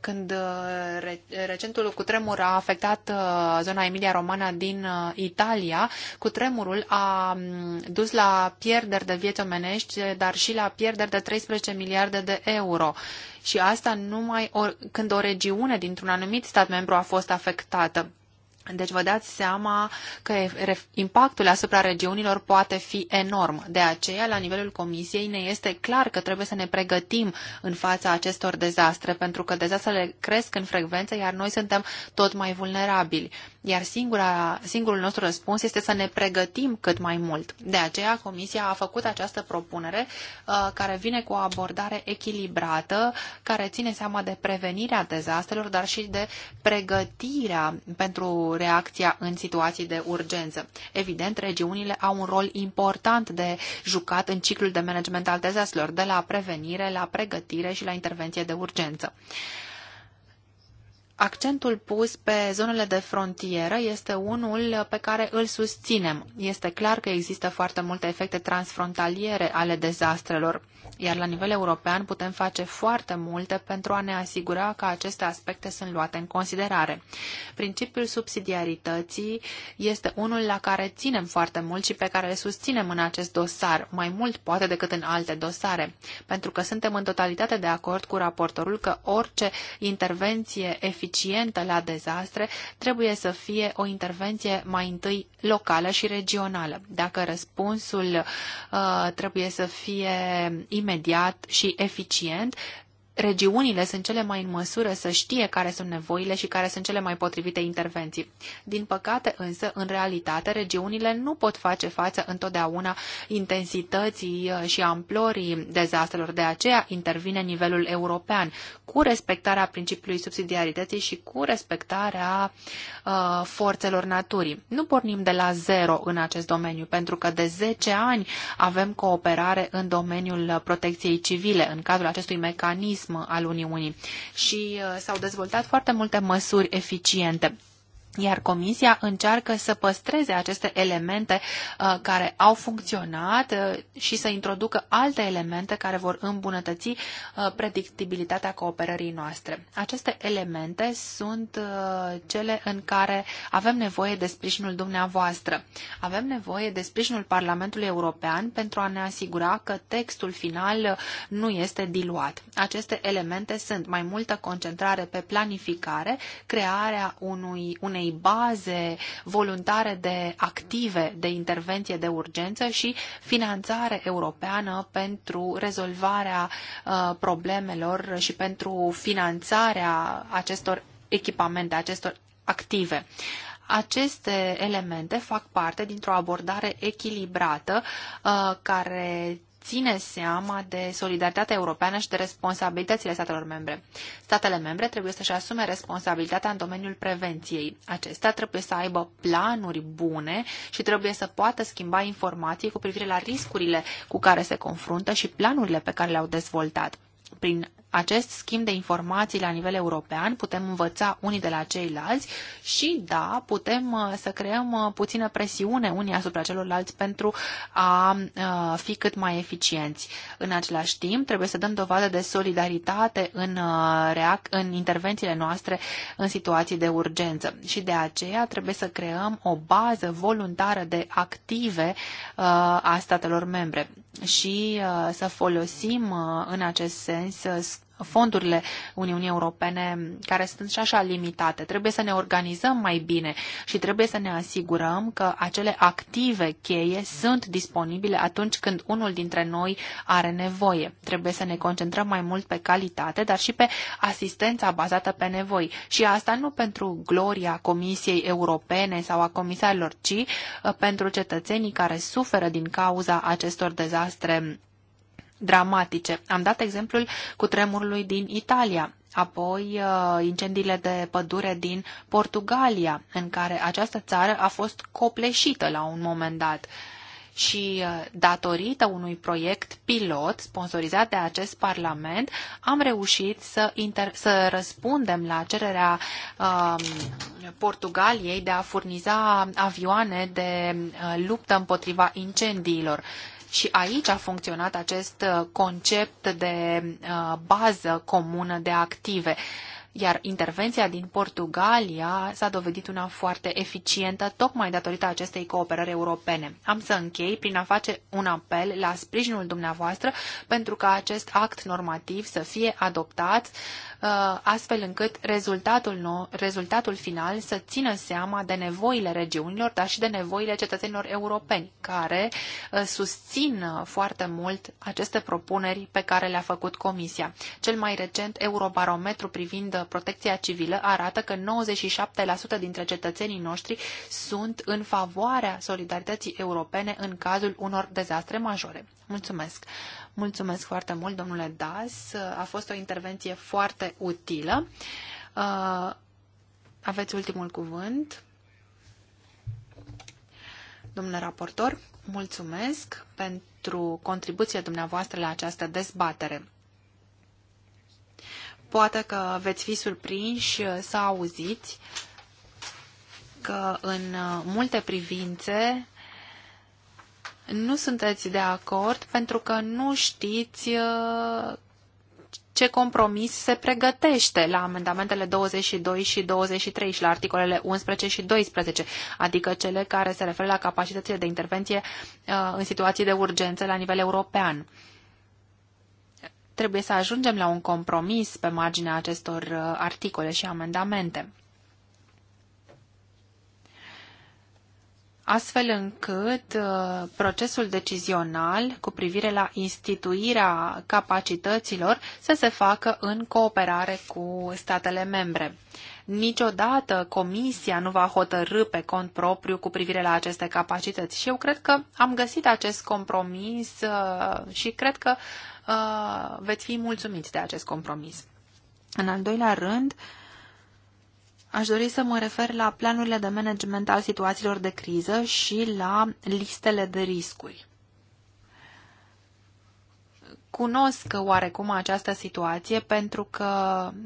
când uh, recentul cutremur a afectat uh, zona Emilia-Romana din uh, Italia, cutremurul a mm, dus la pierderi de vieți omenești, dar și la pierderi de 13 miliarde de euro. Și asta numai or- când o regiune dintr-un anumit stat membru a fost afectată. Deci vă dați seama că impactul asupra regiunilor poate fi enorm. De aceea, la nivelul Comisiei, ne este clar că trebuie să ne pregătim în fața acestor dezastre, pentru că dezastrele cresc în frecvență, iar noi suntem tot mai vulnerabili. Iar singura, singurul nostru răspuns este să ne pregătim cât mai mult. De aceea, Comisia a făcut această propunere uh, care vine cu o abordare echilibrată, care ține seama de prevenirea dezastrelor, dar și de pregătirea pentru reacția în situații de urgență. Evident, regiunile au un rol important de jucat în ciclul de management al dezastrelor, de la prevenire, la pregătire și la intervenție de urgență. Accentul pus pe zonele de frontieră este unul pe care îl susținem. Este clar că există foarte multe efecte transfrontaliere ale dezastrelor, iar la nivel european putem face foarte multe pentru a ne asigura că aceste aspecte sunt luate în considerare. Principiul subsidiarității este unul la care ținem foarte mult și pe care îl susținem în acest dosar, mai mult poate decât în alte dosare, pentru că suntem în totalitate de acord cu raportorul că orice intervenție eficientă eficientă la dezastre trebuie să fie o intervenție mai întâi locală și regională. Dacă răspunsul uh, trebuie să fie imediat și eficient, regiunile sunt cele mai în măsură să știe care sunt nevoile și care sunt cele mai potrivite intervenții. Din păcate însă, în realitate, regiunile nu pot face față întotdeauna intensității uh, și amplorii dezastrelor. De aceea intervine nivelul european cu respectarea principiului subsidiarității și cu respectarea uh, forțelor naturii. Nu pornim de la zero în acest domeniu, pentru că de 10 ani avem cooperare în domeniul protecției civile, în cadrul acestui mecanism mecanism al Uniunii și uh, s-au dezvoltat foarte multe măsuri eficiente. Iar comisia încearcă să păstreze aceste elemente uh, care au funcționat uh, și să introducă alte elemente care vor îmbunătăți uh, predictibilitatea cooperării noastre. Aceste elemente sunt cele în care avem nevoie de sprijinul dumneavoastră. Avem nevoie de sprijinul Parlamentului European pentru a ne asigura că textul final nu este diluat. Aceste elemente sunt mai multă concentrare pe planificare, crearea unui, unei unei baze voluntare de active de intervenție de urgență și finanțare europeană pentru rezolvarea uh, problemelor și pentru finanțarea acestor echipamente, acestor active. Aceste elemente fac parte dintr-o abordare echilibrată uh, care ține seama de solidaritatea europeană și de responsabilitățile statelor membre. Statele membre trebuie să-și asume responsabilitatea în domeniul prevenției. Acestea trebuie să aibă planuri bune și trebuie să poată schimba informații cu privire la riscurile cu care se confruntă și planurile pe care le-au dezvoltat. Prin acest schimb de informații la nivel european, putem învăța unii de la ceilalți și, da, putem uh, să creăm uh, puțină presiune unii asupra celorlalți pentru a uh, fi cât mai eficienți. În același timp, trebuie să dăm dovadă de solidaritate în, reac- în intervențiile noastre în situații de urgență și de aceea trebuie să creăm o bază voluntară de active a statelor membre și să folosim în acest sens fondurile Uniunii Europene, care sunt și așa limitate. Trebuie să ne organizăm mai bine și trebuie să ne asigurăm că acele active cheie sunt disponibile atunci când unul dintre noi are nevoie. Trebuie să ne concentrăm mai mult pe calitate, dar și pe asistența bazată pe nevoi. Și asta nu pentru gloria Comisiei Europene sau a comisarilor, ci uh, pentru cetățenii care suferă din cauza acestor dezastre dramatice. Am dat exemplul cu tremurului din Italia, apoi uh, incendiile de pădure din Portugalia, în care această țară a fost copleșită la un moment dat. Și uh, datorită unui proiect pilot sponsorizat de acest Parlament, am reușit să, inter- să răspundem la cererea uh, Portugaliei de a furniza avioane de uh, luptă împotriva incendiilor. Uh, și aici a funcționat acest concept de uh, bază comună de active iar intervenția din Portugalia s-a dovedit una foarte eficientă, tocmai datorită acestei cooperări europene. Am să închei prin a face un apel la sprijinul dumneavoastră pentru ca acest act normativ să fie adoptat, uh, astfel încât rezultatul, nou, rezultatul final să țină seama de nevoile regiunilor, dar și de nevoile cetățenilor europeni, care uh, susțin uh, foarte mult aceste propuneri pe care le-a făcut Comisia. Cel mai recent Eurobarometru privind protecția civilă arată că 97% dintre cetățenii noștri sunt în favoarea solidarității europene în cazul unor dezastre majore. Mulțumesc! Mulțumesc foarte mult, domnule Das. A fost o intervenție foarte utilă. Uh, aveți ultimul cuvânt. Domnule raportor, mulțumesc pentru contribuția dumneavoastră la această dezbatere. Poate că veți fi surprinși să auziți că în uh, multe privințe nu sunteți de acord pentru că nu știți uh, ce compromis se pregătește la amendamentele 22 și 23 și la articolele 11 și 12, adică cele care se referă la capacitățile de intervenție uh, în situații de urgență la nivel european trebuie să ajungem la un compromis pe marginea acestor uh, articole și amendamente. astfel încât uh, procesul decizional cu privire la instituirea capacităților să se facă în cooperare cu statele membre. Niciodată Comisia nu va hotărâ pe cont propriu cu privire la aceste capacități și eu cred că am găsit acest compromis uh, și cred că Uh, veți fi mulțumiți de acest compromis. În al doilea rând, aș dori să mă refer la planurile de management al situațiilor de criză și la listele de riscuri. Cunosc oarecum această situație pentru că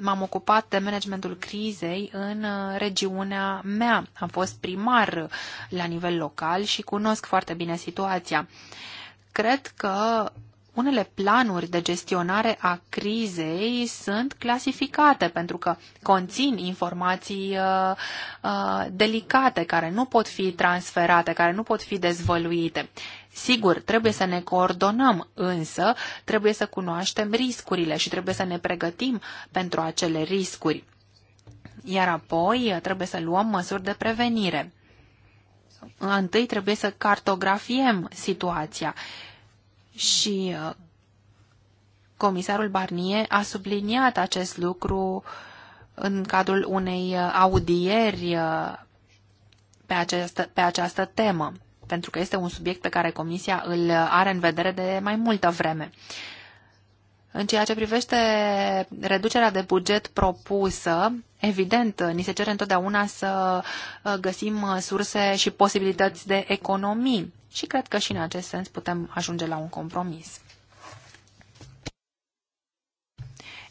m-am ocupat de managementul crizei în regiunea mea. Am fost primar la nivel local și cunosc foarte bine situația. Cred că unele planuri de gestionare a crizei sunt clasificate pentru că conțin informații uh, uh, delicate care nu pot fi transferate, care nu pot fi dezvăluite. Sigur, trebuie să ne coordonăm, însă trebuie să cunoaștem riscurile și trebuie să ne pregătim pentru acele riscuri. Iar apoi uh, trebuie să luăm măsuri de prevenire. Întâi trebuie să cartografiem situația și uh, comisarul Barnier a subliniat acest lucru în cadrul unei uh, audieri uh, pe această, pe această temă, pentru că este un subiect pe care Comisia îl are în vedere de mai multă vreme. În ceea ce privește reducerea de buget propusă, evident, ni se cere întotdeauna să uh, găsim uh, surse și posibilități de economii și cred că și în acest sens putem ajunge la un compromis.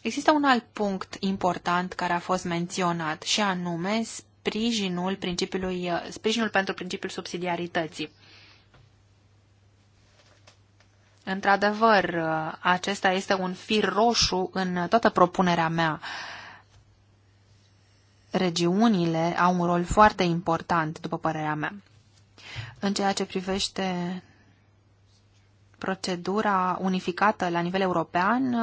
Există un alt punct important care a fost menționat și anume sprijinul, principiului, uh, sprijinul pentru principiul subsidiarității. Într-adevăr, acesta este un fir roșu în toată propunerea mea. Regiunile au un rol foarte important, după părerea mea. În ceea ce privește procedura unificată la nivel european,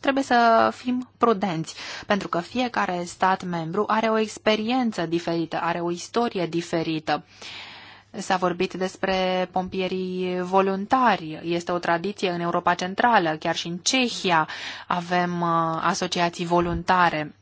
trebuie să fim prudenți, pentru că fiecare stat membru are o experiență diferită, are o istorie diferită. Uh, S-a vorbit despre pompierii voluntari. Este o tradiție în Europa Centrală, chiar și în Cehia avem uh, asociații voluntare.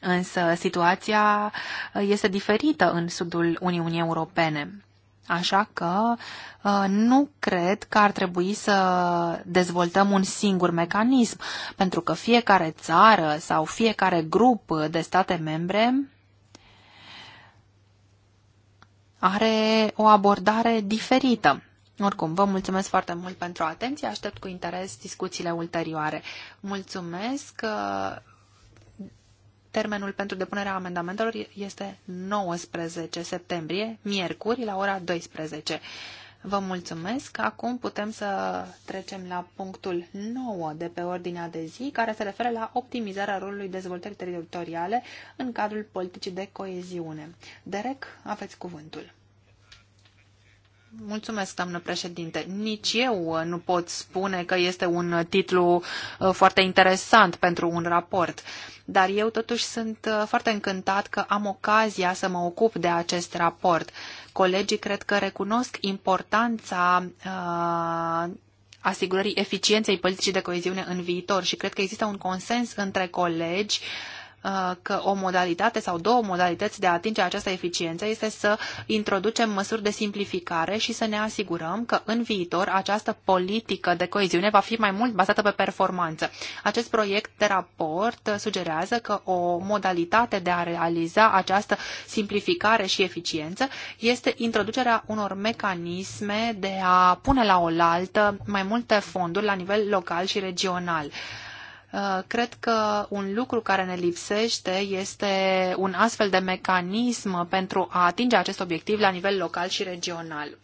Însă situația este diferită în sudul Uniunii Europene. Așa că uh, nu cred că ar trebui să dezvoltăm un singur mecanism, pentru că fiecare țară sau fiecare grup de state membre are o abordare diferită. Oricum, vă mulțumesc foarte mult pentru atenție, aștept cu interes discuțiile ulterioare. Mulțumesc! Termenul pentru depunerea amendamentelor este 19 septembrie, miercuri, la ora 12. Vă mulțumesc. Acum putem să trecem la punctul 9 de pe ordinea de zi, care se referă la optimizarea rolului dezvoltării teritoriale în cadrul politicii de coeziune. Derek, aveți cuvântul. Mulțumesc, doamnă președinte. Nici eu uh, nu pot spune că este un uh, titlu uh, foarte interesant pentru un raport, dar eu totuși sunt foarte încântat că am ocazia să mă ocup de acest raport. Colegii cred că recunosc importanța uh, asigurării eficienței politicii de coeziune în viitor și cred că există un consens între colegi uh, Uh, că o modalitate sau două modalități de a atinge această eficiență este să introducem măsuri de simplificare și să ne asigurăm că în viitor această politică de coeziune va fi mai mult bazată pe performanță. Acest proiect de raport sugerează că o modalitate de a realiza această simplificare și eficiență este introducerea unor mecanisme de a pune la oaltă mai multe fonduri la nivel local și regional. Uh, cred că un lucru care ne lipsește este un astfel de mecanism pentru a atinge acest obiectiv la nivel local și regional.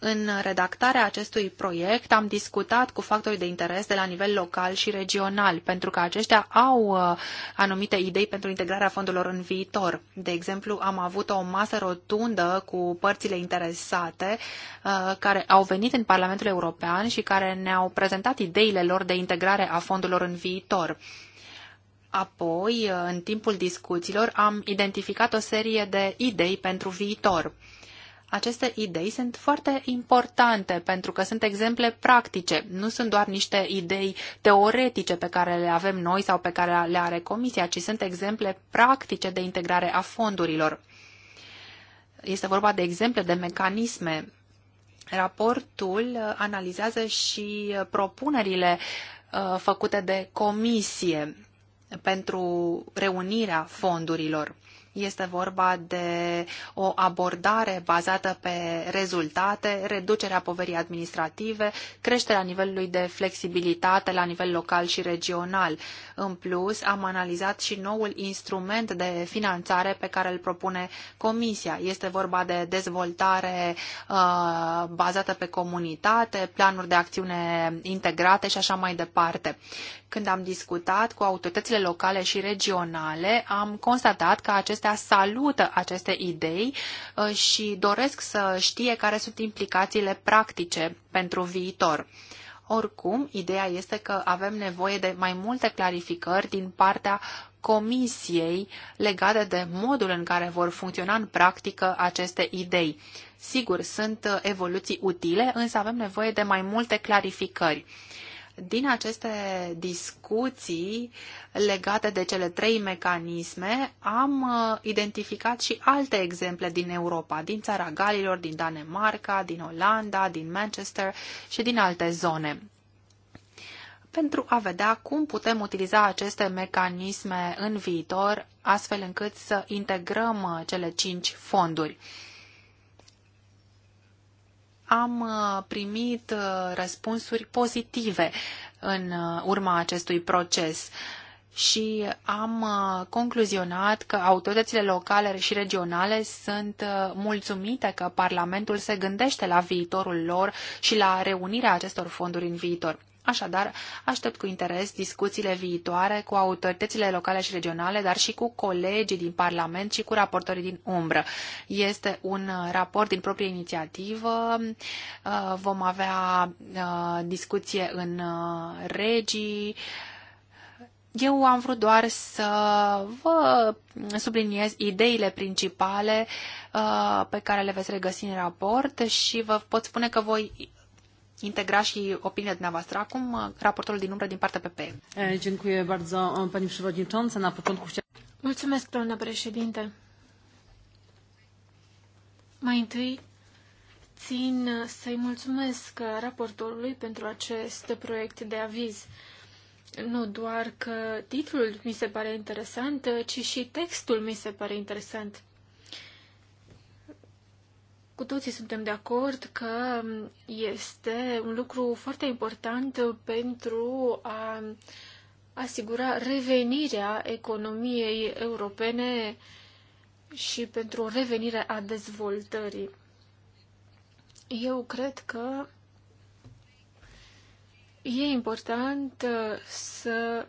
În redactarea acestui proiect am discutat cu factorii de interes de la nivel local și regional, pentru că aceștia au uh, anumite idei pentru integrarea fondurilor în viitor. De exemplu, am avut o masă rotundă cu părțile interesate uh, care au venit în Parlamentul European și care ne-au prezentat ideile lor de integrare a fondurilor în viitor. Apoi, uh, în timpul discuțiilor, am identificat o serie de idei pentru viitor. Aceste idei sunt foarte importante pentru că sunt exemple practice, nu sunt doar niște idei teoretice pe care le avem noi sau pe care le are Comisia, ci sunt exemple practice de integrare a fondurilor. Este vorba de exemple de mecanisme. Raportul analizează și propunerile uh, făcute de comisie pentru reunirea fondurilor. Este vorba de o abordare bazată pe rezultate, reducerea poverii administrative, creșterea nivelului de flexibilitate la nivel local și regional. În plus, am analizat și noul instrument de finanțare pe care îl propune Comisia. Este vorba de dezvoltare uh, bazată pe comunitate, planuri de acțiune integrate și așa mai departe. Când am discutat cu autoritățile locale și regionale, am constatat că acestea salută aceste idei uh, și doresc să știe care sunt implicațiile practice pentru viitor. Oricum, ideea este că avem nevoie de mai multe clarificări din partea Comisiei legate de modul în care vor funcționa în practică aceste idei. Sigur, sunt uh, evoluții utile, însă avem nevoie de mai multe clarificări. Din aceste discuții legate de cele trei mecanisme, am uh, identificat și alte exemple din Europa, din țara Galilor, din Danemarca, din Olanda, din Manchester și din alte zone pentru a vedea cum putem utiliza aceste mecanisme în viitor, astfel încât să integrăm uh, cele cinci fonduri am uh, primit uh, răspunsuri pozitive în uh, urma acestui proces și am concluzionat că autoritățile locale și regionale sunt mulțumite că Parlamentul se gândește la viitorul lor și la reunirea acestor fonduri în viitor. Așadar, aștept cu interes discuțiile viitoare cu autoritățile locale și regionale, dar și cu colegii din Parlament și cu raportorii din umbră. Este un uh, raport din proprie inițiativă. Uh, vom avea uh, discuție în regii. Eu am vrut doar să vă subliniez ideile principale pe care le veți regăsi în raport și vă pot spune că voi integra și opinia dumneavoastră. Acum, uh, raportorul din umbră din partea PP. Dziękuję bardzo, pani przewodnicząca. Na początku Mulțumesc, doamnă președinte. Mai întâi, țin să-i mulțumesc raportorului pentru acest proiect de aviz. Nu doar că titlul mi se pare interesant, ci și textul mi se pare interesant. Cu toții suntem de acord că este un lucru foarte important pentru a asigura revenirea economiei europene și pentru o revenire a dezvoltării. Eu cred că e important să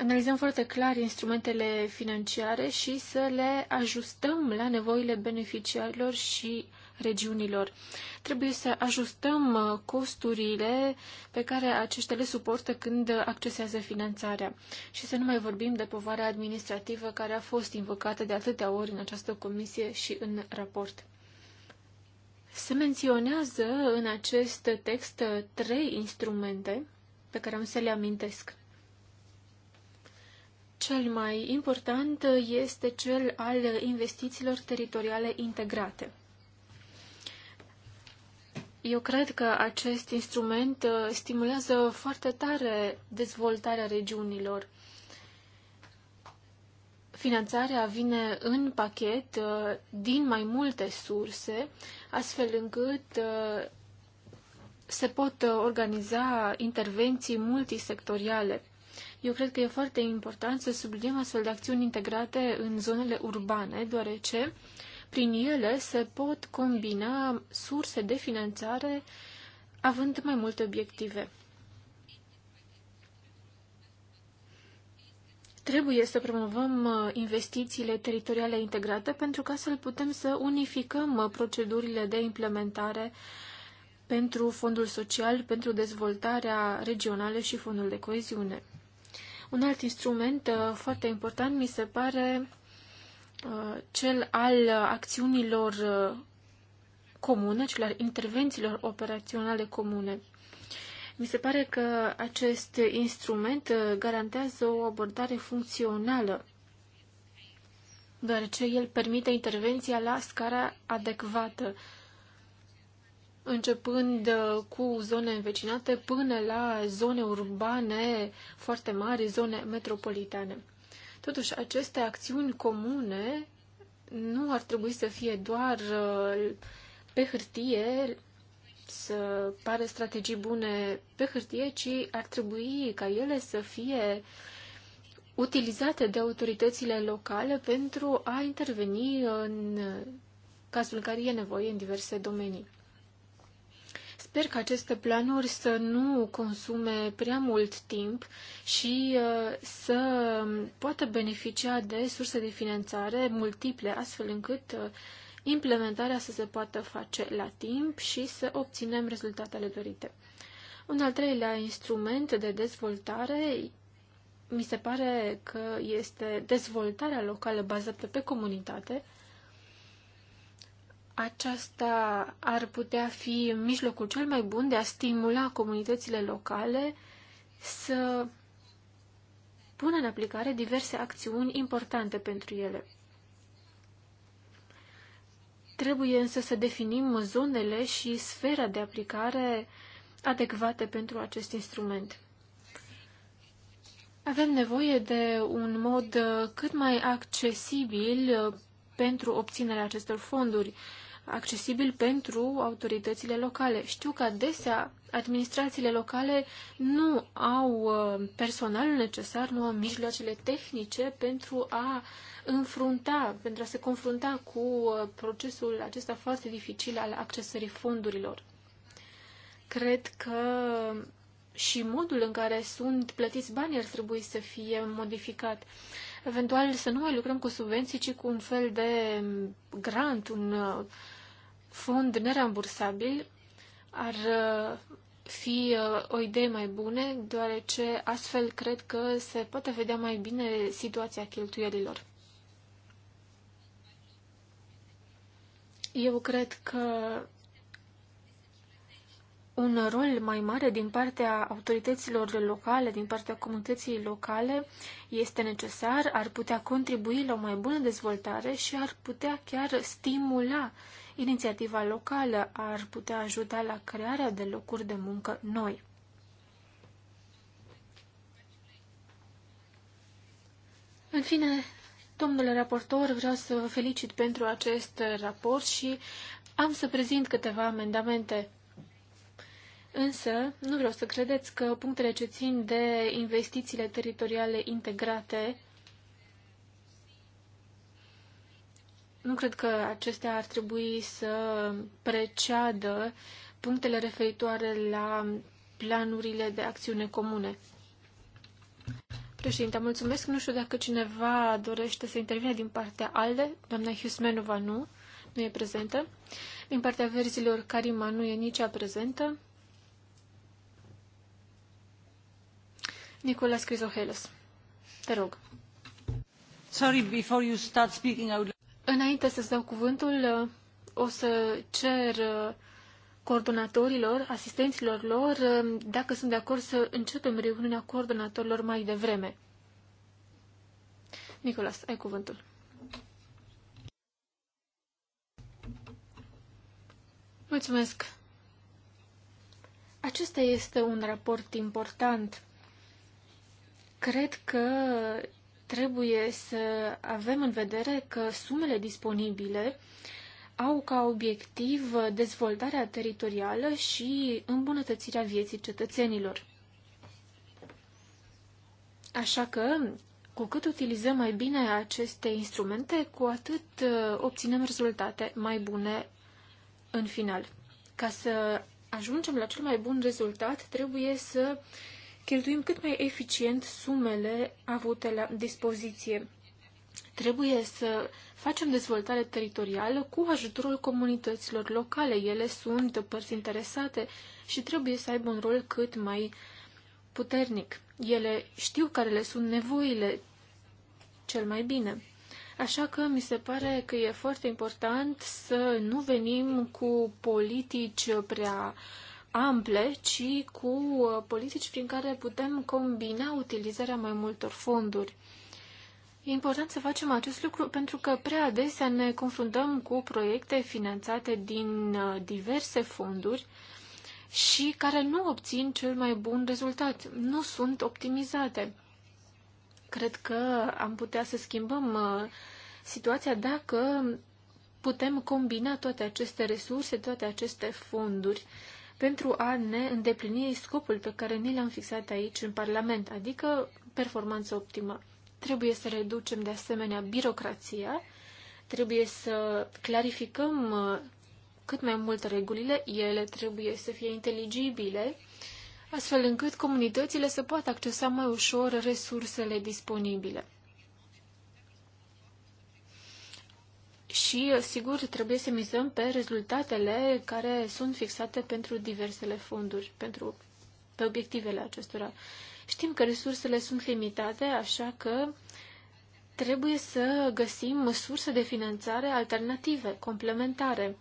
analizăm foarte clar instrumentele financiare și să le ajustăm la nevoile beneficiarilor și regiunilor. Trebuie să ajustăm uh, costurile pe care aceștia le suportă când accesează finanțarea și să nu mai vorbim de povara administrativă care a fost invocată de atâtea ori în această comisie și în raport. Se menționează în acest text uh, trei instrumente pe care am să le amintesc. Cel mai important este cel al investițiilor teritoriale integrate. Eu cred că acest instrument uh, stimulează foarte tare dezvoltarea regiunilor. Finanțarea vine în pachet uh, din mai multe surse, astfel încât uh, se pot organiza intervenții multisectoriale. Eu cred că e foarte important să subliniem astfel de acțiuni integrate în zonele urbane, deoarece prin ele se pot combina surse de finanțare având mai multe obiective. Trebuie să promovăm uh, investițiile teritoriale integrate pentru ca să putem să unificăm uh, procedurile de implementare pentru fondul social, pentru dezvoltarea regională și fondul de coeziune. Un alt instrument uh, foarte important mi se pare uh, cel al acțiunilor uh, comune, cel al intervențiilor operaționale comune. Mi se pare că acest instrument garantează o abordare funcțională, deoarece el permite intervenția la scara adecvată, începând uh, cu zone învecinate până la zone urbane foarte mari, zone metropolitane. Totuși, aceste acțiuni comune nu ar trebui să fie doar uh, pe hârtie, să pare strategii bune pe hârtie, ci ar trebui ca ele să fie utilizate de autoritățile locale pentru a interveni în cazul în care e nevoie în diverse domenii. Sper că aceste planuri să nu consume prea mult timp și uh, să poată beneficia de surse de finanțare multiple, astfel încât uh, implementarea să se poată face la timp și să obținem rezultatele dorite. Un al treilea instrument de dezvoltare mi se pare că este dezvoltarea locală bazată pe comunitate, aceasta ar putea fi mijlocul cel mai bun de a stimula comunitățile locale să pună în aplicare diverse acțiuni importante pentru ele. Trebuie însă să definim zonele și sfera de aplicare adecvate pentru acest instrument. Avem nevoie de un mod cât mai accesibil pentru obținerea acestor fonduri accesibil pentru autoritățile locale. Știu că adesea administrațiile locale nu au uh, personalul necesar, nu au mijloacele tehnice pentru a înfrunta, pentru a se confrunta cu uh, procesul acesta foarte dificil al accesării fondurilor. Cred că și modul în care sunt plătiți banii ar trebui să fie modificat. Eventual să nu mai lucrăm cu subvenții, ci cu un fel de grant, un uh, fond nerambursabil ar uh, fi uh, o idee mai bună, deoarece astfel cred că se poate vedea mai bine situația cheltuielilor. Eu cred că un rol mai mare din partea autorităților locale, din partea comunității locale, este necesar, ar putea contribui la o mai bună dezvoltare și ar putea chiar stimula Inițiativa locală ar putea ajuta la crearea de locuri de muncă noi. În fine, domnule raportor, vreau să vă felicit pentru acest raport și am să prezint câteva amendamente. Însă, nu vreau să credeți că punctele ce țin de investițiile teritoriale integrate nu cred că acestea ar trebui să preceadă punctele referitoare la planurile de acțiune comune. Președinte, mulțumesc. Nu știu dacă cineva dorește să intervine din partea ALDE. Doamna Husmenova nu, nu e prezentă. Din partea verzilor, Karima nu e nici a prezentă. Nicolas Crisohelos, te rog. Sorry, before you start speaking, I would Înainte să-ți dau cuvântul, o să cer uh, coordonatorilor, asistenților lor, uh, dacă sunt de acord să începem reuniunea coordonatorilor mai devreme. Nicolas, ai cuvântul. Mulțumesc. Acesta este un raport important. Cred că trebuie să avem în vedere că sumele disponibile au ca obiectiv dezvoltarea teritorială și îmbunătățirea vieții cetățenilor. Așa că, cu cât utilizăm mai bine aceste instrumente, cu atât uh, obținem rezultate mai bune în final. Ca să ajungem la cel mai bun rezultat, trebuie să uh, cheltuim cât mai eficient sumele avute la dispoziție. Trebuie să facem dezvoltare teritorială cu ajutorul comunităților locale. Ele sunt părți interesate și trebuie să aibă un rol cât mai puternic. Ele știu care le sunt nevoile cel mai bine. Așa că mi se pare că e foarte important să nu venim cu politici prea uh, ample, ci cu uh, politici prin care putem combina utilizarea mai multor fonduri. E important să facem acest lucru pentru că prea adesea ne confruntăm cu proiecte finanțate din uh, diverse fonduri și care nu obțin cel mai bun rezultat, nu sunt optimizate. Cred că am putea să schimbăm uh, situația dacă putem combina toate aceste resurse, toate aceste fonduri pentru a ne îndeplini scopul pe care ni l-am fixat aici în Parlament, adică performanță optimă. Trebuie să reducem de asemenea birocrația, trebuie să clarificăm uh, cât mai mult regulile, ele trebuie să fie inteligibile, astfel încât comunitățile să poată accesa mai ușor resursele disponibile. și, sigur, trebuie să mizăm pe rezultatele care sunt fixate pentru diversele fonduri, pentru, pe obiectivele acestora. Știm că resursele sunt limitate, așa că trebuie să găsim surse de finanțare alternative, complementare.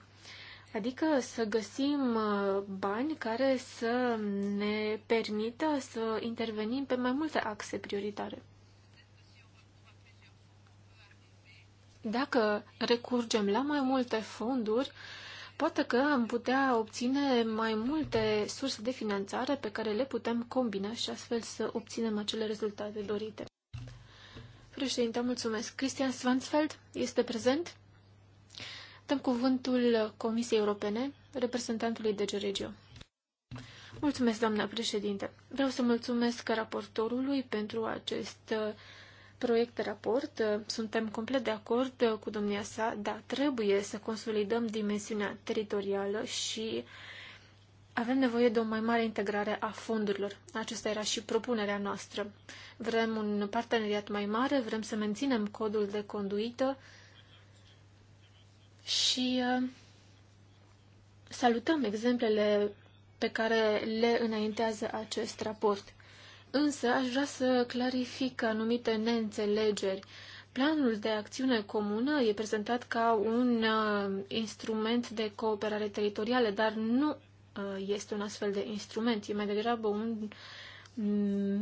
Adică să găsim uh, bani care să ne permită să intervenim pe mai multe axe prioritare. dacă recurgem la mai multe fonduri, poate că am putea obține mai multe surse de finanțare pe care le putem combina și astfel să obținem acele rezultate dorite. Președinte, mulțumesc. Cristian Svansfeld este prezent. Dăm cuvântul Comisiei Europene, reprezentantului de Geregio. Mulțumesc, doamna președinte. Vreau să mulțumesc raportorului pentru acest proiect de raport. Suntem complet de acord cu domnia sa, dar trebuie să consolidăm dimensiunea teritorială și avem nevoie de o mai mare integrare a fondurilor. Aceasta era și propunerea noastră. Vrem un parteneriat mai mare, vrem să menținem codul de conduită și uh, salutăm exemplele pe care le înaintează acest raport. Însă aș vrea să clarific anumite neînțelegeri. Planul de acțiune comună e prezentat ca un uh, instrument de cooperare teritorială, dar nu uh, este un astfel de instrument. E mai degrabă un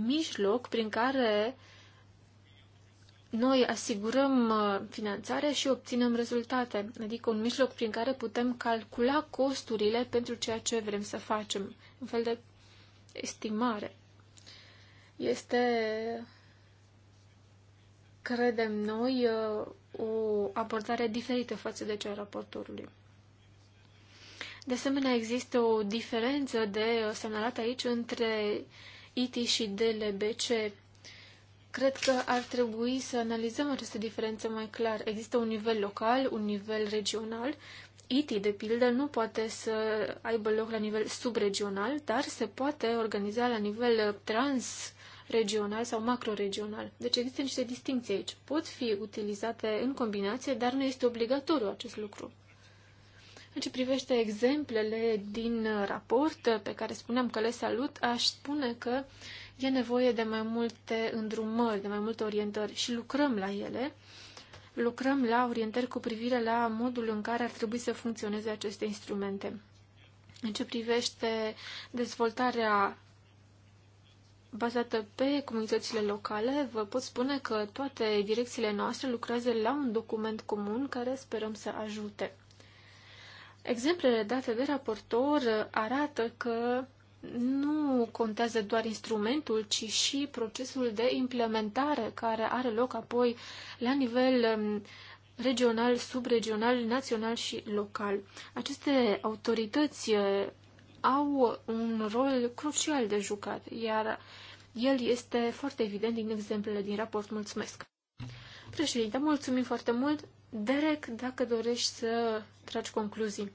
mijloc prin care noi asigurăm uh, finanțarea și obținem rezultate, adică un mijloc prin care putem calcula costurile pentru ceea ce vrem să facem, un fel de estimare este, credem noi, uh, o abordare diferită față de cea a raportorului. De asemenea, există o diferență de semnalat aici între IT și DLBC. Cred că ar trebui să analizăm această diferență mai clar. Există un nivel local, un nivel regional. IT, de pildă, nu poate să aibă loc la nivel subregional, dar se poate organiza la nivel trans regional sau macroregional. Deci există niște distinții aici. Pot fi utilizate în combinație, dar nu este obligatoriu acest lucru. În ce privește exemplele din raport pe care spuneam că le salut, aș spune că e nevoie de mai multe îndrumări, de mai multe orientări și lucrăm la ele. Lucrăm la orientări cu privire la modul în care ar trebui să funcționeze aceste instrumente. În ce privește dezvoltarea bazată pe comunitățile locale, vă pot spune că toate direcțiile noastre lucrează la un document comun care sperăm să ajute. Exemplele date de raportor arată că nu contează doar instrumentul, ci și procesul de implementare care are loc apoi la nivel um, regional, subregional, național și local. Aceste autorități uh, au un rol crucial de jucat, iar el este foarte evident din exemplele din raport. Mulțumesc! Președinte, mulțumim foarte mult! Derek, dacă dorești să tragi concluzii.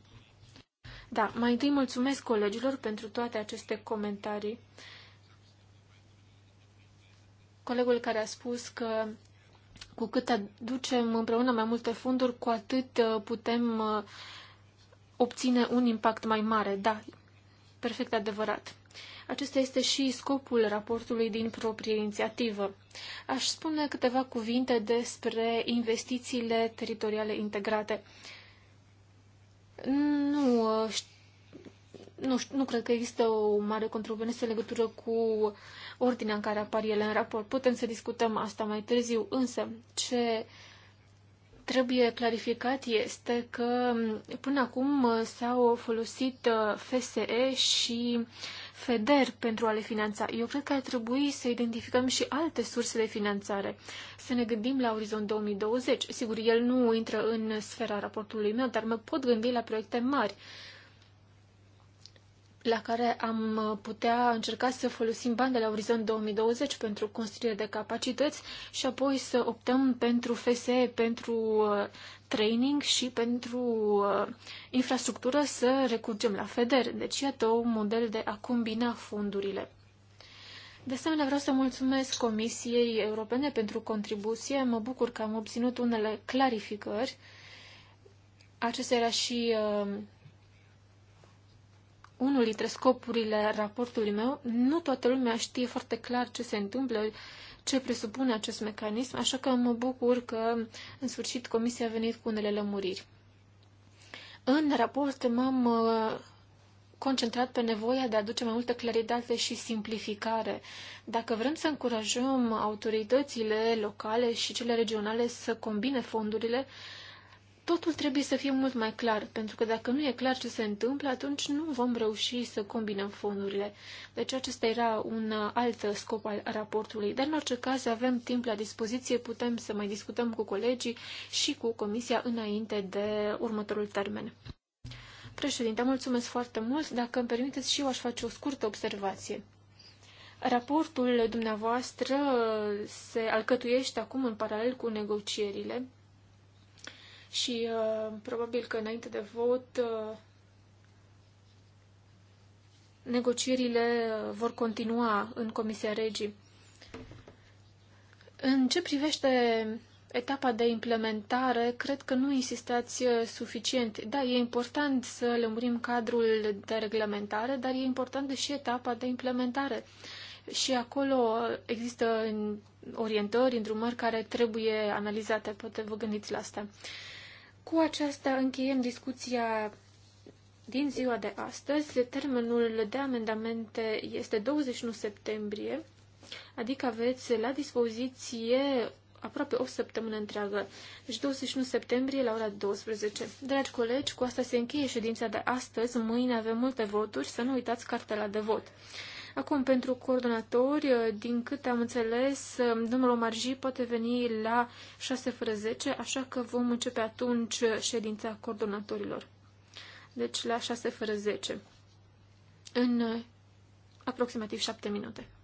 Da, mai întâi mulțumesc colegilor pentru toate aceste comentarii. Colegul care a spus că cu cât aducem împreună mai multe fonduri, cu atât uh, putem uh, obține un impact mai mare. Da, perfect adevărat. Acesta este și scopul raportului din proprie inițiativă. Aș spune câteva cuvinte despre investițiile teritoriale integrate. Nu, nu, nu cred că există o mare controversă în legătură cu ordinea în care apar ele în raport. Putem să discutăm asta mai târziu, însă ce trebuie clarificat este că până acum s-au folosit uh, FSE și uh, FEDER pentru a le finanța. Eu cred că ar trebui să identificăm și alte surse de finanțare. Să ne gândim la Orizont 2020. Sigur, el nu intră în sfera raportului meu, dar mă pot gândi la proiecte mari la care am putea încerca să folosim bani de la Orizont 2020 pentru construire de capacități și apoi să optăm pentru FSE, pentru uh, training și pentru uh, infrastructură să recurgem la FEDER. Deci iată un model de a combina fondurile. De asemenea, vreau să mulțumesc Comisiei Europene pentru contribuție. Mă bucur că am obținut unele clarificări. Acesta era și uh, unul dintre scopurile raportului meu. Nu toată lumea știe foarte clar ce se întâmplă, ce presupune acest mecanism, așa că mă bucur că, în sfârșit, Comisia a venit cu unele lămuriri. În raport m-am uh, concentrat pe nevoia de a aduce mai multă claritate și simplificare. Dacă vrem să încurajăm autoritățile locale și cele regionale să combine fondurile, totul trebuie să fie mult mai clar, pentru că dacă nu e clar ce se întâmplă, atunci nu vom reuși să combinăm fondurile. Deci acesta era un alt scop al raportului. Dar în orice caz avem timp la dispoziție, putem să mai discutăm cu colegii și cu comisia înainte de următorul termen. Președinte, mulțumesc foarte mult. Dacă îmi permiteți și eu aș face o scurtă observație. Raportul dumneavoastră se alcătuiește acum în paralel cu negocierile și uh, probabil că înainte de vot uh, negocierile uh, vor continua în Comisia Regii. În ce privește etapa de implementare, cred că nu insistați uh, suficient. Da, e important să lămurim cadrul de reglementare, dar e importantă și etapa de implementare. Și acolo uh, există orientări, îndrumări care trebuie analizate, poate vă gândiți la asta. Cu aceasta încheiem discuția din ziua de astăzi. Termenul de amendamente este 21 septembrie, adică aveți la dispoziție aproape o săptămână întreagă, deci 21 septembrie la ora 12. Dragi colegi, cu asta se încheie ședința de astăzi. Mâine avem multe voturi, să nu uitați cartela de vot. Acum, pentru coordonatori, uh, din câte am înțeles, uh, domnul Omarji poate veni la 6 fără 10, așa că vom începe atunci uh, ședința coordonatorilor. Deci la 6 fără 10, în aproximativ 7 minute.